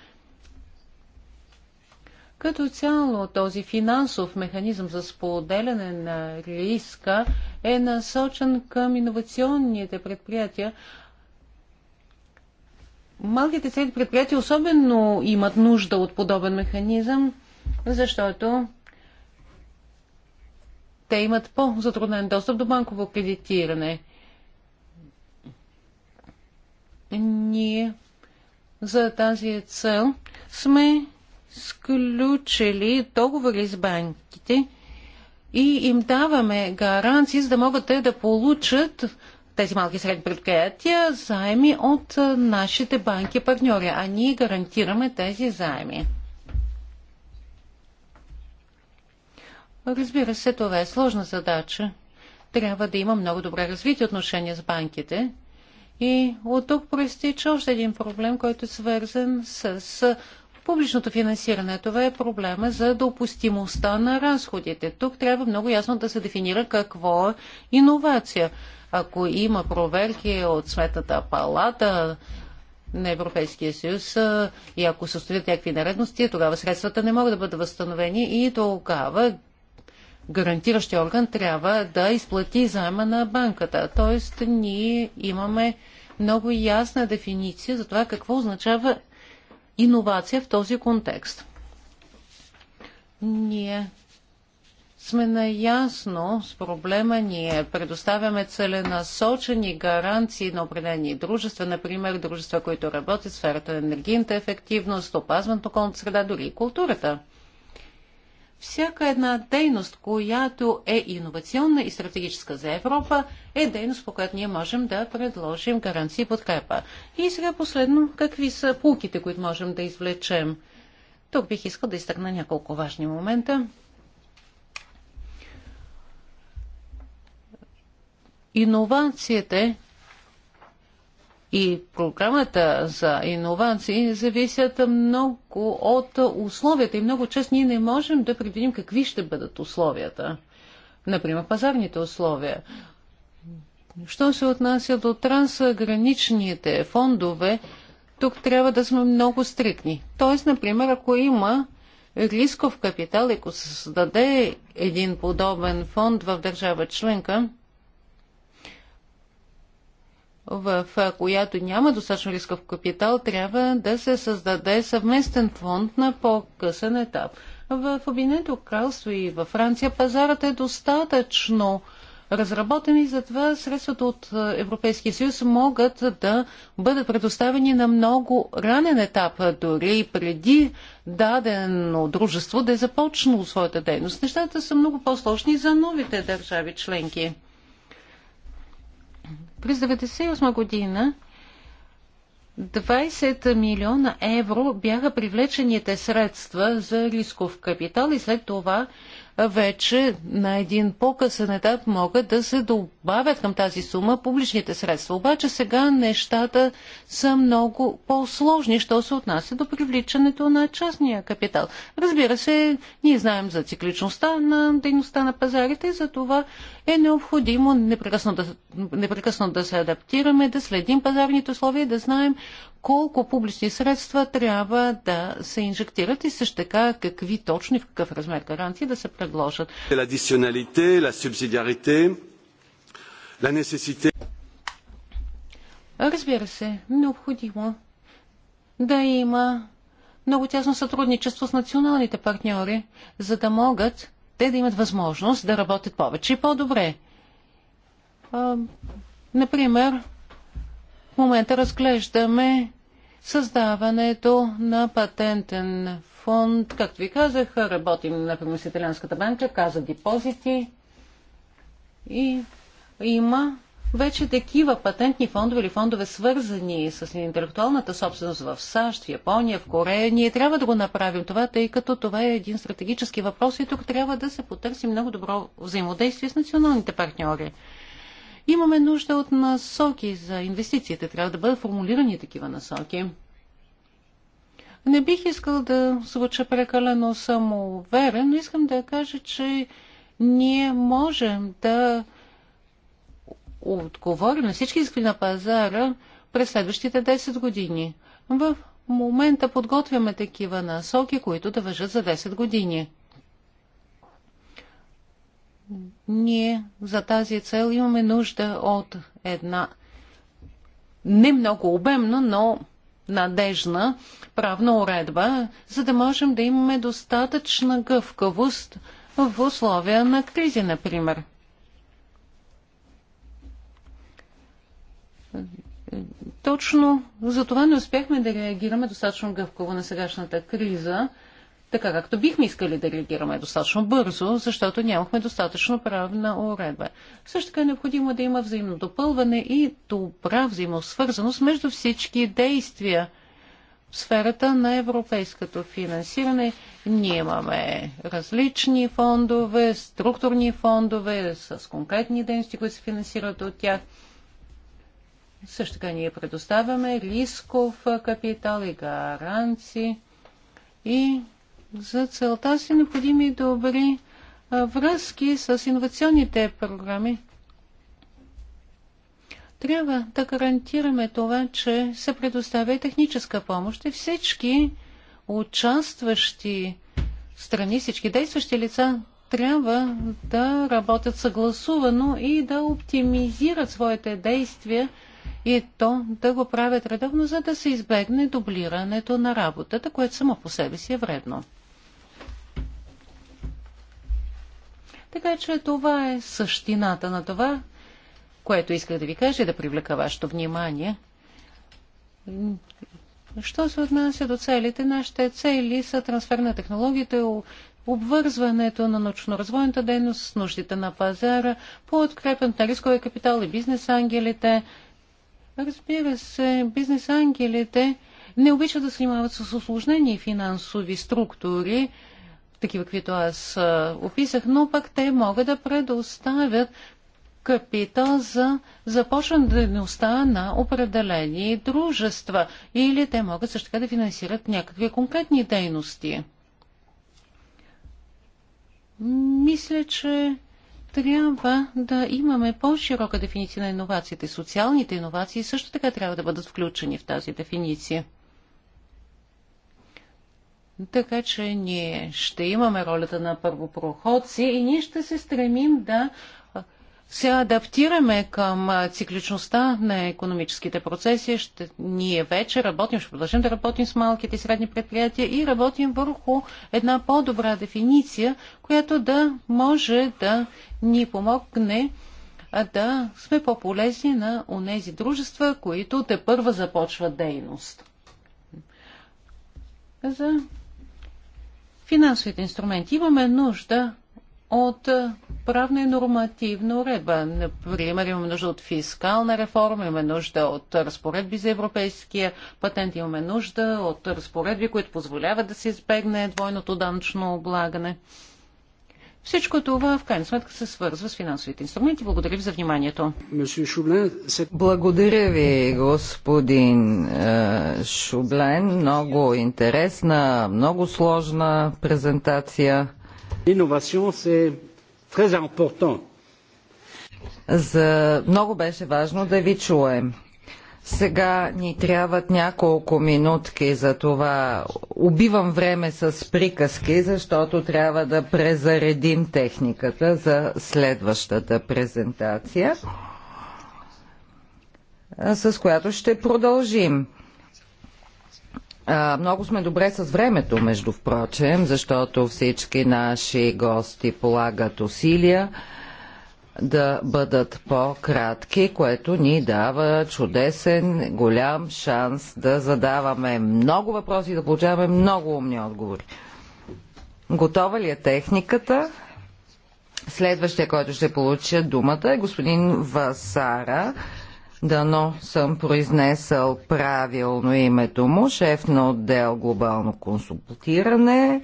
D: Като цяло този финансов механизъм за споделяне на риска е насочен към иновационните предприятия. Малките цели предприятия особено имат нужда от подобен механизъм, защото те имат по-затруднен достъп до банково кредитиране. Ние за тази цел сме сключили договори с банките и им даваме гаранции, за да могат те да получат тези малки средни предприятия заеми от нашите банки партньори, а ние гарантираме тези заеми. Разбира се, това е сложна задача. Трябва да има много добре развити отношения с банките. И от тук проистича още един проблем, който е свързан с Публичното финансиране, това е проблема за допустимостта на разходите. Тук трябва много ясно да се дефинира какво е иновация. Ако има проверки от сметната палата, на Европейския съюз и ако се стоят някакви наредности, тогава средствата не могат да бъдат възстановени и тогава гарантиращия орган трябва да изплати заема на банката. Тоест ние имаме много ясна дефиниция за това какво означава иновация в този контекст. Ние сме наясно с проблема, ние предоставяме целенасочени гаранции на определени дружества, например дружества, които работят в сферата на енергийната ефективност, опазването на околната среда, дори и културата всяка една дейност, която е иновационна и стратегическа за Европа, е дейност, по която ние можем да предложим гаранции и подкрепа. И сега последно, какви са пулките, които можем да извлечем? Тук бих искал да изтъкна няколко важни момента. Иновациите и програмата за иновации зависят много от условията и много чест ние не можем да предвидим какви ще бъдат условията. Например, пазарните условия. Що се отнася до трансграничните фондове, тук трябва да сме много стрикни. Тоест, например, ако има рисков капитал, ако се създаде един подобен фонд в държава членка, в която няма достатъчно рисков капитал, трябва да се създаде съвместен фонд на по-късен етап. В Обединеното кралство и във Франция пазарът е достатъчно разработен и затова средствата от Европейския съюз могат да бъдат предоставени на много ранен етап, дори и преди дадено дружество да е започнало своята дейност. Нещата са много по-сложни за новите държави членки. През 1998 година 20 милиона евро бяха привлечените средства за рисков капитал и след това вече на един по-късен етап могат да се добавят към тази сума публичните средства. Обаче сега нещата са много по-сложни, що се отнася до привличането на частния капитал. Разбира се, ние знаем за цикличността на дейността на пазарите, за това е необходимо непрекъснато да, непрекъснато да се адаптираме, да следим пазарните условия да знаем колко публични средства трябва да се инжектират и също така какви точни, в какъв размер гарантии да се предложат. Е Разбира се, необходимо да има много тясно сътрудничество с националните партньори, за да могат те да имат възможност да работят повече и по-добре. Например, в момента разглеждаме създаването на патентен фонд. Както ви казах, работим, на с Италианската банка, каза депозити и има вече такива патентни фондове или фондове свързани с интелектуалната собственост в САЩ, в Япония, в Корея, ние трябва да го направим това, тъй като това е един стратегически въпрос и тук трябва да се потърси много добро взаимодействие с националните партньори. Имаме нужда от насоки за инвестициите. Трябва да бъдат формулирани такива насоки. Не бих искал да звуча прекалено самоуверен, но искам да кажа, че ние можем да отговори на всички искания на пазара през следващите 10 години. В момента подготвяме такива насоки, които да въжат за 10 години. Ние за тази цел имаме нужда от една не много обемна, но надежна правна уредба, за да можем да имаме достатъчна гъвкавост в условия на кризи, например. Точно за това не успяхме да реагираме достатъчно гъвково на сегашната криза, така както бихме искали да реагираме достатъчно бързо, защото нямахме достатъчно правна уредба. Също така е необходимо да има взаимно допълване и добра взаимосвързаност между всички действия в сферата на европейското финансиране. Ние имаме различни фондове, структурни фондове с конкретни дейности, които се финансират от тях – също така ние предоставяме рисков капитал и гаранции. И за целта си необходими добри връзки с инновационните програми. Трябва да гарантираме това, че се предоставя и техническа помощ и всички участващи страни, всички действащи лица трябва да работят съгласувано и да оптимизират своите действия и то да го правят редовно, за да се избегне дублирането на работата, което само по себе си е вредно. Така че това е същината на това, което исках да ви кажа и да привлека вашето внимание. Що се отнася до целите? Нашите цели са трансфер на технологията, обвързването на научно-развойната дейност с нуждите на пазара, подкрепен на рискови капитал и бизнес ангелите, Разбира се, бизнес ангелите не обичат да се занимават с осложнени финансови структури, такива, каквито аз описах, но пък те могат да предоставят капитал за започване дейността на определени дружества или те могат също така да финансират някакви конкретни дейности. Мисля, че трябва да имаме по-широка дефиниция на иновациите. Социалните иновации също така трябва да бъдат включени в тази дефиниция. Така че ние ще имаме ролята на първопроходци и ние ще се стремим да се адаптираме към цикличността на економическите процеси. Ще, ние вече работим, ще продължим да работим с малките и средни предприятия и работим върху една по-добра дефиниция, която да може да ни помогне да сме по-полезни на онези дружества, които те първа започват дейност. За финансовите инструменти имаме нужда от правна и нормативна уредба. Например, имаме нужда от фискална реформа, имаме нужда от разпоредби за европейския патент, имаме нужда от разпоредби, които позволяват да се избегне двойното данъчно облагане. Всичко това в крайна сметка се свързва с финансовите инструменти. Благодаря ви за вниманието.
B: Благодаря ви, господин Шублен. Много интересна, много сложна презентация. Инновация е très important. За... Много беше важно да ви чуем. Сега ни трябват няколко минутки за това. Убивам време с приказки, защото трябва да презаредим техниката за следващата презентация, с която ще продължим много сме добре с времето, между впрочем, защото всички наши гости полагат усилия да бъдат по-кратки, което ни дава чудесен, голям шанс да задаваме много въпроси и да получаваме много умни отговори. Готова ли е техниката? Следващия, който ще получи думата е господин Васара Дано съм произнесъл правилно името му, шеф на отдел глобално консултиране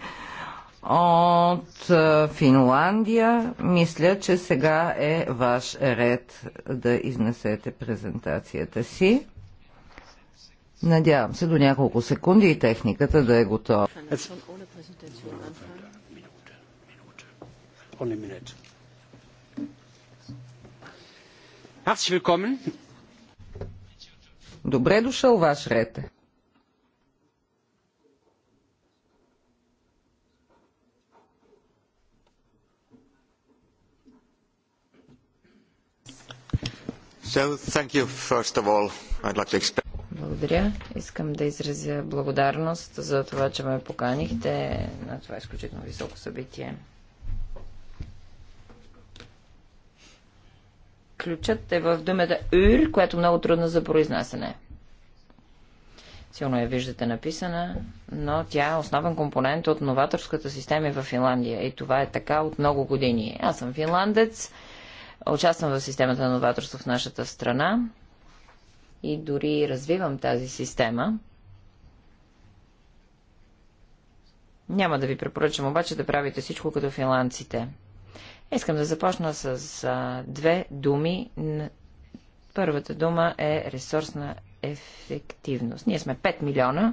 B: от е, Финландия. Мисля, че сега е ваш ред да изнесете презентацията си. Надявам се до няколко секунди и техниката да е готова.
A: Herzlich willkommen.
B: Добре дошъл, ваш рете. So, like explain...
C: Благодаря. Искам да изразя благодарност за това, че ме поканихте на това изключително високо събитие. ключът е в думата Ур, която е много трудна за произнасяне. Силно я виждате написана, но тя е основен компонент от новаторската система в Финландия. И това е така от много години. Аз съм финландец, участвам в системата на новаторство в нашата страна и дори развивам тази система. Няма да ви препоръчам обаче да правите всичко като финландците – Искам да започна с а, две думи. Първата дума е ресурсна ефективност. Ние сме 5 милиона,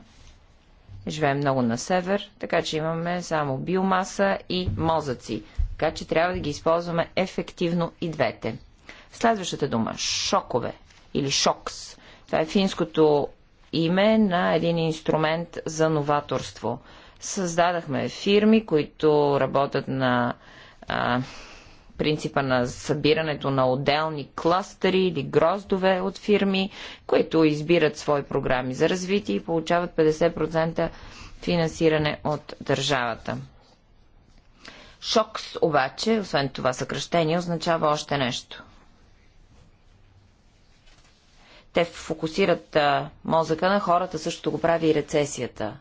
C: живеем много на север, така че имаме само биомаса и мозъци. Така че трябва да ги използваме ефективно и двете. Следващата дума – шокове или шокс. Това е финското име на един инструмент за новаторство. Създадахме фирми, които работят на а, принципа на събирането на отделни кластери или гроздове от фирми, които избират свои програми за развитие и получават 50% финансиране от държавата. Шокс обаче, освен това съкръщение, означава още нещо. Те фокусират а, мозъка на хората, също го прави и рецесията.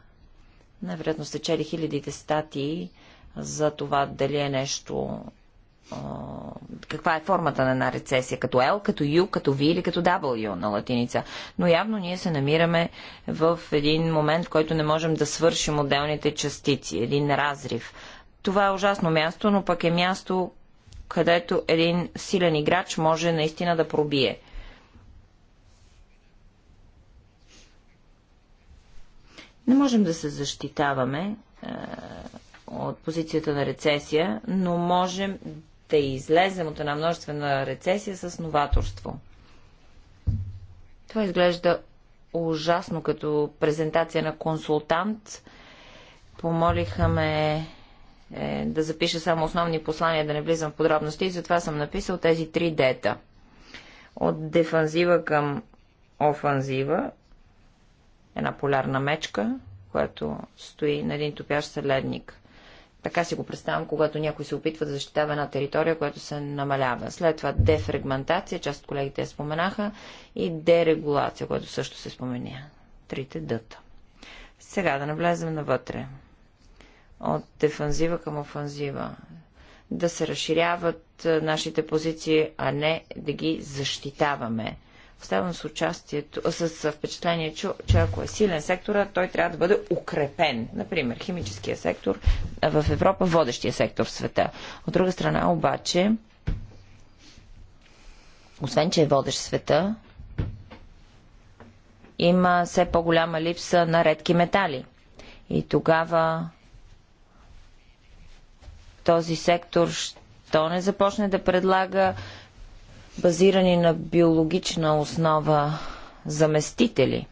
C: Най-вероятно сте чели хилядите статии за това дали е нещо каква е формата на една рецесия, като L, като U, като V или като W на латиница. Но явно ние се намираме в един момент, в който не можем да свършим отделните частици, един разрив. Това е ужасно място, но пък е място, където един силен играч може наистина да пробие. Не можем да се защитаваме от позицията на рецесия, но можем да излезем от една множествена рецесия с новаторство. Това изглежда ужасно като презентация на консултант. Помолиха ме е, да запиша само основни послания, да не влизам в подробности и затова съм написал тези три дета. От дефанзива към офанзива, една полярна мечка, която стои на един топящ съледник. Така си го представям, когато някой се опитва да защитава една територия, която се намалява. След това дефрагментация, част от колегите я споменаха, и дерегулация, което също се споменя. Трите дъта. Сега да навлезем навътре. От дефанзива към офанзива. Да се разширяват нашите позиции, а не да ги защитаваме оставам с участието, с впечатление, че, че ако е силен сектора, той трябва да бъде укрепен. Например, химическия сектор в Европа, водещия сектор в света. От друга страна обаче, освен, че е водещ света, има все по-голяма липса на редки метали. И тогава този сектор, то не започне да предлага базирани на биологична основа заместители.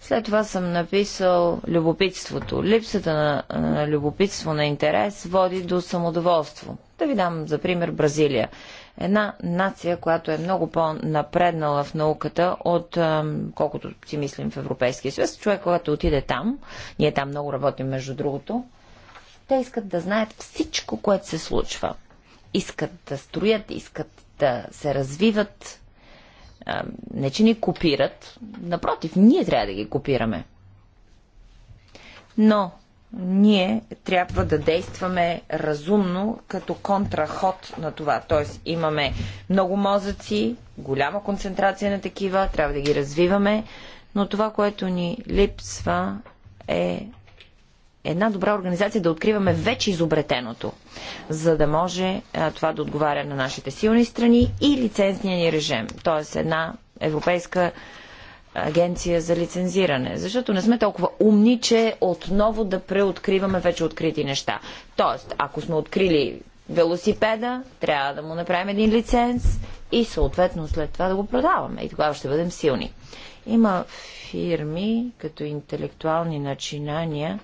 C: След това съм написал любопитството. Липсата на, на любопитство на интерес води до самодоволство. Да ви дам за пример Бразилия. Една нация, която е много по-напреднала в науката от колкото си мислим в Европейския съюз. Човек, когато отиде там, ние там много работим между другото, те искат да знаят всичко, което се случва. Искат да строят, искат да се развиват, не че ни копират, напротив, ние трябва да ги копираме. Но ние трябва да действаме разумно като контраход на това. Т.е. имаме много мозъци, голяма концентрация на такива, трябва да ги развиваме, но това, което ни липсва е една добра организация да откриваме вече изобретеното, за да може а, това да отговаря на нашите силни страни и лицензния ни режим. Тоест една европейска агенция за лицензиране. Защото не сме толкова умни, че отново да преоткриваме вече открити неща. Тоест, ако сме открили велосипеда, трябва да му направим един лиценз и съответно след това да го продаваме. И тогава ще бъдем силни. Има фирми като интелектуални начинания,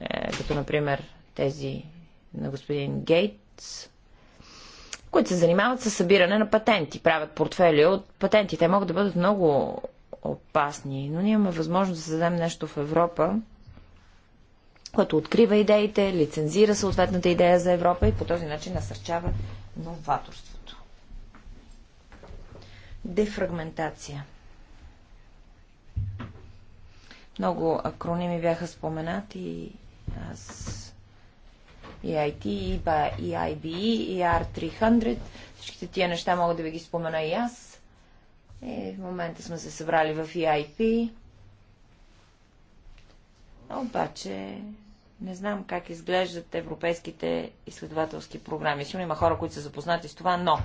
C: е, като например тези на господин Гейтс, които се занимават с събиране на патенти, правят портфели от патенти. Те могат да бъдат много опасни, но ние имаме възможност да създадем нещо в Европа, което открива идеите, лицензира съответната идея за Европа и по този начин насърчава новаторството. Дефрагментация. Много акроними бяха споменати и аз и IT, и, BA, 300 всичките тия неща мога да ви ги спомена и аз. И е, в момента сме се събрали в EIP. Обаче не знам как изглеждат европейските изследователски програми. Сигурно има хора, които са запознати с това, но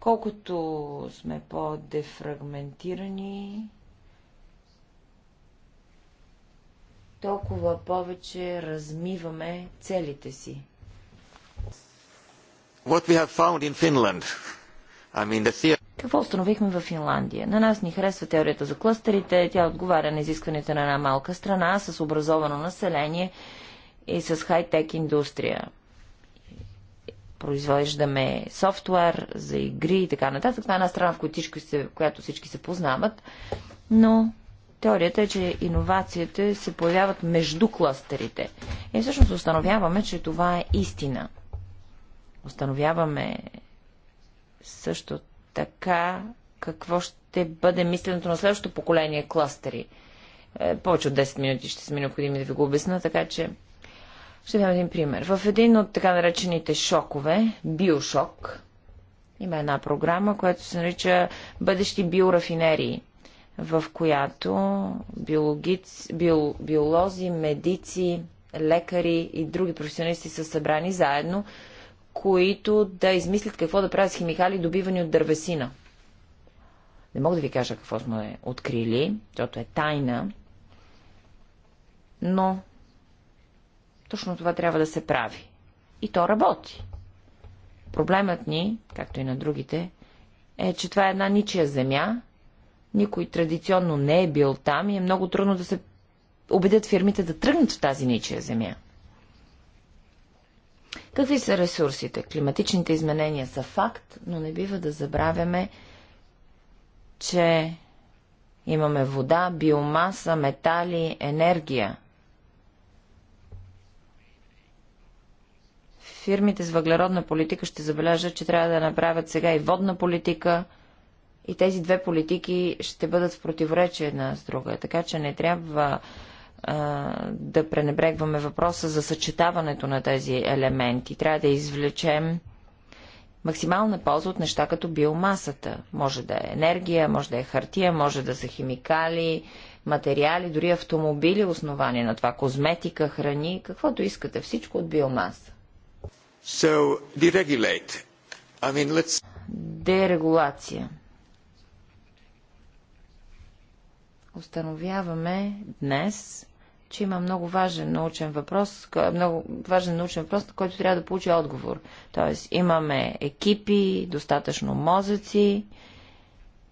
C: колкото сме по-дефрагментирани, толкова повече размиваме целите си.
A: What we have found in Finland. I mean, the theory...
C: Какво установихме в Финландия? На нас ни харесва теорията за клъстерите, тя отговаря на изискването на една малка страна с образовано население и с хай-тек индустрия. Произвеждаме софтуер за игри и така нататък. Това е една страна, в която всички се познават, но Теорията е, че иновациите се появяват между кластерите. И всъщност установяваме, че това е истина. Установяваме също така какво ще бъде мисленето на следващото поколение кластери. Е, повече от 10 минути ще са ми необходими да ви го обясна, така че ще дам един пример. В един от така наречените шокове, биошок, има една програма, която се нарича Бъдещи биорафинерии – в която биолози, медици, лекари и други професионалисти са събрани заедно, които да измислят какво да правят с химикали, добивани от дървесина. Не мога да ви кажа какво сме открили, защото е тайна, но точно това трябва да се прави. И то работи. Проблемът ни, както и на другите, е, че това е една ничия земя, никой традиционно не е бил там и е много трудно да се убедят фирмите да тръгнат в тази ничия земя. Какви са ресурсите? Климатичните изменения са факт, но не бива да забравяме, че имаме вода, биомаса, метали, енергия. Фирмите с въглеродна политика ще забележат, че трябва да направят сега и водна политика – и тези две политики ще бъдат в противоречие една с друга. Така че не трябва а, да пренебрегваме въпроса за съчетаването на тези елементи. Трябва да извлечем максимална полза от неща като биомасата. Може да е енергия, може да е хартия, може да са химикали, материали, дори автомобили, основани на това, козметика, храни, каквото искате, всичко от биомаса. So, I mean, let's... Дерегулация. установяваме днес, че има много важен научен въпрос, много важен научен въпрос, на който трябва да получи отговор. Тоест, имаме екипи, достатъчно мозъци,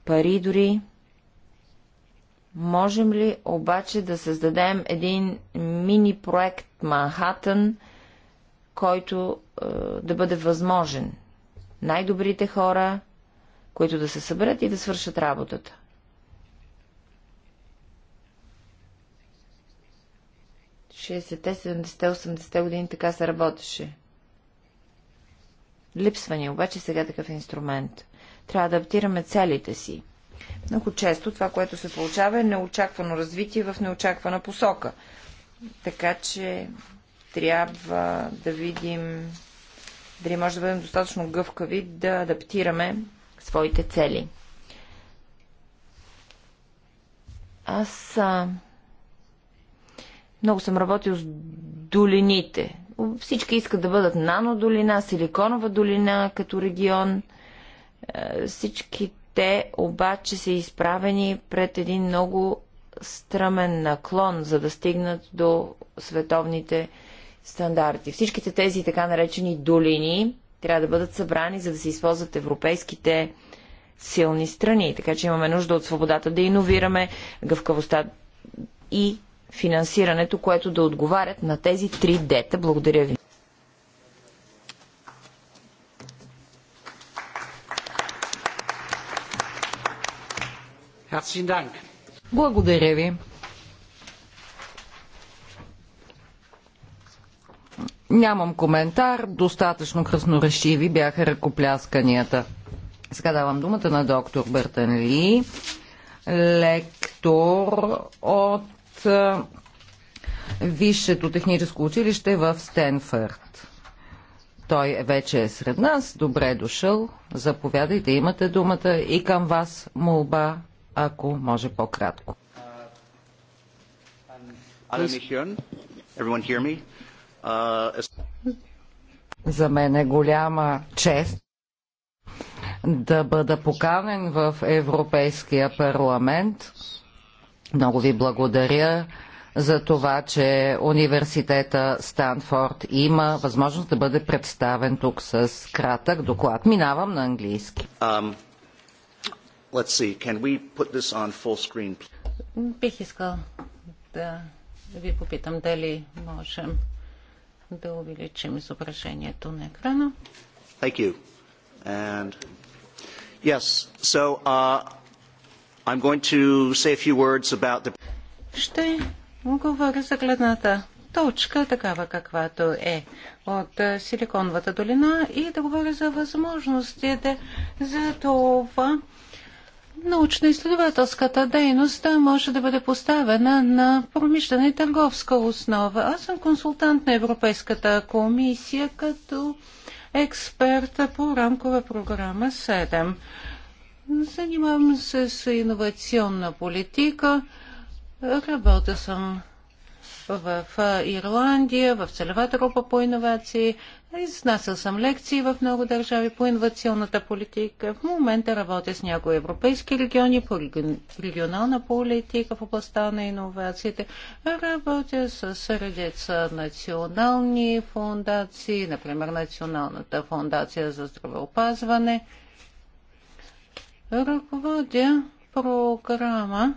C: пари дори. Можем ли обаче да създадем един мини проект Манхатън, който е, да бъде възможен? Най-добрите хора, които да се съберат и да свършат работата. 60-те, 70-те, 80-те години така се работеше. Липсва ни обаче сега такъв инструмент. Трябва да адаптираме целите си. Много често това, което се получава е неочаквано развитие в неочаквана посока. Така че трябва да видим дали може да бъдем достатъчно гъвкави да адаптираме своите цели. Аз а, много съм работил с долините. Всички искат да бъдат нанодолина, силиконова долина като регион. Е, всички те обаче са изправени пред един много стръмен наклон, за да стигнат до световните стандарти. Всичките тези така наречени долини трябва да бъдат събрани, за да се използват европейските силни страни. Така че имаме нужда от свободата да иновираме, гъвкавостта и финансирането, което да отговарят на тези три дета. Благодаря ви.
B: Благодаря ви. Нямам коментар. Достатъчно красноречиви бяха ръкоплясканията. Сега давам думата на доктор Бъртен Ли, лектор от Висшето техническо училище в Стенфърд. Той вече е сред нас. Добре е дошъл. Заповядайте, имате думата и към вас молба, ако може по-кратко. Е- За мен е голяма чест да бъда поканен в Европейския парламент много ви благодаря за това, че университета Станфорд има възможност да бъде представен тук с кратък доклад. Минавам на английски. Um, see,
D: Бих искал да ви попитам дали можем да увеличим изображението на екрана.
A: Thank you. And yes, so uh, I'm going to say a few words about the...
D: Ще говоря за гледната точка, такава каквато е от Силиконовата долина и да говоря за възможностите за това научно-изследователската дейност да може да бъде поставена на промишлена и търговска основа. Аз съм консултант на Европейската комисия като експерт по рамкова програма 7. Занимавам се с иновационна политика. Работя съм в Ирландия, в целевата група по иновации. Изнасял съм лекции в много държави по инновационната политика. В момента работя с някои европейски региони по регионална политика в областта на инновациите. Работя с редица национални фундации, например Националната фундация за здравеопазване – Ръководя програма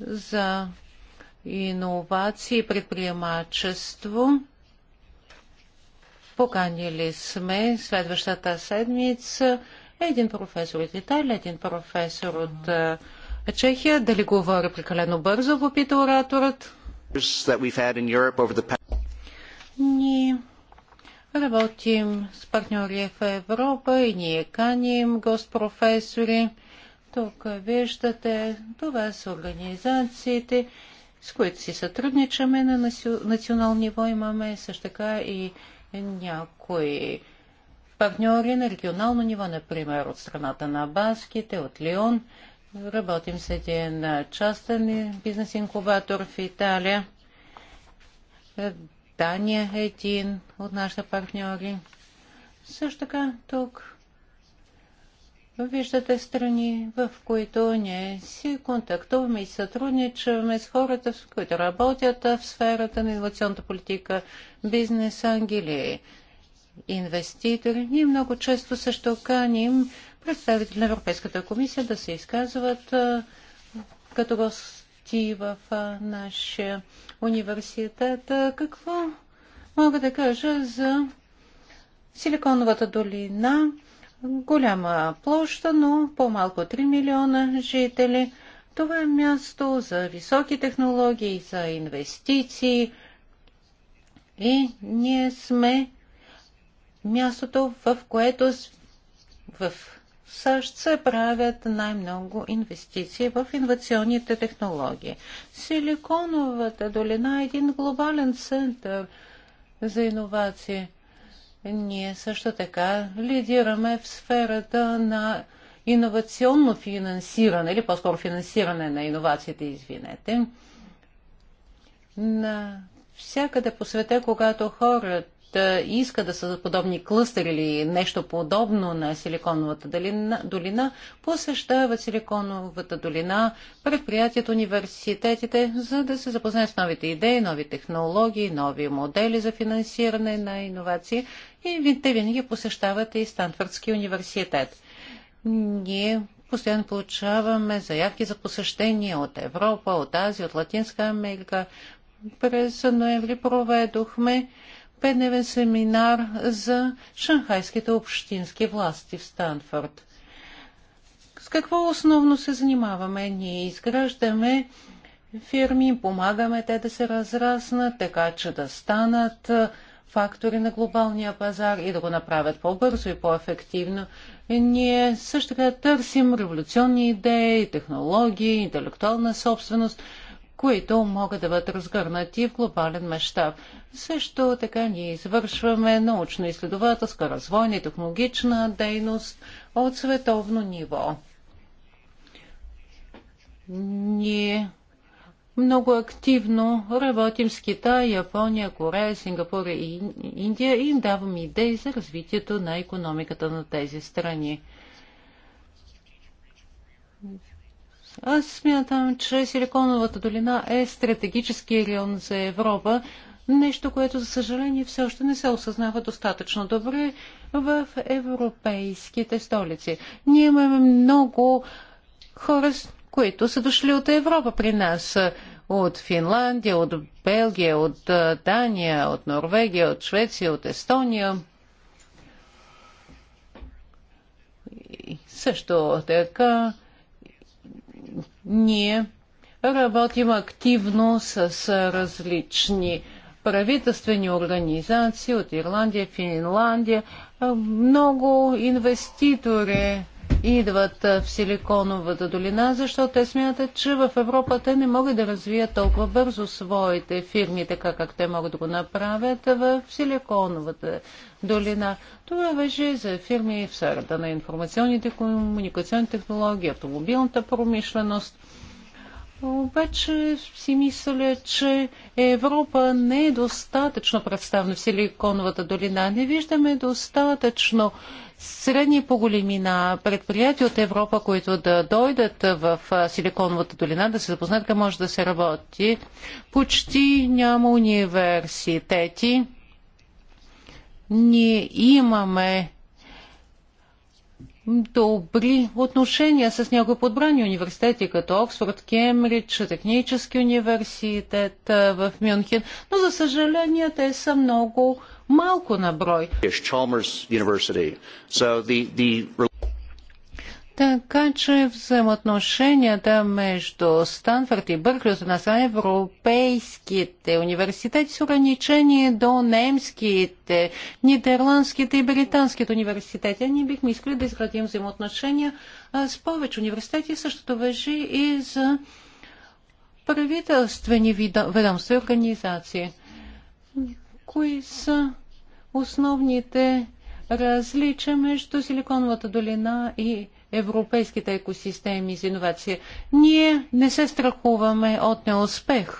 D: за иновации и предприемачество. Поканили сме следващата седмица един професор от Италия, един професор от Чехия. Дали говоря прекалено бързо, попита ораторът. Ние Работим с партньори в Европа и ние каним госпрофесори. Тук виждате, това са организациите, с които си сътрудничаме на национално ниво. Имаме също така и някои партньори на регионално ниво, например от страната на Баските, от Лион. Работим с един частен бизнес-инкубатор в Италия. Дания е един от нашите партньори. Също така тук виждате страни, в които ние си контактуваме и сътрудничаваме с хората, с които работят в сферата на инновационната политика, бизнес ангели, инвеститори. Ние много често също каним представители на Европейската комисия да се изказват като гост ти в нашия университет. Какво мога да кажа за Силиконовата долина? Голяма площа, но по-малко 3 милиона жители. Това е място за високи технологии, за инвестиции. И ние сме мястото, в което в САЩ се правят най-много инвестиции в инновационните технологии. Силиконовата долина е един глобален център за иновации. Ние също така лидираме в сферата на иновационно финансиране, или по-скоро финансиране на иновациите, извинете. На всякъде по света, когато хората да иска да са подобни клъстери или нещо подобно на Силиконовата долина, долина посещават Силиконовата долина, предприятията, университетите, за да се запознаят с новите идеи, нови технологии, нови модели за финансиране на иновации и те винаги посещават и Станфордския университет. Ние постоянно получаваме заявки за посещения от Европа, от Азия, от Латинска Америка. През ноември проведохме петдневен семинар за шанхайските общински власти в Станфорд. С какво основно се занимаваме? Ние изграждаме фирми, помагаме те да се разраснат, така че да станат фактори на глобалния пазар и да го направят по-бързо и по-ефективно. Ние също така търсим революционни идеи, технологии, интелектуална собственост – които могат да бъдат разгърнати в глобален мащаб. Също така ние извършваме научно-изследователска, развойна и технологична дейност от световно ниво. Ние много активно работим с Китай, Япония, Корея, Сингапур и Индия и им даваме идеи за развитието на економиката на тези страни. Аз смятам, че Силиконовата долина е стратегически район за Европа, нещо, което, за съжаление, все още не се осъзнава достатъчно добре в европейските столици. Ние имаме много хора, които са дошли от Европа при нас. От Финландия, от Белгия, от Дания, от Норвегия, от Швеция, от Естония. И също така ние работим активно с различни правителствени организации от Ирландия, Финландия. Много инвеститори идват в Силиконовата долина, защото те смятат, че в Европа те не могат да развият толкова бързо своите фирми, така как те могат да го направят в Силиконовата долина. Това въжи за фирми в сферата на информационните комуникационни технологии, автомобилната промишленост. Обаче си мисля, че Европа не е достатъчно представена в Силиконовата долина. Не виждаме достатъчно средни по големина предприятия от Европа, които да дойдат в Силиконовата долина, да се запознат, как може да се работи. Почти няма университети. Ние имаме добри отношения с някои подбрани университети, като Оксфорд, Кембридж, Технически университет в Мюнхен, но за съжаление те са много малко на брой.
A: So the, the
D: така че взаимоотношенията между Станфорд и Бъркли от една страна европейските университети са ограничени до немските, нидерландските и британските университети. А ние бихме искали да изградим взаимоотношения с повече университети. Същото въжи и за правителствени ведомства и организации. Кои са основните различия между Силиконовата долина и европейските екосистеми за иновация. Ние не се страхуваме от неуспех.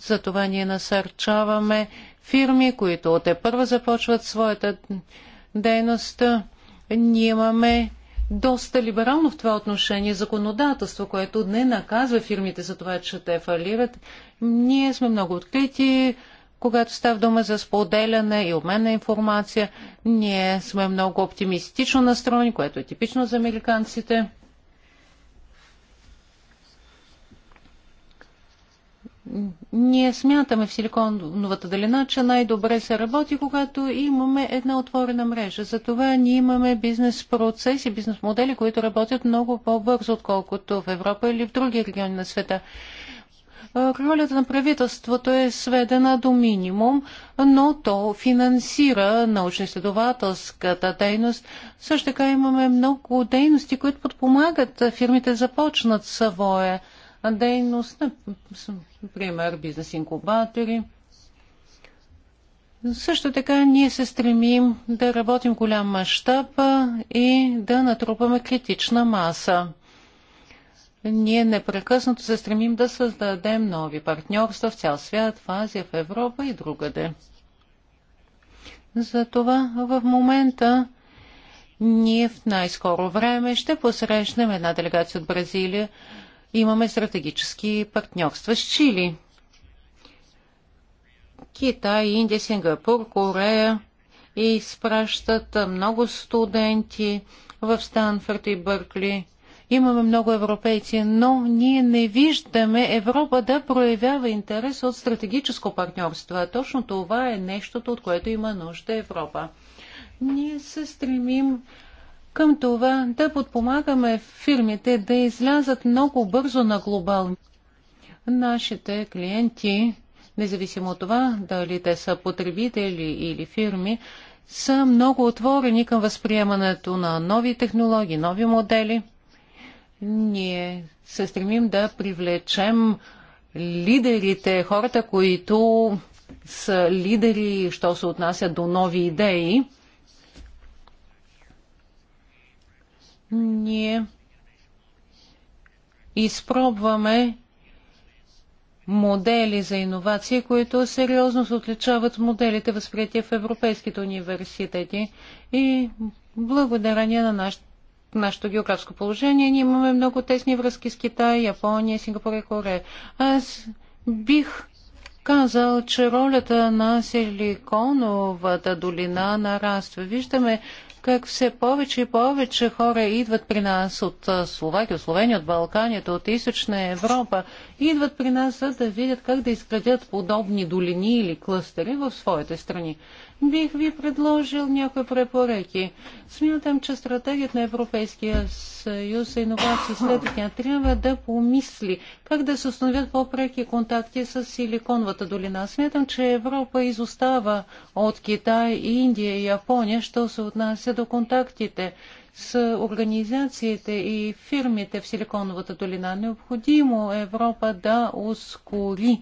D: Затова ние насърчаваме фирми, които те първа започват своята дейност. Ние имаме доста либерално в това отношение законодателство, което не наказва фирмите за това, че те фалират. Ние сме много открити, когато става дума за споделяне и обмен на информация, ние сме много оптимистично настроени, което е типично за американците. Ние смятаме в Силиконовата долина, че най-добре се работи, когато имаме една отворена мрежа. Затова ние имаме бизнес процеси, бизнес модели, които работят много по-бързо, отколкото в Европа или в други региони на света. Е, ролята на правителството е сведена до минимум, но то финансира научно-изследователската дейност. Също така имаме много дейности, които подпомагат фирмите да започнат своя дейност, например бизнес-инкубатори. Също така ние се стремим да работим голям мащаб и да натрупаме критична маса. Ние непрекъснато се стремим да създадем нови партньорства в цял свят, в Азия, в Европа и другаде. Затова в момента ние в най-скоро време ще посрещнем една делегация от Бразилия. Имаме стратегически партньорства с Чили. Китай, Индия, Сингапур, Корея и изпращат много студенти в Станфорд и Бъркли Имаме много европейци, но ние не виждаме Европа да проявява интерес от стратегическо партньорство. А точно това е нещото, от което има нужда Европа. Ние се стремим към това да подпомагаме фирмите да излязат много бързо на глобални. Нашите клиенти, независимо от това дали те са потребители или фирми, са много отворени към възприемането на нови технологии, нови модели. Ние се стремим да привлечем лидерите, хората, които са лидери, що се отнасят до нови идеи. Ние изпробваме модели за иновации, които сериозно се отличават моделите, възприятия в европейските университети. И благодарение на нашите нашето географско положение. Ние имаме много тесни връзки с Китай, Япония, Сингапур и Корея. Аз бих казал, че ролята на Силиконовата долина нараства. Виждаме как все повече и повече хора идват при нас от Словакия, от Словения, от Балканите, от Източна Европа. Идват при нас, за да видят как да изградят подобни долини или клъстери в своите страни бих ви предложил някои препоръки. Смятам, че стратегията на Европейския съюз и иновации след тя трябва да помисли как да се установят по-преки контакти с Силиконовата долина. Смятам, че Европа изостава от Китай, Индия и Япония, що се отнася до контактите с организациите и фирмите в Силиконовата долина. Необходимо е Европа да ускори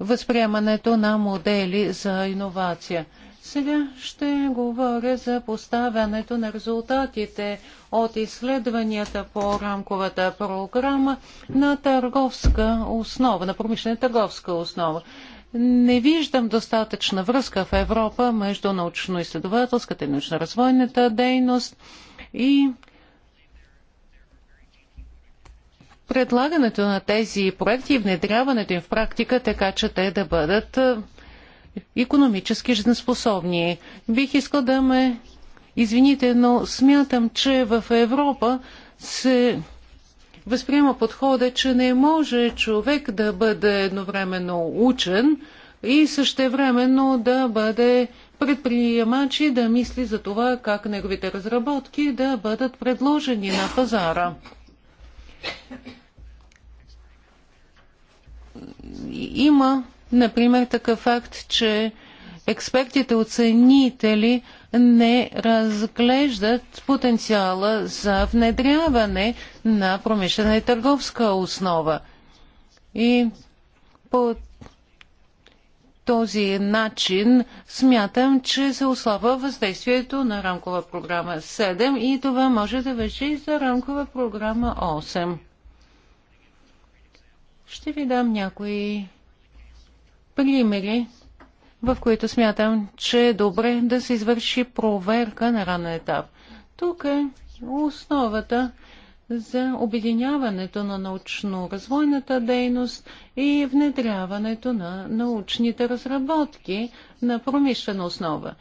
D: възприемането на модели за иновация. Сега ще говоря за поставянето на резултатите от изследванията по рамковата програма на търговска основа, на промишлена търговска основа. Не виждам достатъчна връзка в Европа между научно-изследователската и научно-развойната дейност и предлагането на тези проекти и внедряването им в практика, така че те да бъдат економически жизнеспособни. Бих искал да ме извините, но смятам, че в Европа се възприема подхода, че не може човек да бъде едновременно учен и същевременно да бъде предприемач и да мисли за това как неговите разработки да бъдат предложени на пазара. Има, например, такъв факт, че експертите оценители не разглеждат потенциала за внедряване на промишлена и търговска основа. И по този начин смятам, че се ослабва въздействието на рамкова програма 7 и това може да вече и за рамкова програма 8. Ще ви дам някои примери, в които смятам, че е добре да се извърши проверка на ранен етап. Тук е основата за обединяването на научно-развойната дейност и внедряването на научните разработки на промишлена основа.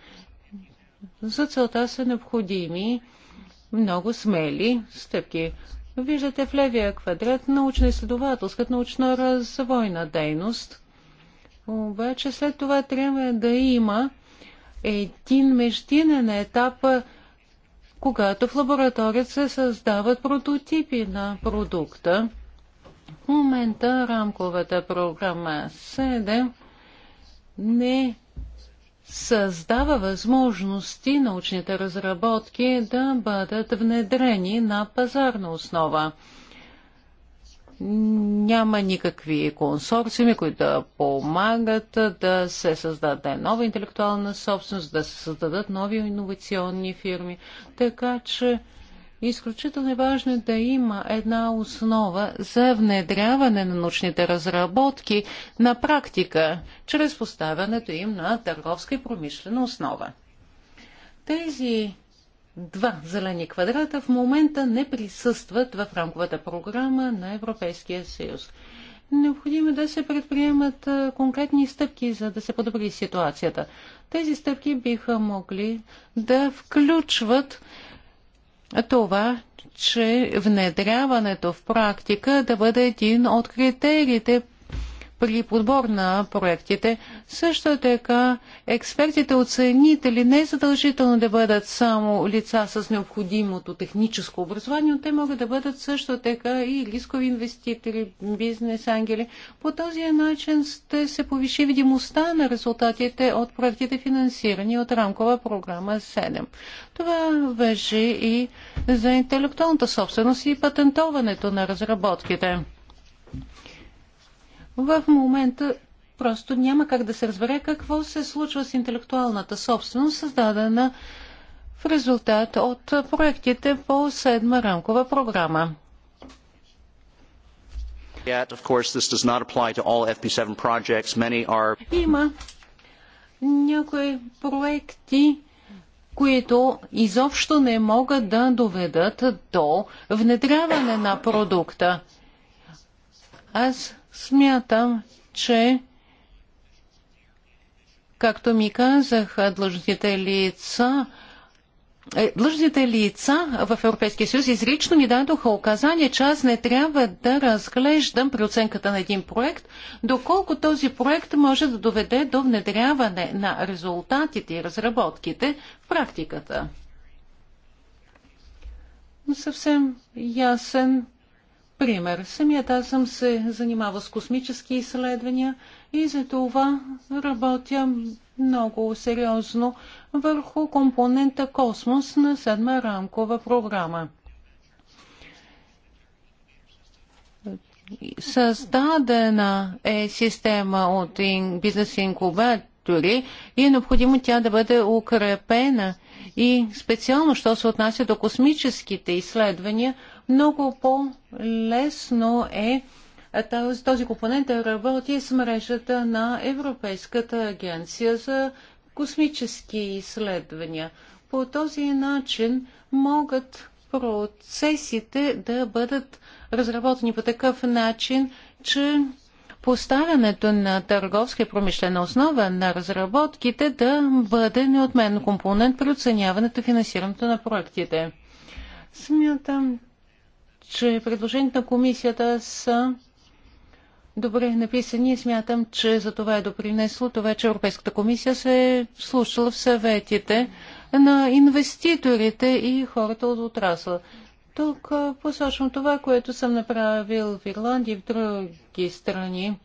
D: За целта са необходими много смели стъпки. Виждате в левия квадрат научно-изследователска, научно-развойна дейност. Обаче след това трябва да има един междинен етап когато в лабораторията се създават прототипи на продукта. В момента рамковата програма 7 не създава възможности научните разработки да бъдат внедрени на пазарна основа няма никакви консорциуми, които да помагат да се създаде нова интелектуална собственост, да се създадат нови иновационни фирми. Така че изключително е важно е да има една основа за внедряване на научните разработки на практика, чрез поставянето им на търговска и промишлена основа. Тези два зелени квадрата в момента не присъстват в рамковата програма на Европейския съюз. Необходимо е да се предприемат конкретни стъпки, за да се подобри ситуацията. Тези стъпки биха могли да включват това, че внедряването в практика да бъде един от критериите при подбор на проектите. Също така експертите, оценители не е задължително да бъдат само лица с необходимото техническо образование, но те могат да бъдат също така и рискови инвеститори, бизнес ангели. По този начин ще се повиши видимостта на резултатите от проектите финансирани от рамкова програма 7. Това въжи и за интелектуалната собственост и патентоването на разработките. В момента просто няма как да се разбере какво се случва с интелектуалната собственост, създадена в резултат от проектите по седма рамкова програма. Има някои проекти, които изобщо не могат да доведат до внедряване на продукта. Аз Смятам, че както ми казаха длъжните лица, е, Длъжните лица в Европейския съюз изрично ми дадоха указание, че аз не трябва да разглеждам при оценката на един проект, доколко този проект може да доведе до внедряване на резултатите и разработките в практиката. Съвсем ясен пример. Самият аз съм се занимавал с космически изследвания и за това работя много сериозно върху компонента космос на седма рамкова програма. Създадена е система от бизнес инкубатори и е необходимо тя да бъде укрепена и специално, що се отнася до космическите изследвания – много по-лесно е този компонент да работи с мрежата на Европейската агенция за космически изследвания. По този начин могат процесите да бъдат разработени по такъв начин, че поставянето на търговска и промишлена основа на разработките да бъде неотменен компонент при оценяването и финансирането на проектите. Смятам, че предложенията на комисията са добре написани и смятам, че за това е допринесло това, е, че Европейската комисия се е слушала в съветите на инвеститорите и хората от отрасла. Тук посочвам това, което съм направил в Ирландия и в други страни.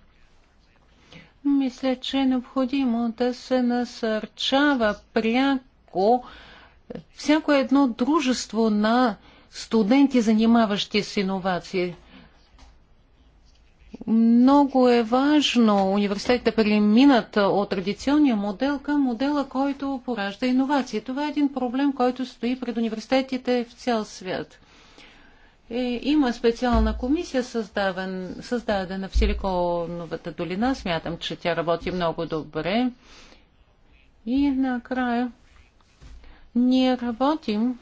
D: Мисля, че е необходимо да се насърчава пряко всяко едно дружество на студенти, занимаващи с иновации. Много е важно университетите да преминат от традиционния модел към модела, който поражда иновации. Това е един проблем, който стои пред университетите в цял свят. И е, има специална комисия, създавен, създадена в Силиконовата долина. Смятам, че тя работи много добре. И накрая ние работим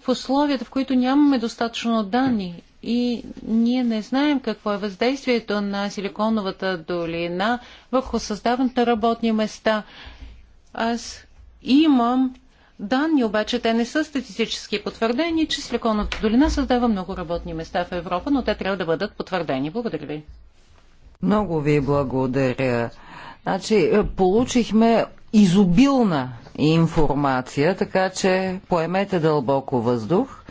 D: в условията, в които нямаме достатъчно данни и ние не знаем какво е въздействието на Силиконовата долина върху създаването на работни места. Аз имам данни, обаче те не са статистически потвърдени, че Силиконовата долина създава много работни места в Европа, но те трябва да бъдат потвърдени. Благодаря ви.
B: Много ви благодаря. Значи, получихме изобилна информация, така че поемете дълбоко въздух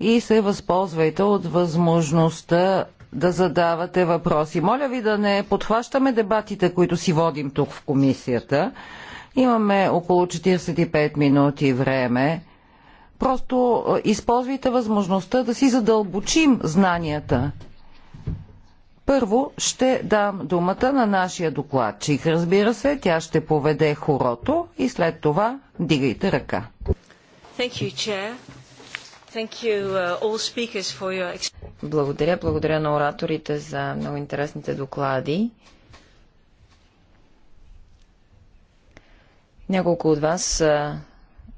B: и се възползвайте от възможността да задавате въпроси. Моля ви да не подхващаме дебатите, които си водим тук в комисията. Имаме около 45 минути време. Просто е, използвайте възможността да си задълбочим знанията. Първо ще дам думата на нашия докладчик. Разбира се, тя ще поведе хорото и след това
C: дигайте ръка. You, uh, your... Благодаря, благодаря на ораторите за много интересните доклади. Няколко от вас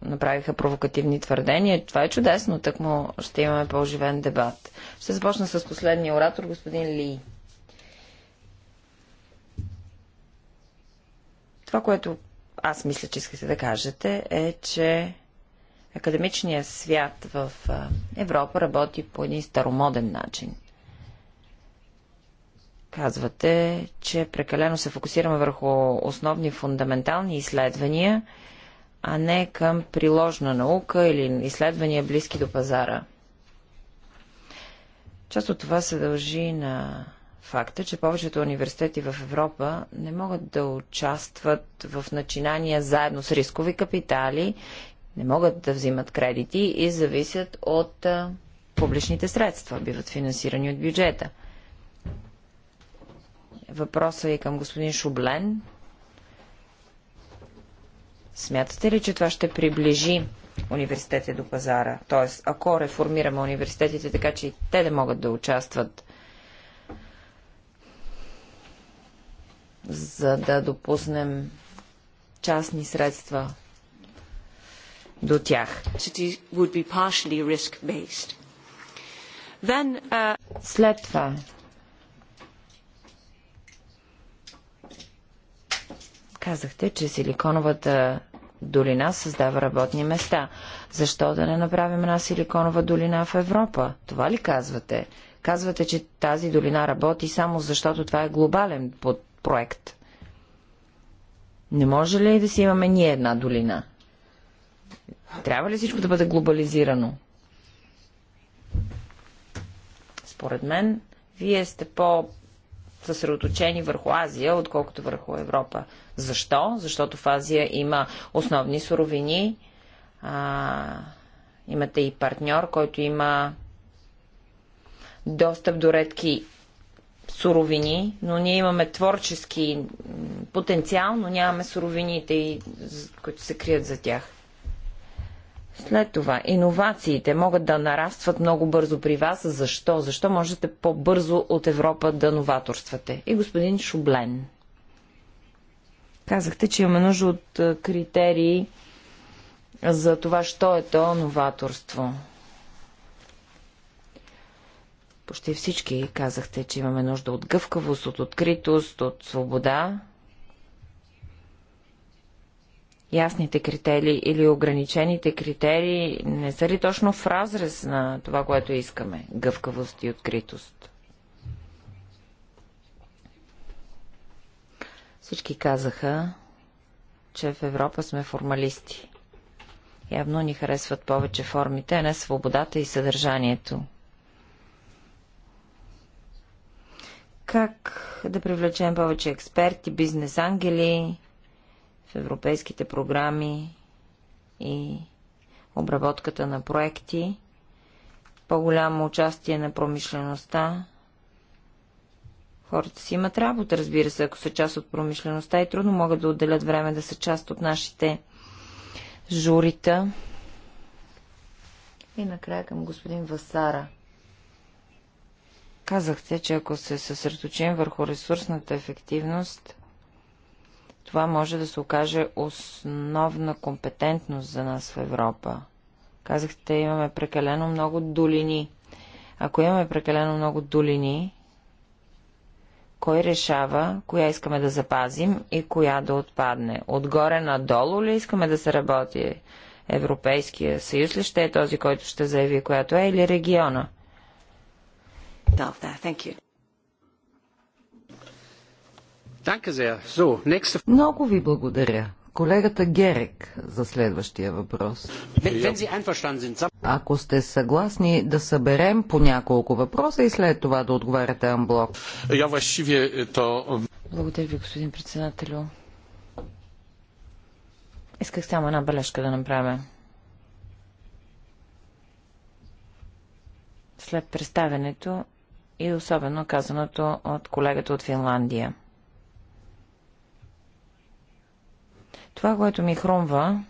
C: направиха провокативни твърдения. Това е чудесно, так му ще имаме по-оживен дебат. Ще започна с последния оратор, господин Ли. Това, което аз мисля, че искате да кажете, е, че академичният свят в Европа работи по един старомоден начин. Казвате, че прекалено се фокусираме върху основни фундаментални изследвания, а не към приложна наука или изследвания близки до пазара. Част от това се дължи на факта, че повечето университети в Европа не могат да участват в начинания заедно с рискови капитали, не могат да взимат кредити и зависят от а, публичните средства, биват финансирани от бюджета. Въпросът е към господин Шублен. Смятате ли, че това ще приближи университетите до пазара? Тоест, ако реформираме университетите така, че и те да могат да участват за да допуснем частни средства до тях. Uh, След това казахте, че силиконовата долина създава работни места. Защо да не направим една силиконова долина в Европа? Това ли казвате? Казвате, че тази долина работи само защото това е глобален под проект. Не може ли да си имаме ние една долина? Трябва ли всичко да бъде глобализирано? Според мен, вие сте по съсредоточени върху Азия, отколкото върху Европа. Защо? Защото в Азия има основни суровини, а, имате и партньор, който има достъп до редки суровини, но ние имаме творчески потенциал, но нямаме суровините, които се крият за тях. След това, иновациите могат да нарастват много бързо при вас. Защо? Защо можете по-бързо от Европа да новаторствате? И господин Шублен. Казахте, че имаме нужда от критерии за това, що е то новаторство. Почти всички казахте, че имаме нужда от гъвкавост, от откритост, от свобода. Ясните критерии или ограничените критерии не са ли точно в разрез на това, което искаме? Гъвкавост и откритост. Всички казаха, че в Европа сме формалисти. Явно ни харесват повече формите, а не свободата и съдържанието. как да привлечем повече експерти, бизнес-ангели в европейските програми и обработката на проекти, по-голямо участие на промишлеността. Хората си имат работа, разбира се, ако са част от промишлеността и трудно могат да отделят време да са част от нашите журита. И накрая към господин Васара – Казахте, че ако се съсредоточим върху ресурсната ефективност, това може да се окаже основна компетентност за нас в Европа. Казахте, имаме прекалено много долини. Ако имаме прекалено много долини, кой решава, коя искаме да запазим и коя да отпадне? Отгоре надолу ли искаме да се работи? Европейския съюз ли ще е този, който ще заяви, която е, или региона? delve there. Thank you.
B: Много ви благодаря. Колегата Герек за следващия въпрос. Ако сте съгласни да съберем по няколко въпроса и след това да отговаряте амблок. Благодаря
C: ви, господин председателю. Исках само една бележка да направя. След представянето и особено казаното от колегата от Финландия. Това, което ми хрумва,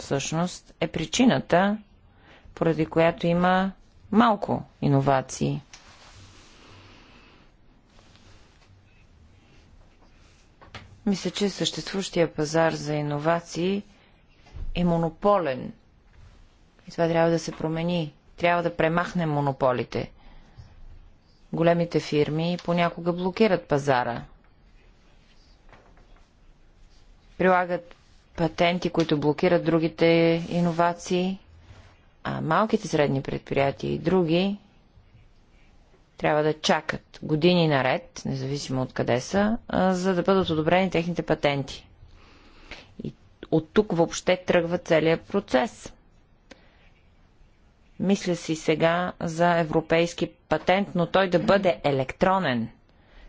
C: всъщност е причината, поради която има малко иновации. Мисля, че съществуващия пазар за иновации е монополен. И това трябва да се промени. Трябва да премахнем монополите. Големите фирми понякога блокират пазара. Прилагат патенти, които блокират другите иновации, а малките средни предприятия и други трябва да чакат години наред, независимо от къде са, за да бъдат одобрени техните патенти. И от тук въобще тръгва целият процес – мисля си сега за европейски патент, но той да бъде електронен,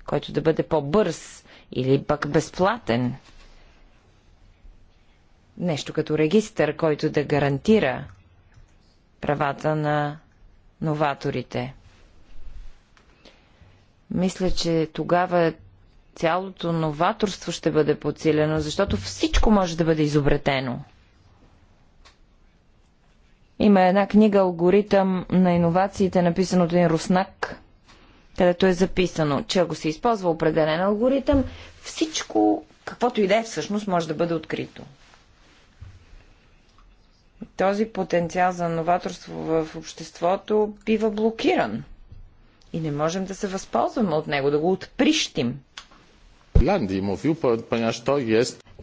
C: който да бъде по-бърз или пък безплатен. Нещо като регистър, който да гарантира правата на новаторите. Мисля, че тогава цялото новаторство ще бъде подсилено, защото всичко може да бъде изобретено. Има една книга Алгоритъм на иновациите, написана от един руснак, където е записано, че ако се използва определен алгоритъм, всичко, каквото и да е всъщност, може да бъде открито. Този потенциал за новаторство в обществото бива блокиран. И не можем да се възползваме от него, да го отприщим. Е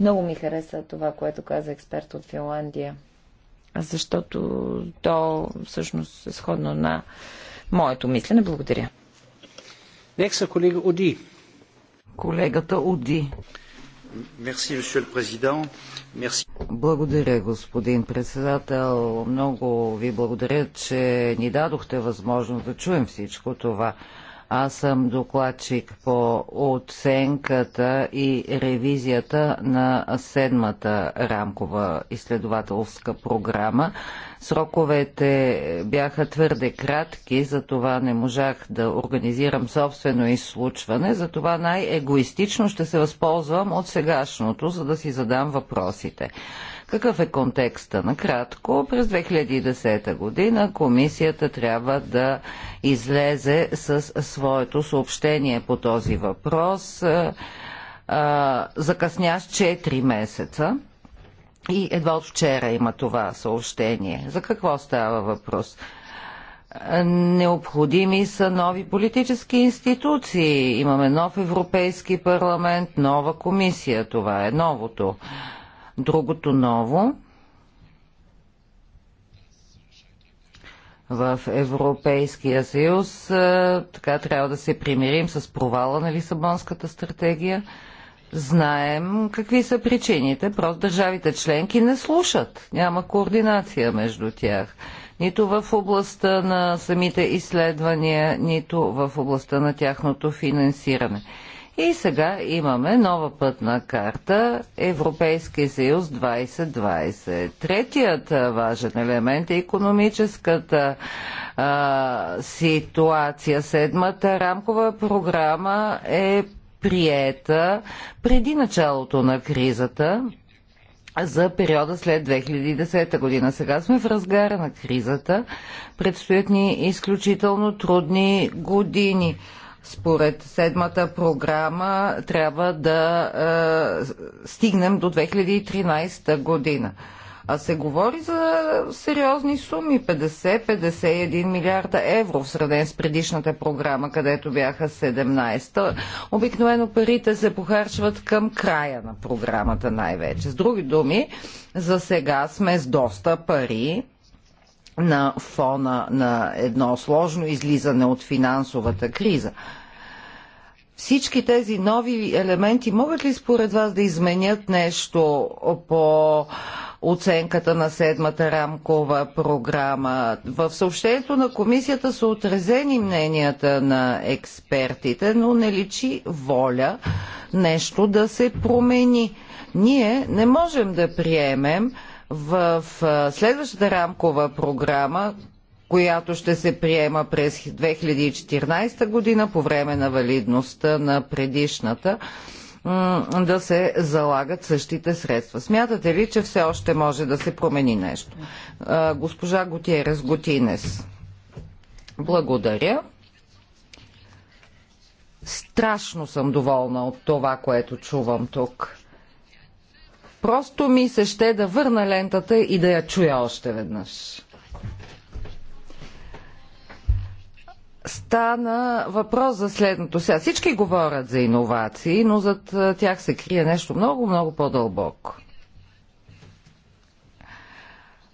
C: Много ми хареса това, което каза експерт от Финландия защото то всъщност е сходно на моето мислене. Благодаря.
A: Некса колега Оди.
B: Колегата Оди. Благодаря, господин председател. Много ви благодаря, че ни дадохте възможност да чуем всичко това. Аз съм докладчик по оценката и ревизията на седмата рамкова изследователска програма. Сроковете бяха твърде кратки, затова не можах да организирам собствено изслучване, затова най-егоистично ще се възползвам от сегашното, за да си задам въпросите. Какъв е контекста? Накратко, през 2010 година комисията трябва да излезе с своето съобщение по този въпрос. Закъсня с 4 месеца. И едва от вчера има това съобщение. За какво става въпрос? Необходими са нови политически институции. Имаме нов Европейски парламент, нова комисия. Това е новото. Другото ново в Европейския съюз, така трябва да се примирим с провала на Лисабонската стратегия. Знаем какви са причините. Просто държавите членки не слушат. Няма координация между тях. Нито в областта на самите изследвания, нито в областта на тяхното финансиране. И сега имаме нова пътна карта Европейски съюз 2020. Третият важен елемент е економическата а, ситуация. Седмата рамкова програма е приета преди началото на кризата за периода след 2010 година. Сега сме в разгара на кризата. Предстоят ни изключително трудни години. Според седмата програма трябва да е, стигнем до 2013 година. А се говори за сериозни суми 50-51 милиарда евро в среден с предишната програма, където бяха 17. Обикновено парите се похарчват към края на програмата най-вече. С други думи, за сега сме с доста пари, на фона на едно сложно излизане от финансовата криза. Всички тези нови елементи могат ли според вас да изменят нещо по оценката на седмата рамкова програма? В съобщението на комисията са отразени мненията на експертите, но не личи воля нещо да се промени. Ние не можем да приемем в следващата рамкова програма, която ще се приема през 2014 година по време на валидността на предишната, да се залагат същите средства. Смятате ли, че все още може да се промени нещо? Госпожа Готиерес Готинес, благодаря. Страшно съм доволна от това, което чувам тук. Просто ми се ще да върна лентата и да я чуя още веднъж. стана въпрос за следното. Сега всички говорят за иновации, но зад тях се крие нещо много, много по-дълбоко.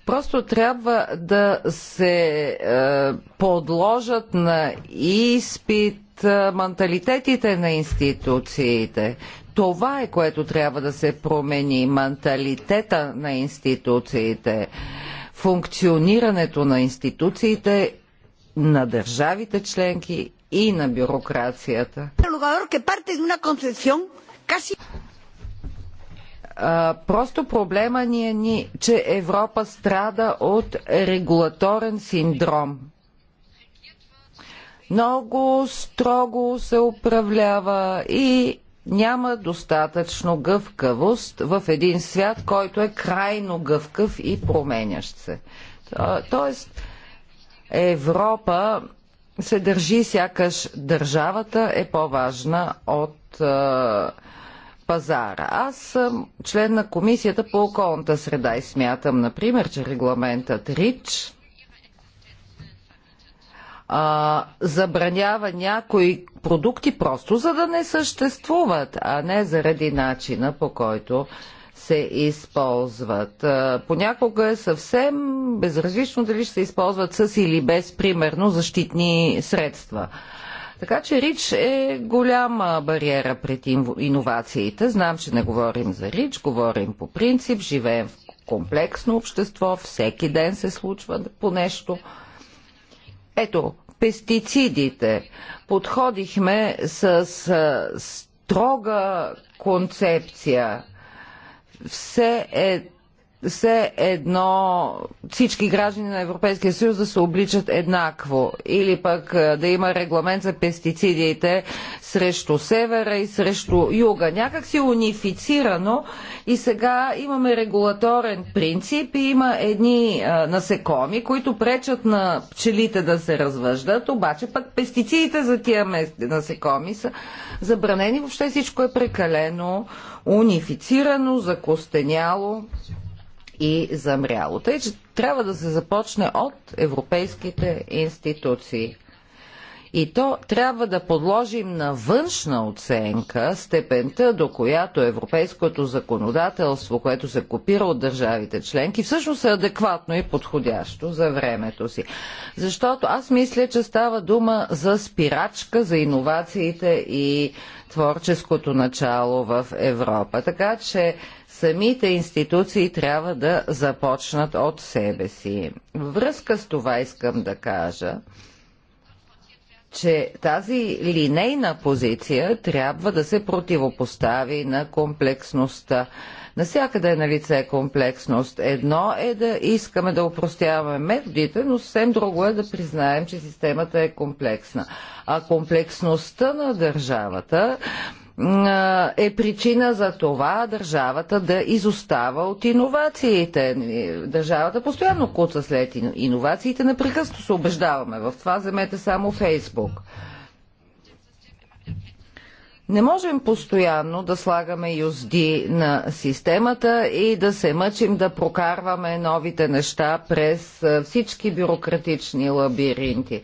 B: Просто трябва да се е, подложат на изпит менталитетите на институциите. Това е което трябва да се промени менталитета на институциите, функционирането на институциите, на държавите членки и на бюрокрацията. просто проблема ни е, ни, че Европа страда от регулаторен синдром. Много строго се управлява и няма достатъчно гъвкавост в един свят, който е крайно гъвкав и променящ се. Тоест, Европа се държи сякаш държавата е по-важна от пазара. Аз съм член на Комисията по околната среда и смятам, например, че регламентът РИЧ а, забранява някои продукти просто за да не съществуват, а не заради начина по който се използват. Понякога е съвсем безразлично дали ще се използват с или без, примерно, защитни средства. Така че РИЧ е голяма бариера пред иновациите. Знам, че не говорим за РИЧ, говорим по принцип, живеем в комплексно общество, всеки ден се случва по нещо. Ето, пестицидите. Подходихме с строга концепция. Все е все едно всички граждани на Европейския съюз да се обличат еднакво. Или пък да има регламент за пестицидите срещу севера и срещу юга. Някак си унифицирано и сега имаме регулаторен принцип и има едни а, насекоми, които пречат на пчелите да се развъждат, обаче пък пестицидите за тия насекоми са забранени. Въобще всичко е прекалено унифицирано, закостеняло и замряло. Тъй, че трябва да се започне от европейските институции. И то трябва да подложим на външна оценка степента, до която европейското законодателство, което се копира от държавите членки, всъщност е адекватно и подходящо за времето си. Защото аз мисля, че става дума за спирачка за иновациите и творческото начало в Европа. Така че самите институции трябва да започнат от себе си. Връзка с това искам да кажа, че тази линейна позиция трябва да се противопостави на комплексността. Насякъде е на лице комплексност. Едно е да искаме да упростяваме методите, но съвсем друго е да признаем, че системата е комплексна. А комплексността на държавата е причина за това държавата да изостава от иновациите. Държавата постоянно куца след иновациите. Непрекъснато се убеждаваме в това. Вземете само Фейсбук. Не можем постоянно да слагаме юзди на системата и да се мъчим да прокарваме новите неща през всички бюрократични лабиринти.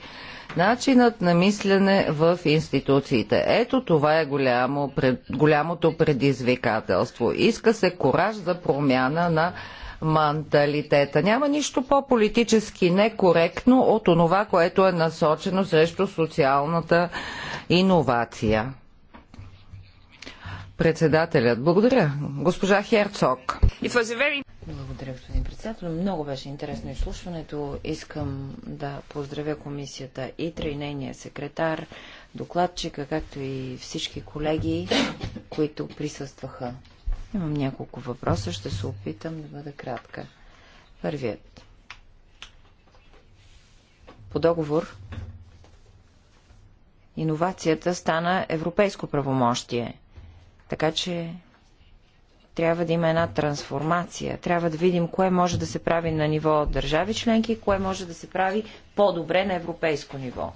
B: Начинът на мислене в институциите. Ето това е голямо, пред, голямото предизвикателство. Иска се кораж за промяна на менталитета. Няма нищо по-политически некоректно от онова, което е насочено срещу социалната иновация. Председателят. Благодаря. Госпожа Херцог.
C: Very... Благодаря, господин председател. Много беше интересно изслушването. Искам да поздравя комисията и нейния секретар, докладчика, както и всички колеги, които присъстваха. Имам няколко въпроса. Ще се опитам да бъда кратка. Първият. По договор иновацията стана европейско правомощие – така че трябва да има една трансформация. Трябва да видим кое може да се прави на ниво държави членки, кое може да се прави по-добре на европейско ниво.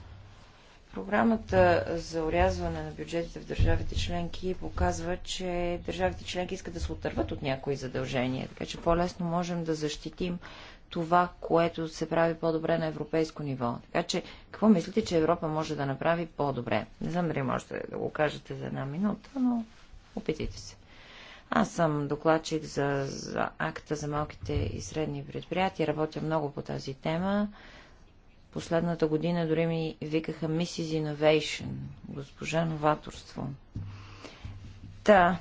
C: Програмата за урязване на бюджетите в държавите членки показва, че държавите членки искат да се отърват от някои задължения, така че по-лесно можем да защитим това, което се прави по-добре на европейско ниво. Така че, какво мислите, че Европа може да направи по-добре? Не знам дали можете да го кажете за една минута, но Опитайте се. Аз съм докладчик за, за акта за малките и средни предприятия. Работя много по тази тема. Последната година дори ми викаха Mrs. Innovation, госпожа новаторство. Та,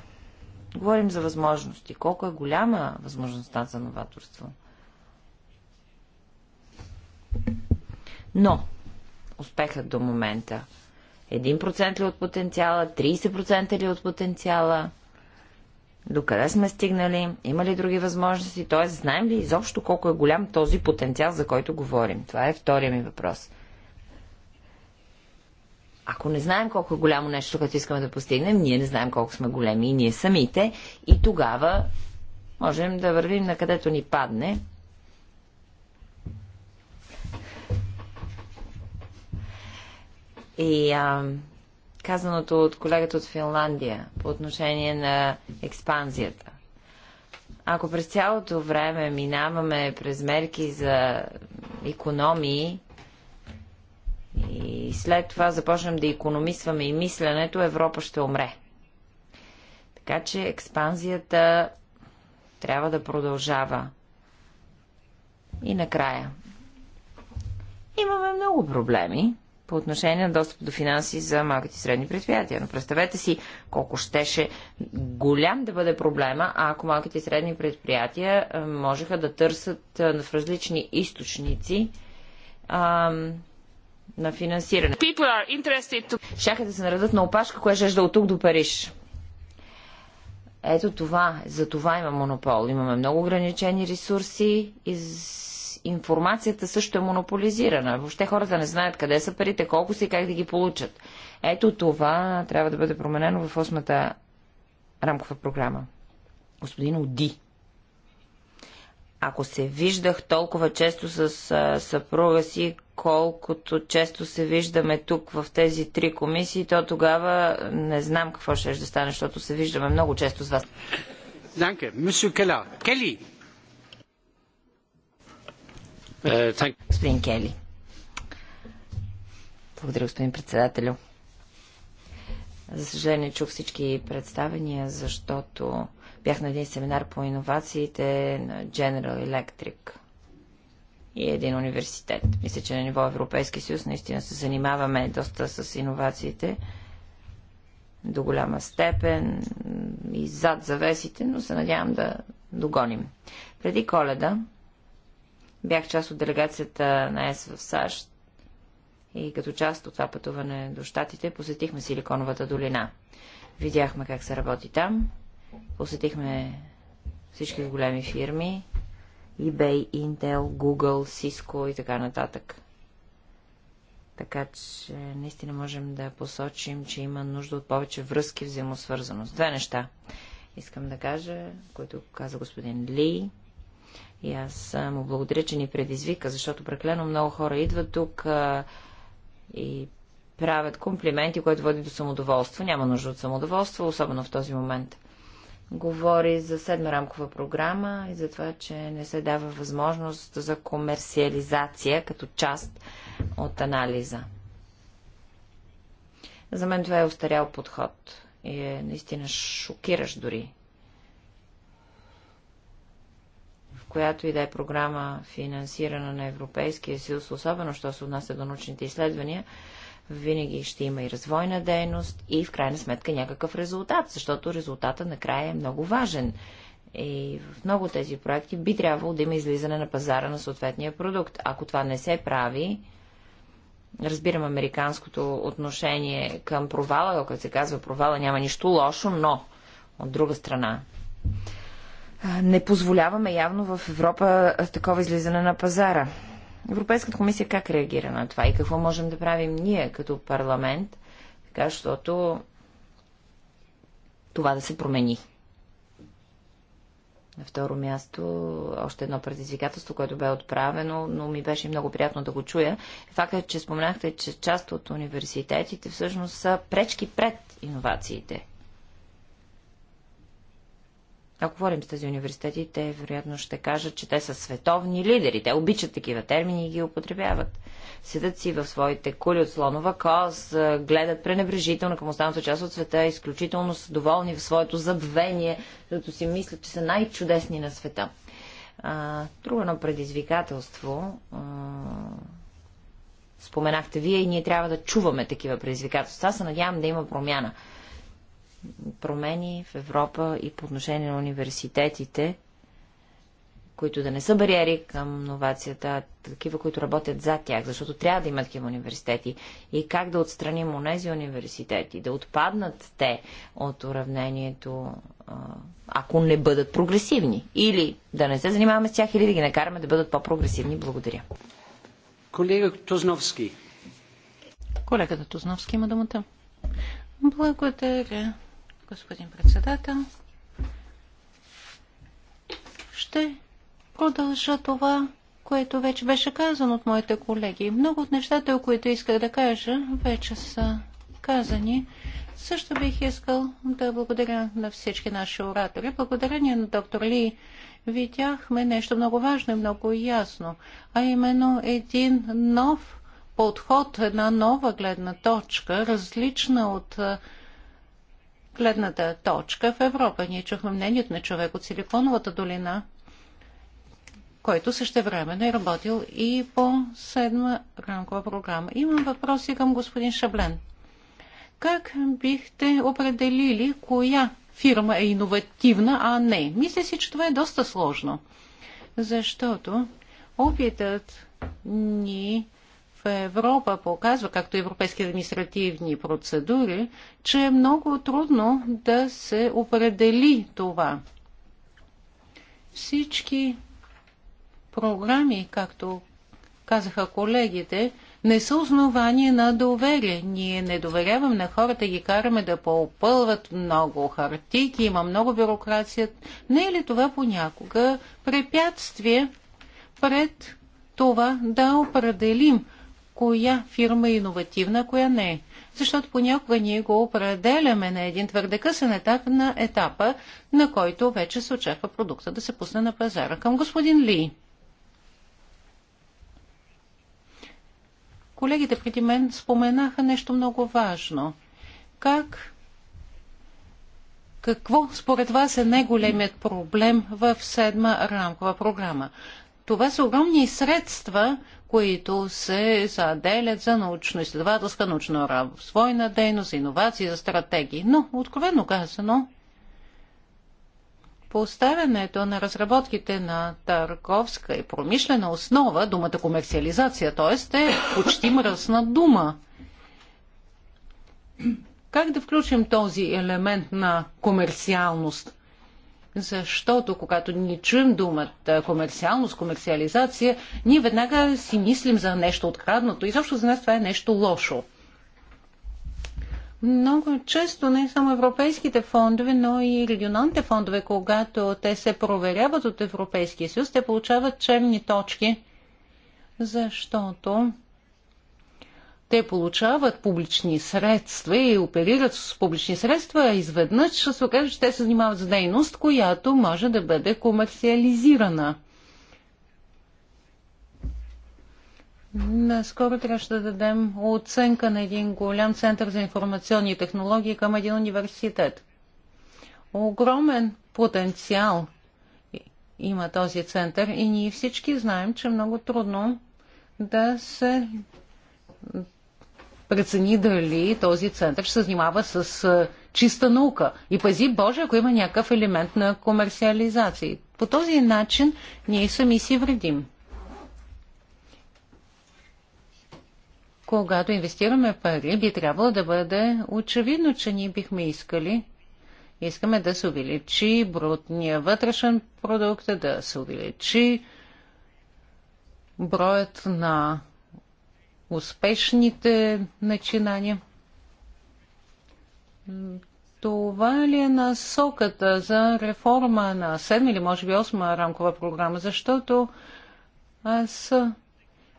C: говорим за възможности. Колко е голяма възможността за новаторство? Но, успехът до момента – 1% ли от потенциала, 30% ли от потенциала, докъде сме стигнали, има ли други възможности, т.е. знаем ли изобщо колко е голям този потенциал, за който говорим? Това е втория ми въпрос. Ако не знаем колко е голямо нещо, което искаме да постигнем, ние не знаем колко сме големи и ние самите, и тогава можем да вървим на където ни падне, И а, казаното от колегата от Финландия по отношение на експанзията. Ако през цялото време минаваме през мерки за економии и след това започнем да економисваме и мисленето, Европа ще умре. Така че експанзията трябва да продължава. И накрая. Имаме много проблеми по отношение на достъп до финанси за малките и средни предприятия. Но представете си колко щеше голям да бъде проблема, а ако малките и средни предприятия можеха да търсят в различни източници ам, на финансиране. To... Шаха да се наредат на опашка, която жежда от тук до Париж. Ето това, за това има монопол. Имаме много ограничени ресурси и информацията също е монополизирана. Въобще хората не знаят къде са парите, колко са и как да ги получат. Ето това трябва да бъде променено в осмата рамкова програма. Господин Оди. Ако се виждах толкова често с а, съпруга си, колкото често се виждаме тук в тези три комисии, то тогава не знам какво ще да стане, защото се виждаме много често с вас. Данке, мисю Кела. Кели! Е, господин Кели. Благодаря, господин председателю. За съжаление, чух всички представения, защото бях на един семинар по иновациите на General Electric и един университет. Мисля, че на ниво Европейски съюз наистина се занимаваме доста с иновациите до голяма степен и зад завесите, но се надявам да догоним. Преди коледа Бях част от делегацията на ЕС в САЩ и като част от това пътуване до Штатите посетихме Силиконовата долина. Видяхме как се работи там. Посетихме всички големи фирми. eBay, Intel, Google, Cisco и така нататък. Така че наистина можем да посочим, че има нужда от повече връзки, взаимосвързаност. Две неща искам да кажа, които каза господин Ли и аз му благодаря, че ни предизвика, защото преклено много хора идват тук а, и правят комплименти, което води до самодоволство. Няма нужда от самодоволство, особено в този момент. Говори за седма рамкова програма и за това, че не се дава възможност за комерциализация като част от анализа. За мен това е устарял подход и е наистина шокиращ дори която и да е програма финансирана на Европейския съюз, особено що се отнася до научните изследвания, винаги ще има и развойна дейност и в крайна сметка някакъв резултат, защото резултата накрая е много важен. И в много тези проекти би трябвало да има излизане на пазара на съответния продукт. Ако това не се прави, разбирам американското отношение към провала, Ако се казва провала няма нищо лошо, но от друга страна не позволяваме явно в Европа такова излизане на пазара. Европейската комисия как реагира на това и какво можем да правим ние като парламент, така защото това да се промени? На второ място, още едно предизвикателство, което бе отправено, но ми беше много приятно да го чуя. Е факта, е, че споменахте, че част от университетите всъщност са пречки пред иновациите. Ако говорим с тези университети, те вероятно ще кажат, че те са световни лидери. Те обичат такива термини и ги употребяват. Седат си в своите кули от слонова кос, гледат пренебрежително към останалата част от света, изключително са доволни в своето забвение, защото си мислят, че са най-чудесни на света. друго едно предизвикателство. споменахте вие и ние трябва да чуваме такива предизвикателства. Аз се надявам да има промяна промени в Европа и по отношение на университетите, които да не са бариери към новацията, а такива, които работят за тях, защото трябва да имат такива университети. И как да отстраним онези университети, да отпаднат те от уравнението, ако не бъдат прогресивни. Или да не се занимаваме с тях, или да ги накараме да бъдат по-прогресивни. Благодаря.
A: Колега Тузновски.
C: Колегата Тузновски има думата. Благодаря господин
D: председател. Ще продължа това, което вече беше казано от моите колеги. Много от нещата, които исках да кажа, вече са казани. Също бих искал да благодаря на всички наши оратори. Благодарение на доктор Ли видяхме нещо много важно и много ясно, а именно един нов подход, една нова гледна точка, различна от гледната точка в Европа. Ние чухме мнението на човек от Силиконовата долина, който също време е работил и по седма рамкова програма. Имам въпроси към господин Шаблен. Как бихте определили коя фирма е иновативна, а не? Мисля си, че това е доста сложно, защото опитът ни Европа показва, както европейски административни процедури, че е много трудно да се определи това. Всички програми, както казаха колегите, не са основания на доверие. Ние не доверяваме на хората, ги караме да попълват много хартики, има много бюрокрация. Не е ли това понякога препятствие пред това да определим коя фирма е иновативна, коя не е. Защото понякога ние го определяме на един твърде късен етап на етапа, на който вече се очаква продукта да се пусне на пазара. Към господин Ли. Колегите преди мен споменаха нещо много важно. Как какво според вас е най-големият проблем в седма рамкова програма? Това са огромни средства, които се заделят за научно-изследователска, научно-развойна дейност, за иновации, за стратегии. Но, откровено казано, поставянето на разработките на търговска и промишлена основа, думата комерциализация, т.е. е почти мръсна дума. Как да включим този елемент на комерциалност? Защото когато ни чуем думата комерциалност, комерциализация, ние веднага си мислим за нещо откраднато и защо за нас това е нещо лошо. Много често не само европейските фондове, но и регионалните фондове, когато те се проверяват от Европейския съюз, те получават черни точки, защото те получават публични средства и оперират с публични средства, а изведнъж ще се окаже, че те се занимават с дейност, която може да бъде комерциализирана. Наскоро трябваше да дадем оценка на един голям център за информационни технологии към един университет. Огромен потенциал има този център и ние всички знаем, че е много трудно да се прецени дали този център ще се занимава с чиста наука. И пази Боже, ако има някакъв елемент на комерциализация. По този начин ние сами си вредим. Когато инвестираме пари, би трябвало да бъде очевидно, че ние бихме искали Искаме да се увеличи брутния вътрешен продукт, да се увеличи броят на успешните начинания. Това ли е насоката за реформа на 7 или може би 8 рамкова програма? Защото аз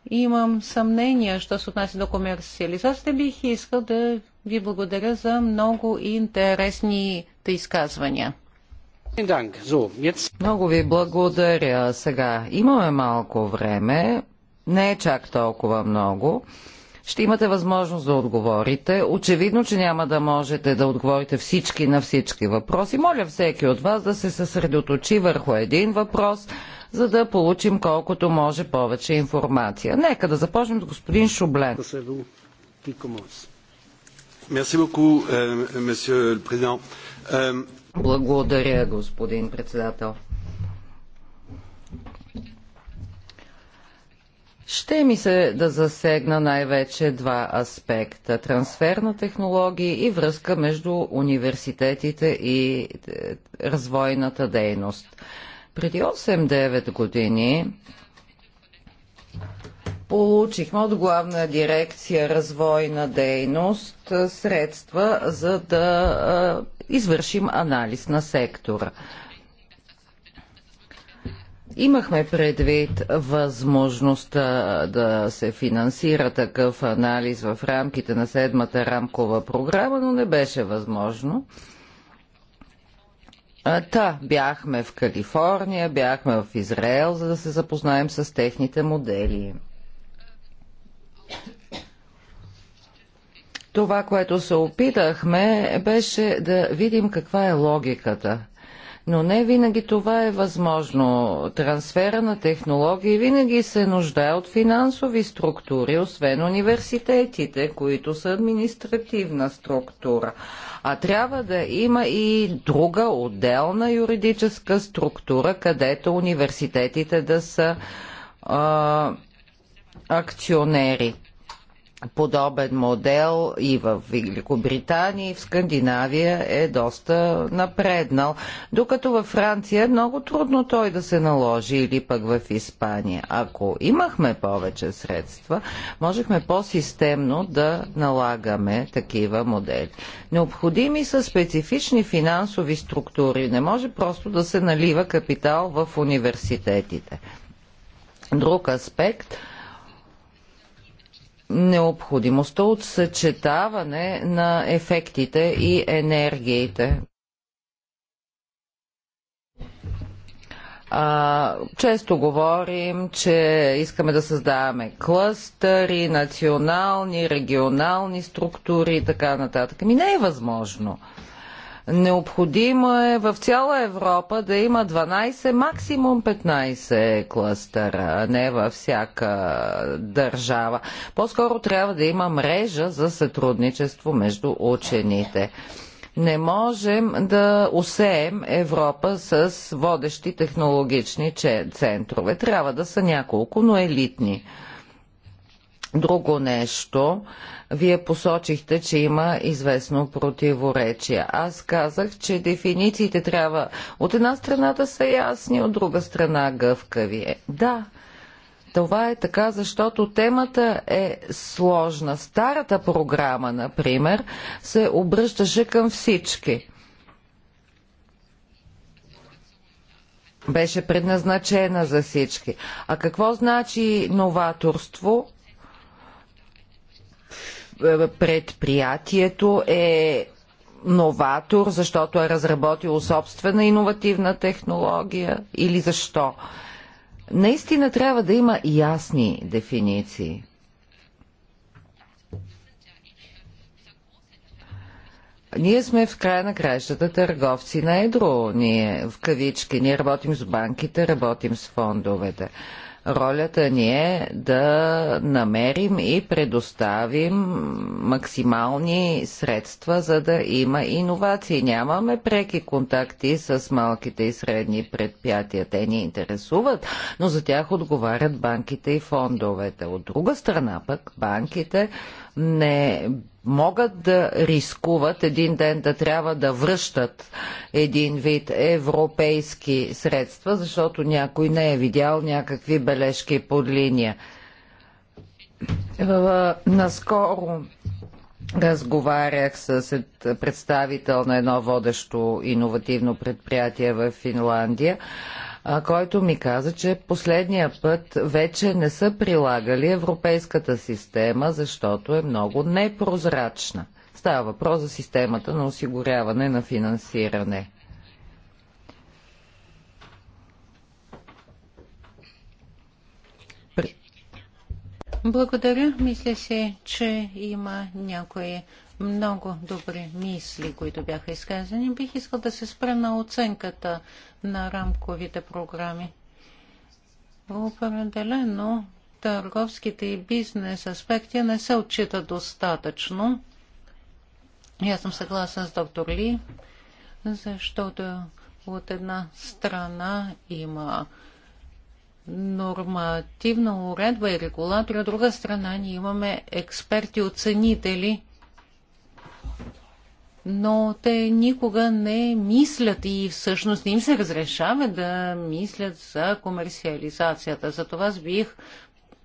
D: имам съмнения, що се отнася до комерциализацията. Бих искал да ви благодаря за много интересни изказвания.
B: Много ви благодаря. Сега имаме малко време не е чак толкова много. Ще имате възможност да отговорите. Очевидно, че няма да можете да отговорите всички на всички въпроси. Моля всеки от вас да се съсредоточи върху един въпрос, за да получим колкото може повече информация. Нека да започнем с господин Шублен. Euh, euh, Благодаря, господин председател. Ще ми се да засегна най-вече два аспекта – трансфер на технологии и връзка между университетите и е, развойната дейност. Преди 8-9 години получихме от главна дирекция развойна дейност средства, за да е, извършим анализ на сектора. Имахме предвид възможността да се финансира такъв анализ в рамките на седмата рамкова програма, но не беше възможно. Та, бяхме в Калифорния, бяхме в Израел, за да се запознаем с техните модели. Това, което се опитахме, беше да видим каква е логиката – но не винаги това е възможно. Трансфера на технологии винаги се нуждае от финансови структури, освен университетите, които са административна структура. А трябва да има и друга отделна юридическа структура, където университетите да са а, акционери подобен модел и в Великобритания, и в Скандинавия е доста напреднал, докато във Франция е много трудно той да се наложи или пък в Испания. Ако имахме повече средства, можехме по-системно да налагаме такива модели. Необходими са специфични финансови структури. Не може просто да се налива капитал в университетите. Друг аспект – необходимостта от съчетаване на ефектите и енергиите. А, често говорим, че искаме да създаваме клъстъри, национални, регионални структури и така нататък. Ми не е възможно. Необходимо е в цяла Европа да има 12, максимум 15 клъстера, а не във всяка държава. По-скоро трябва да има мрежа за сътрудничество между учените. Не можем да усеем Европа с водещи технологични центрове. Трябва да са няколко, но елитни. Друго нещо, вие посочихте, че има известно противоречие. Аз казах, че дефинициите трябва от една страна да са ясни, от друга страна гъвкави. Е, да, това е така, защото темата е сложна. Старата програма, например, се обръщаше към всички. Беше предназначена за всички. А какво значи новаторство? предприятието е новатор, защото е разработило собствена иновативна технология или защо. Наистина трябва да има ясни дефиниции. Ние сме в края на краищата търговци на едро. Ние в кавички. Ние работим с банките, работим с фондовете. Ролята ни е да намерим и предоставим максимални средства, за да има иновации. Нямаме преки контакти с малките и средни предприятия. Те ни интересуват, но за тях отговарят банките и фондовете. От друга страна пък банките не могат да рискуват един ден да трябва да връщат един вид европейски средства, защото някой не е видял някакви бележки под линия. Наскоро разговарях с представител на едно водещо иновативно предприятие в Финландия който ми каза, че последния път вече не са прилагали европейската система, защото е много непрозрачна. Става въпрос за системата на осигуряване на финансиране.
D: Благодаря. Мисля се, че има някои много добри мисли, които бяха изказани. Бих искал да се спра на оценката на рамковите програми. Определено търговските и бизнес аспекти не се отчитат достатъчно. И аз съм съгласен с доктор Ли, защото от една страна има нормативна уредба и регулатор, от друга страна ние имаме експерти-оценители – но те никога не мислят и всъщност не им се разрешава да мислят за комерциализацията. Затова аз бих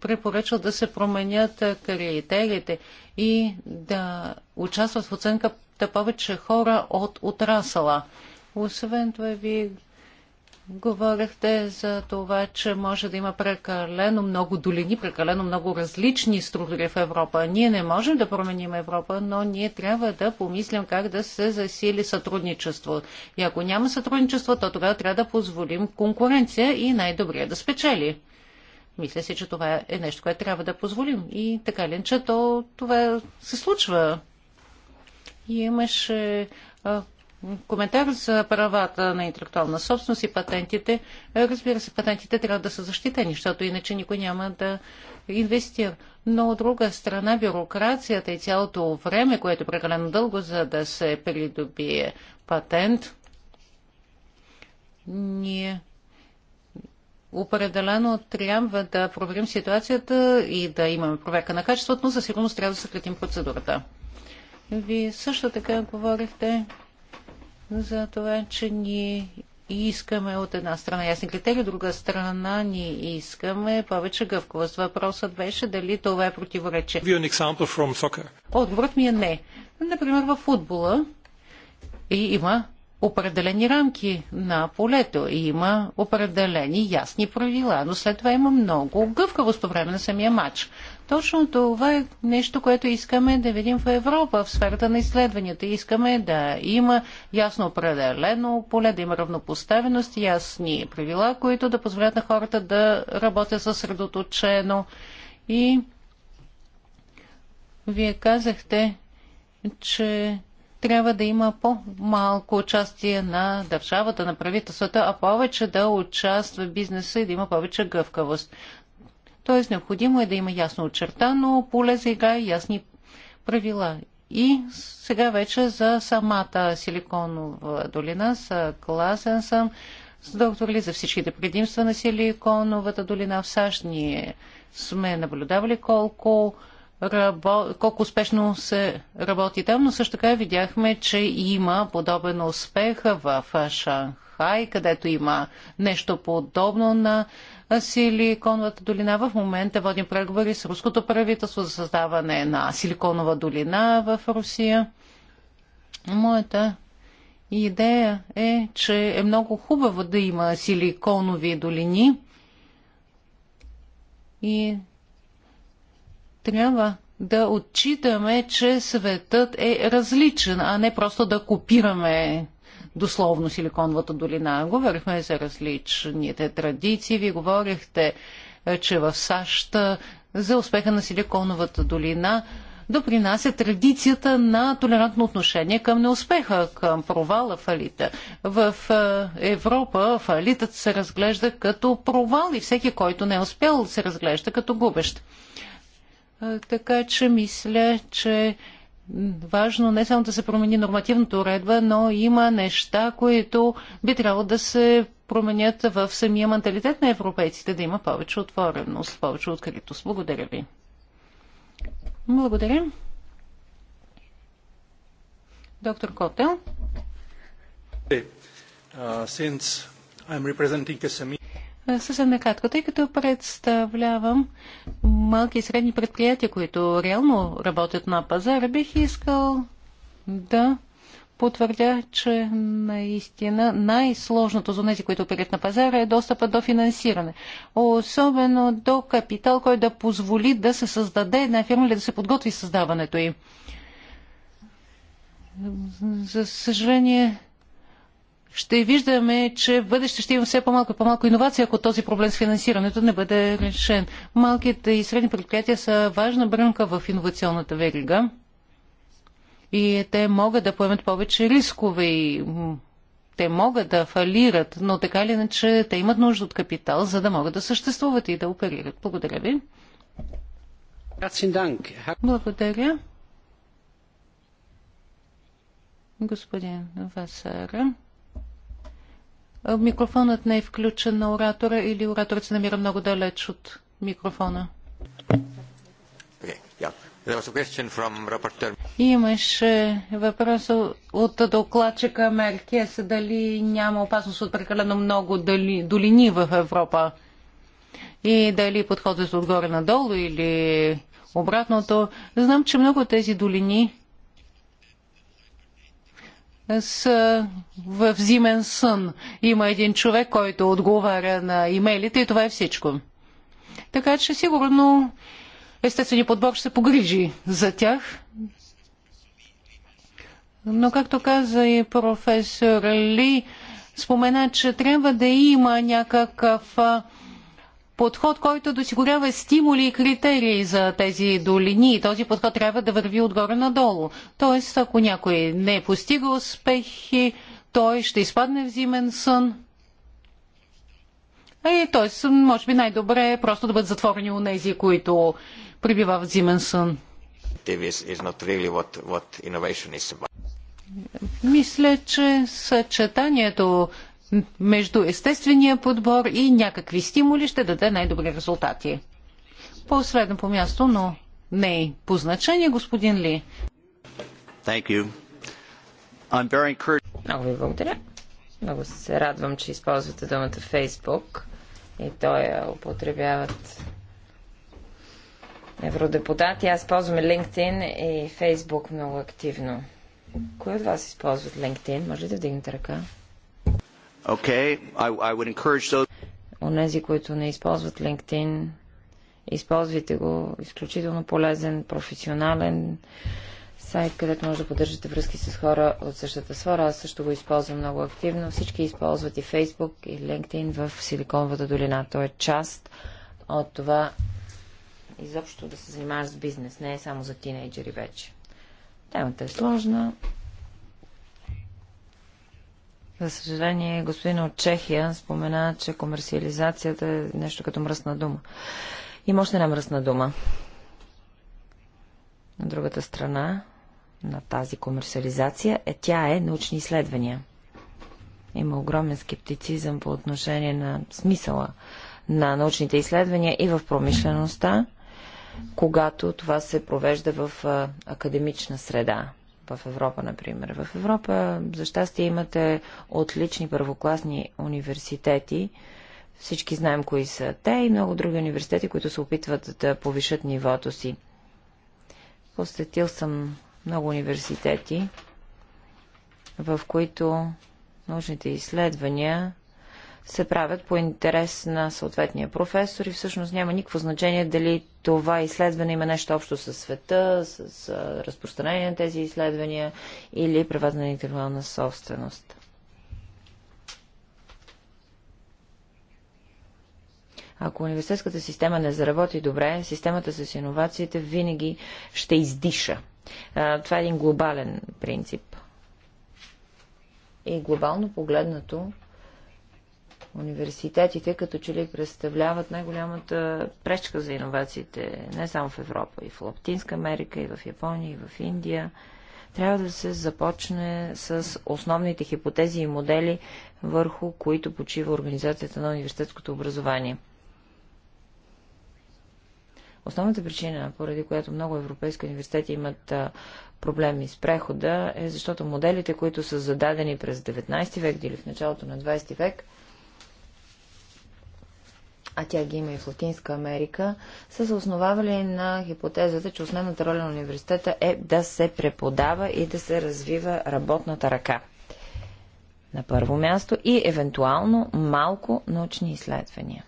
D: препоръчал да се променят критериите и да участват в оценката повече хора от отрасала. Освен това, вие Говорихте за това, че може да има прекалено много долини, прекалено много различни структури в Европа. Ние не можем да променим Европа, но ние трябва да помислим как да се засили сътрудничество. И ако няма сътрудничество, то тогава трябва да позволим конкуренция и най-добрия да спечели. Мисля си, че това е нещо, което трябва да позволим. И така ли, че то, това се случва. И имаше коментар за правата на интелектуална собственост и патентите. Разбира се, патентите трябва да са защитени, защото иначе никой няма да инвестира. Но от друга страна, бюрокрацията и цялото време, което е прекалено дълго, за да се придобие патент, ние определено трябва да проверим ситуацията и да имаме проверка на качеството, но със сигурност трябва да съкратим процедурата. Вие също така говорихте за това, че ние искаме от една страна ясни критерии, от друга страна ни искаме повече гъвковост. Въпросът беше дали това е противоречие. Отговорът ми е не. Например, във футбола и има определени рамки на полето и има определени ясни правила, но след това има много гъвкавост по време на самия матч. Точно това е нещо, което искаме да видим в Европа, в сферата на изследванията. Искаме да има ясно определено поле, да има равнопоставеност, ясни правила, които да позволят на хората да работят съсредоточено. И вие казахте, че трябва да има по-малко участие на държавата, на правителствата, а повече да участва в бизнеса и да има повече гъвкавост т.е. необходимо е да има ясно очертано поле за игра и ясни правила. И сега вече за самата Силиконова долина съгласен съм с доктор Ли за всичките предимства на Силиконовата долина в САЩ. Ние сме наблюдавали колко, рабо... колко успешно се работи там, но също така видяхме, че има подобен успех в Шанхай, където има нещо подобно на Силиконовата долина. В момента водим преговори с руското правителство за създаване на Силиконова долина в Русия. Моята идея е, че е много хубаво да има силиконови долини и трябва да отчитаме, че светът е различен, а не просто да копираме дословно Силиконовата долина. Говорихме за различните традиции. Ви говорихте, е, че в САЩ е, за успеха на Силиконовата долина допринася традицията на толерантно отношение към неуспеха, към провала фалита. В е, Европа фалитът се разглежда като провал и всеки, който не е успял, се разглежда като губещ. Така че мисля, че важно не само да се промени нормативната уредба, но има неща, които би трябвало да се променят в самия менталитет на европейците, да има повече отвореност, повече откритост. Благодаря ви. Благодаря. Доктор Котел.
A: Since I'm representing SME,
D: е, съвсем накратко, тъй като представлявам малки и средни предприятия, които реално работят на пазара, бих искал да потвърдя, че наистина най-сложното за тези, които оперят на пазара, е достъпа до финансиране. Особено до капитал, който да позволи да се създаде една фирма или да се подготви създаването им. За съжаление, ще виждаме, че в бъдеще ще има все по-малко и по-малко иновации, ако този проблем с финансирането не бъде решен. Малките и средни предприятия са важна брънка в иновационната верига и те могат да поемат повече рискове и те могат да фалират, но така или иначе те имат нужда от капитал, за да могат да съществуват и да оперират. Благодаря ви. Благодаря. Господин Васара. Микрофонът не е включен на оратора или ораторът се намира много далеч от микрофона. Имаш Имаше въпрос от докладчика Меркес дали няма опасност от прекалено много долини в Европа и дали подходят е отгоре надолу или обратното. Знам, че много от тези долини са в зимен сън. Има един човек, който отговаря на имейлите и това е всичко. Така че сигурно естествени подбор ще се погрижи за тях. Но както каза и професор Ли, спомена, че трябва да има някакъв подход, който досигурява стимули и критерии за тези долини и този подход трябва да върви отгоре надолу. Тоест, ако някой не е постигал успехи, той ще изпадне в зимен сън. И е, т.е. може би най-добре е просто да бъдат затворени у нези, които прибивават в зимен сън.
B: Really
C: what, what
D: Мисля, че съчетанието между естествения подбор и някакви стимули ще даде най-добри резултати. Последно по място, но не е по значение, господин Ли.
C: Много ви благодаря. Много се радвам, че използвате думата Facebook и то я употребяват евродепутати. Аз ползвам LinkedIn и Facebook много активно. Кой от вас използват LinkedIn? Може ли да вдигнете ръка?
A: Okay. I, I would encourage those...
C: Онези, които не използват LinkedIn, използвайте го. Изключително полезен, професионален сайт, където може да поддържате връзки с хора от същата сфера. Аз също го използвам много активно. Всички използват и Facebook, и LinkedIn в Силиконовата долина. Той е част от това изобщо да се занимаваш с бизнес. Не е само за тинейджери вече. Темата е сложна. За съжаление, господин от Чехия спомена, че комерциализацията е нещо като мръсна дума. И може една мръсна дума. На другата страна на тази комерциализация е тя е научни изследвания. Има огромен скептицизъм по отношение на смисъла на научните изследвания и в промишлеността, когато това се провежда в академична среда. В Европа, например. В Европа, за щастие, имате отлични първокласни университети. Всички знаем кои са те и много други университети, които се опитват да повишат нивото си. Посетил съм много университети, в които научните изследвания се правят по интерес на съответния професор и всъщност няма никакво значение дали това изследване има нещо общо с света, с разпространение на тези изследвания или правата на интервална собственост. Ако университетската система не заработи добре, системата с иновациите винаги ще издиша. Това е един глобален принцип. И глобално погледнато, Университетите като че ли представляват най-голямата пречка за иновациите, не само в Европа, и в Латинска Америка, и в Япония, и в Индия. Трябва да се започне с основните хипотези и модели, върху които почива организацията на университетското образование. Основната причина, поради която много европейски университети имат проблеми с прехода, е защото моделите, които са зададени през 19 век или в началото на 20 век, а тя ги има и в Латинска Америка, са се основавали на хипотезата, че основната роля на университета е да се преподава и да се развива работната ръка. На първо място и евентуално малко научни изследвания.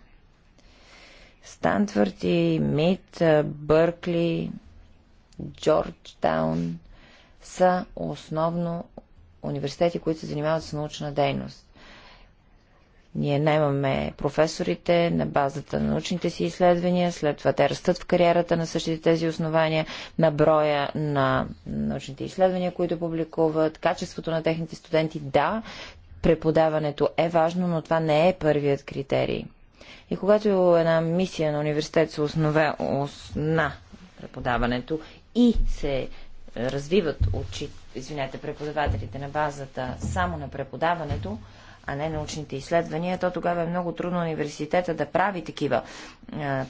C: Станфорд и Мит, Бъркли, Джорджтаун са основно университети, които се занимават с научна дейност. Ние наймаме професорите на базата на научните си изследвания, след това те растат в кариерата на същите тези основания, на броя на научните изследвания, които публикуват, качеството на техните студенти. Да, преподаването е важно, но това не е първият критерий. И когато една мисия на университет се основе на преподаването и се развиват учи, извинете, преподавателите на базата само на преподаването, а не научните изследвания, то тогава е много трудно университета да прави такива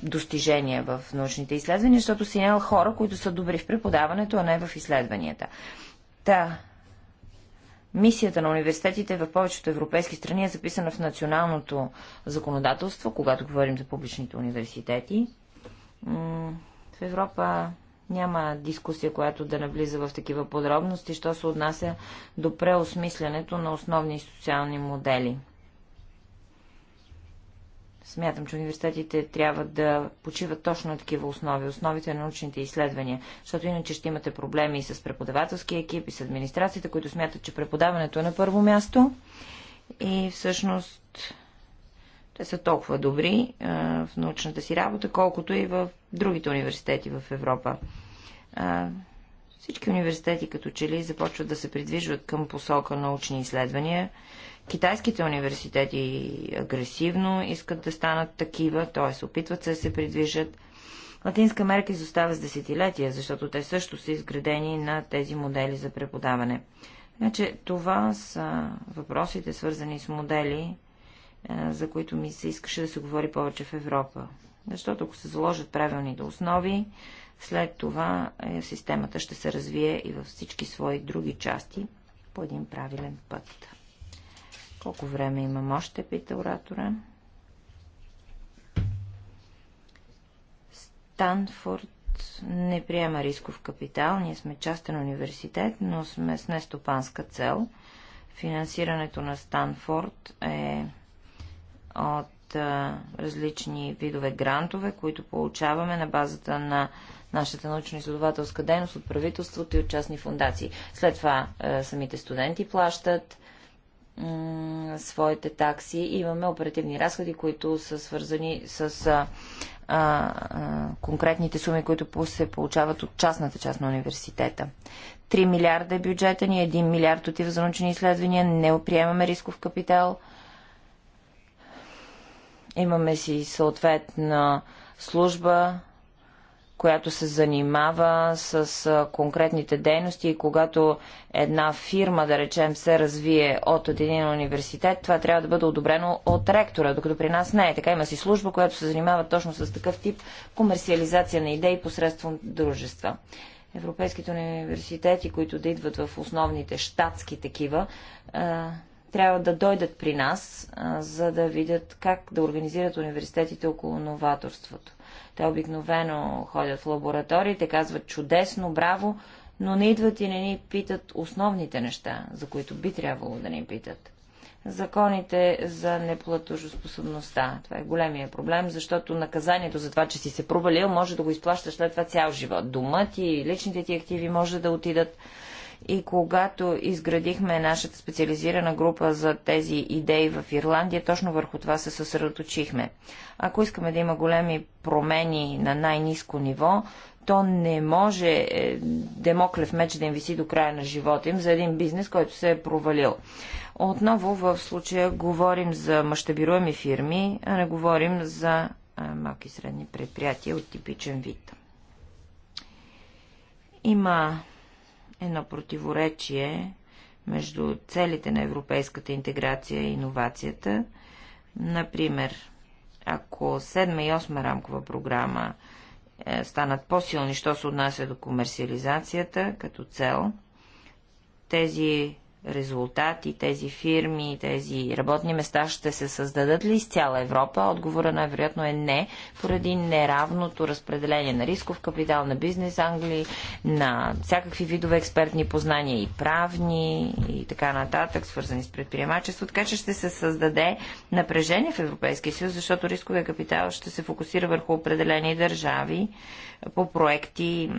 C: достижения в научните изследвания, защото си няма хора, които са добри в преподаването, а не в изследванията. Та, Мисията на университетите в повечето европейски страни е записана в националното законодателство, когато говорим за публичните университети. В Европа няма дискусия, която да навлиза в такива подробности, що се отнася до преосмислянето на основни социални модели. Смятам, че университетите трябва да почиват точно на такива основи, основите на научните изследвания, защото иначе ще имате проблеми и с преподавателски екип, и с администрацията, които смятат, че преподаването е на първо място. И всъщност те са толкова добри а, в научната си работа, колкото и в другите университети в Европа. А, всички университети като че ли започват да се придвижват към посока научни изследвания. Китайските университети агресивно искат да станат такива, т.е. опитват се да се придвижат. Латинска Америка изостава с десетилетия, защото те също са изградени на тези модели за преподаване. Значи, това са въпросите, свързани с модели, за които ми се искаше да се говори повече в Европа. Защото ако се заложат правилните основи, след това е, системата ще се развие и във всички свои други части по един правилен път. Колко време имам още, пита оратора. Станфорд не приема рисков капитал. Ние сме частен университет, но сме с нестопанска цел. Финансирането на Станфорд е от различни видове грантове, които получаваме на базата на нашата научно-изследователска дейност от правителството и от частни фундации. След това самите студенти плащат своите такси имаме оперативни разходи, които са свързани с а, а, конкретните суми, които се получават от частната част на университета. 3 милиарда е бюджета ни, 1 милиард отива за научни изследвания, не оприемаме рисков капитал – Имаме си съответна служба, която се занимава с конкретните дейности и когато една фирма, да речем, се развие от един университет, това трябва да бъде одобрено от ректора, докато при нас не е така. Има си служба, която се занимава точно с такъв тип комерциализация на идеи посредством дружества. Европейските университети, които да идват в основните щатски такива, трябва да дойдат при нас, а, за да видят как да организират университетите около новаторството. Те обикновено ходят в лабораториите, казват чудесно, браво, но не идват и не ни питат основните неща, за които би трябвало да ни питат. Законите за неплатожоспособността. Това е големия проблем, защото наказанието за това, че си се провалил, може да го изплащаш след това цял живот. Думът и личните ти активи може да отидат и когато изградихме нашата специализирана група за тези идеи в Ирландия, точно върху това се съсредоточихме. Ако искаме да има големи промени на най-низко ниво, то не може е, Демоклев меч да им виси до края на живота им за един бизнес, който се е провалил. Отново в случая говорим за мащабируеми фирми, а не говорим за е, малки и средни предприятия от типичен вид. Има едно противоречие между целите на европейската интеграция и иновацията. Например, ако седма и осма рамкова програма е, станат по-силни, що се отнася до комерциализацията като цел, тези резултати, тези фирми, тези работни места ще се създадат ли из цяла Европа? Отговора най-вероятно е не, поради неравното разпределение на рисков капитал, на бизнес Англии, на всякакви видове експертни познания и правни и така нататък, свързани с предприемачество. Така че ще се създаде напрежение в Европейския съюз, защото рисковия капитал ще се фокусира върху определени държави по проекти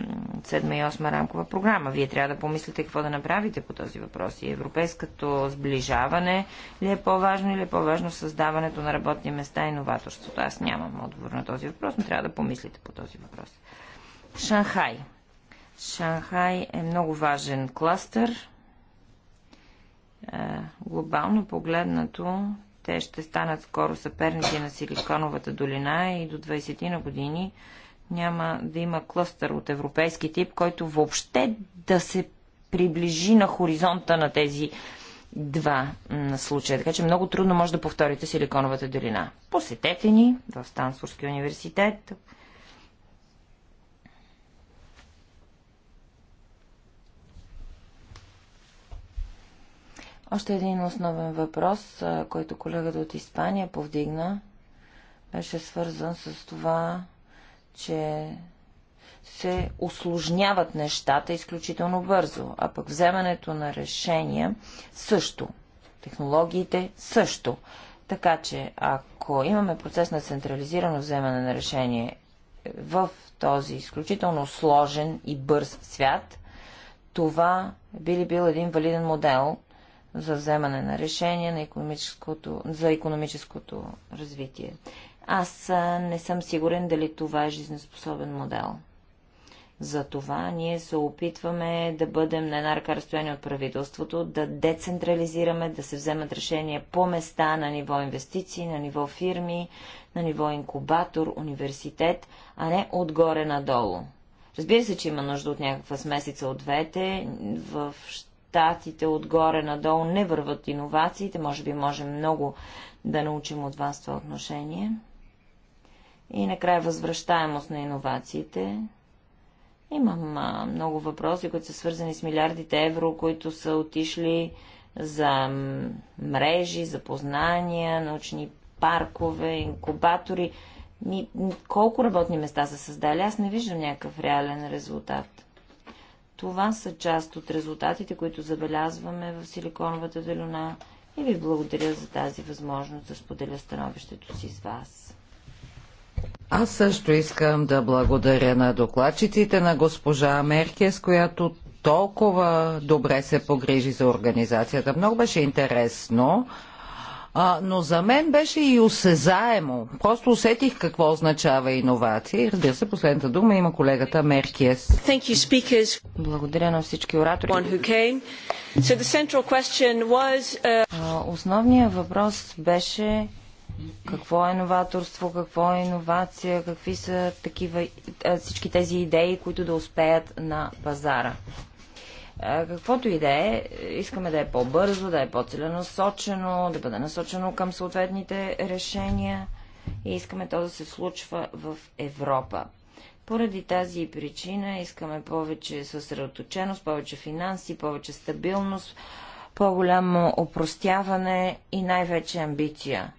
C: 7 и 8 рамкова програма. Вие трябва да помислите какво да направите по този въпрос и европейското сближаване ли е по-важно или е по-важно създаването на работни места и новаторството? Аз нямам отговор на този въпрос, но трябва да помислите по този въпрос. Шанхай. Шанхай е много важен кластър. Глобално погледнато, те ще станат скоро съперници на Силиконовата долина и до 20 ти на години няма да има клъстър от европейски тип, който въобще да се приближи на хоризонта на тези два случая. Така че много трудно може да повторите Силиконовата долина. Посетете ни в Станфордския университет. Още един основен въпрос, който колегата от Испания повдигна, беше свързан с това, че се осложняват нещата изключително бързо, а пък вземането на решения също. Технологиите също. Така че, ако имаме процес на централизирано вземане на решение в този изключително сложен и бърз свят, това би ли бил един валиден модел за вземане на решение на економическото, за економическото развитие. Аз не съм сигурен дали това е жизнеспособен модел. За това ние се опитваме да бъдем на една ръка разстояние от правителството, да децентрализираме, да се вземат решения по места на ниво инвестиции, на ниво фирми, на ниво инкубатор, университет, а не отгоре надолу. Разбира се, че има нужда от някаква смесица от двете. В щатите отгоре надолу не върват иновациите. Може би можем много да научим от вас това отношение. И накрая възвръщаемост на иновациите. Имам а, много въпроси, които са свързани с милиардите евро, които са отишли за мрежи, за познания, научни паркове, инкубатори. Ми, колко работни места са създали? Аз не виждам някакъв реален резултат. Това са част от резултатите, които забелязваме в Силиконовата долина и ви благодаря за тази възможност да споделя становището си с вас.
B: Аз също искам да благодаря на докладчиците на госпожа Меркес, която толкова добре се погрижи за организацията. Много беше интересно, а, но за мен беше и осезаемо. Просто усетих какво означава иновация. И разбира се, последната дума има колегата Меркиес.
C: You, Благодаря на всички оратори. So was, uh... Основният въпрос беше какво е новаторство, какво е иновация, какви са такива, всички тези идеи, които да успеят на пазара. Каквото и да е, искаме да е по-бързо, да е по-целенасочено, да бъде насочено към съответните решения и искаме то да се случва в Европа. Поради тази причина искаме повече съсредоточеност, повече финанси, повече стабилност, по-голямо опростяване и най-вече амбиция.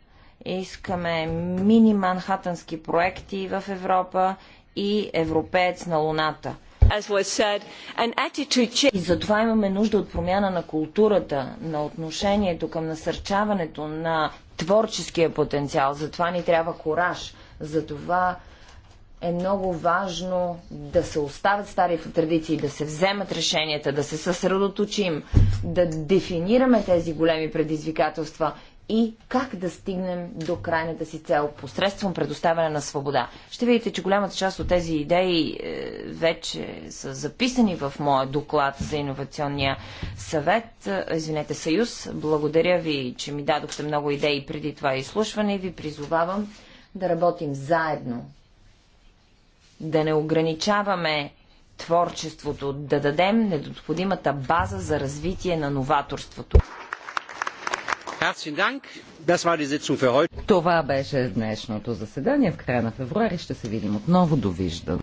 C: Искаме мини манхатански проекти в Европа и европеец на Луната. И затова имаме нужда от промяна на културата, на отношението към насърчаването на творческия потенциал. Затова ни трябва кораж. Затова е много важно да се оставят старите традиции, да се вземат решенията, да се съсредоточим, да дефинираме тези големи предизвикателства и как да стигнем до крайната си цел посредством предоставяне на свобода. Ще видите, че голямата част от тези идеи е, вече са записани в моя доклад за иновационния съвет, е, извинете, съюз. Благодаря ви, че ми дадохте много идеи преди това изслушване и ви призовавам да работим заедно. Да не ограничаваме творчеството, да дадем недоподимата база за развитие на новаторството. Това
B: беше днешното заседание. В края на февруари ще се видим отново. Довиждам.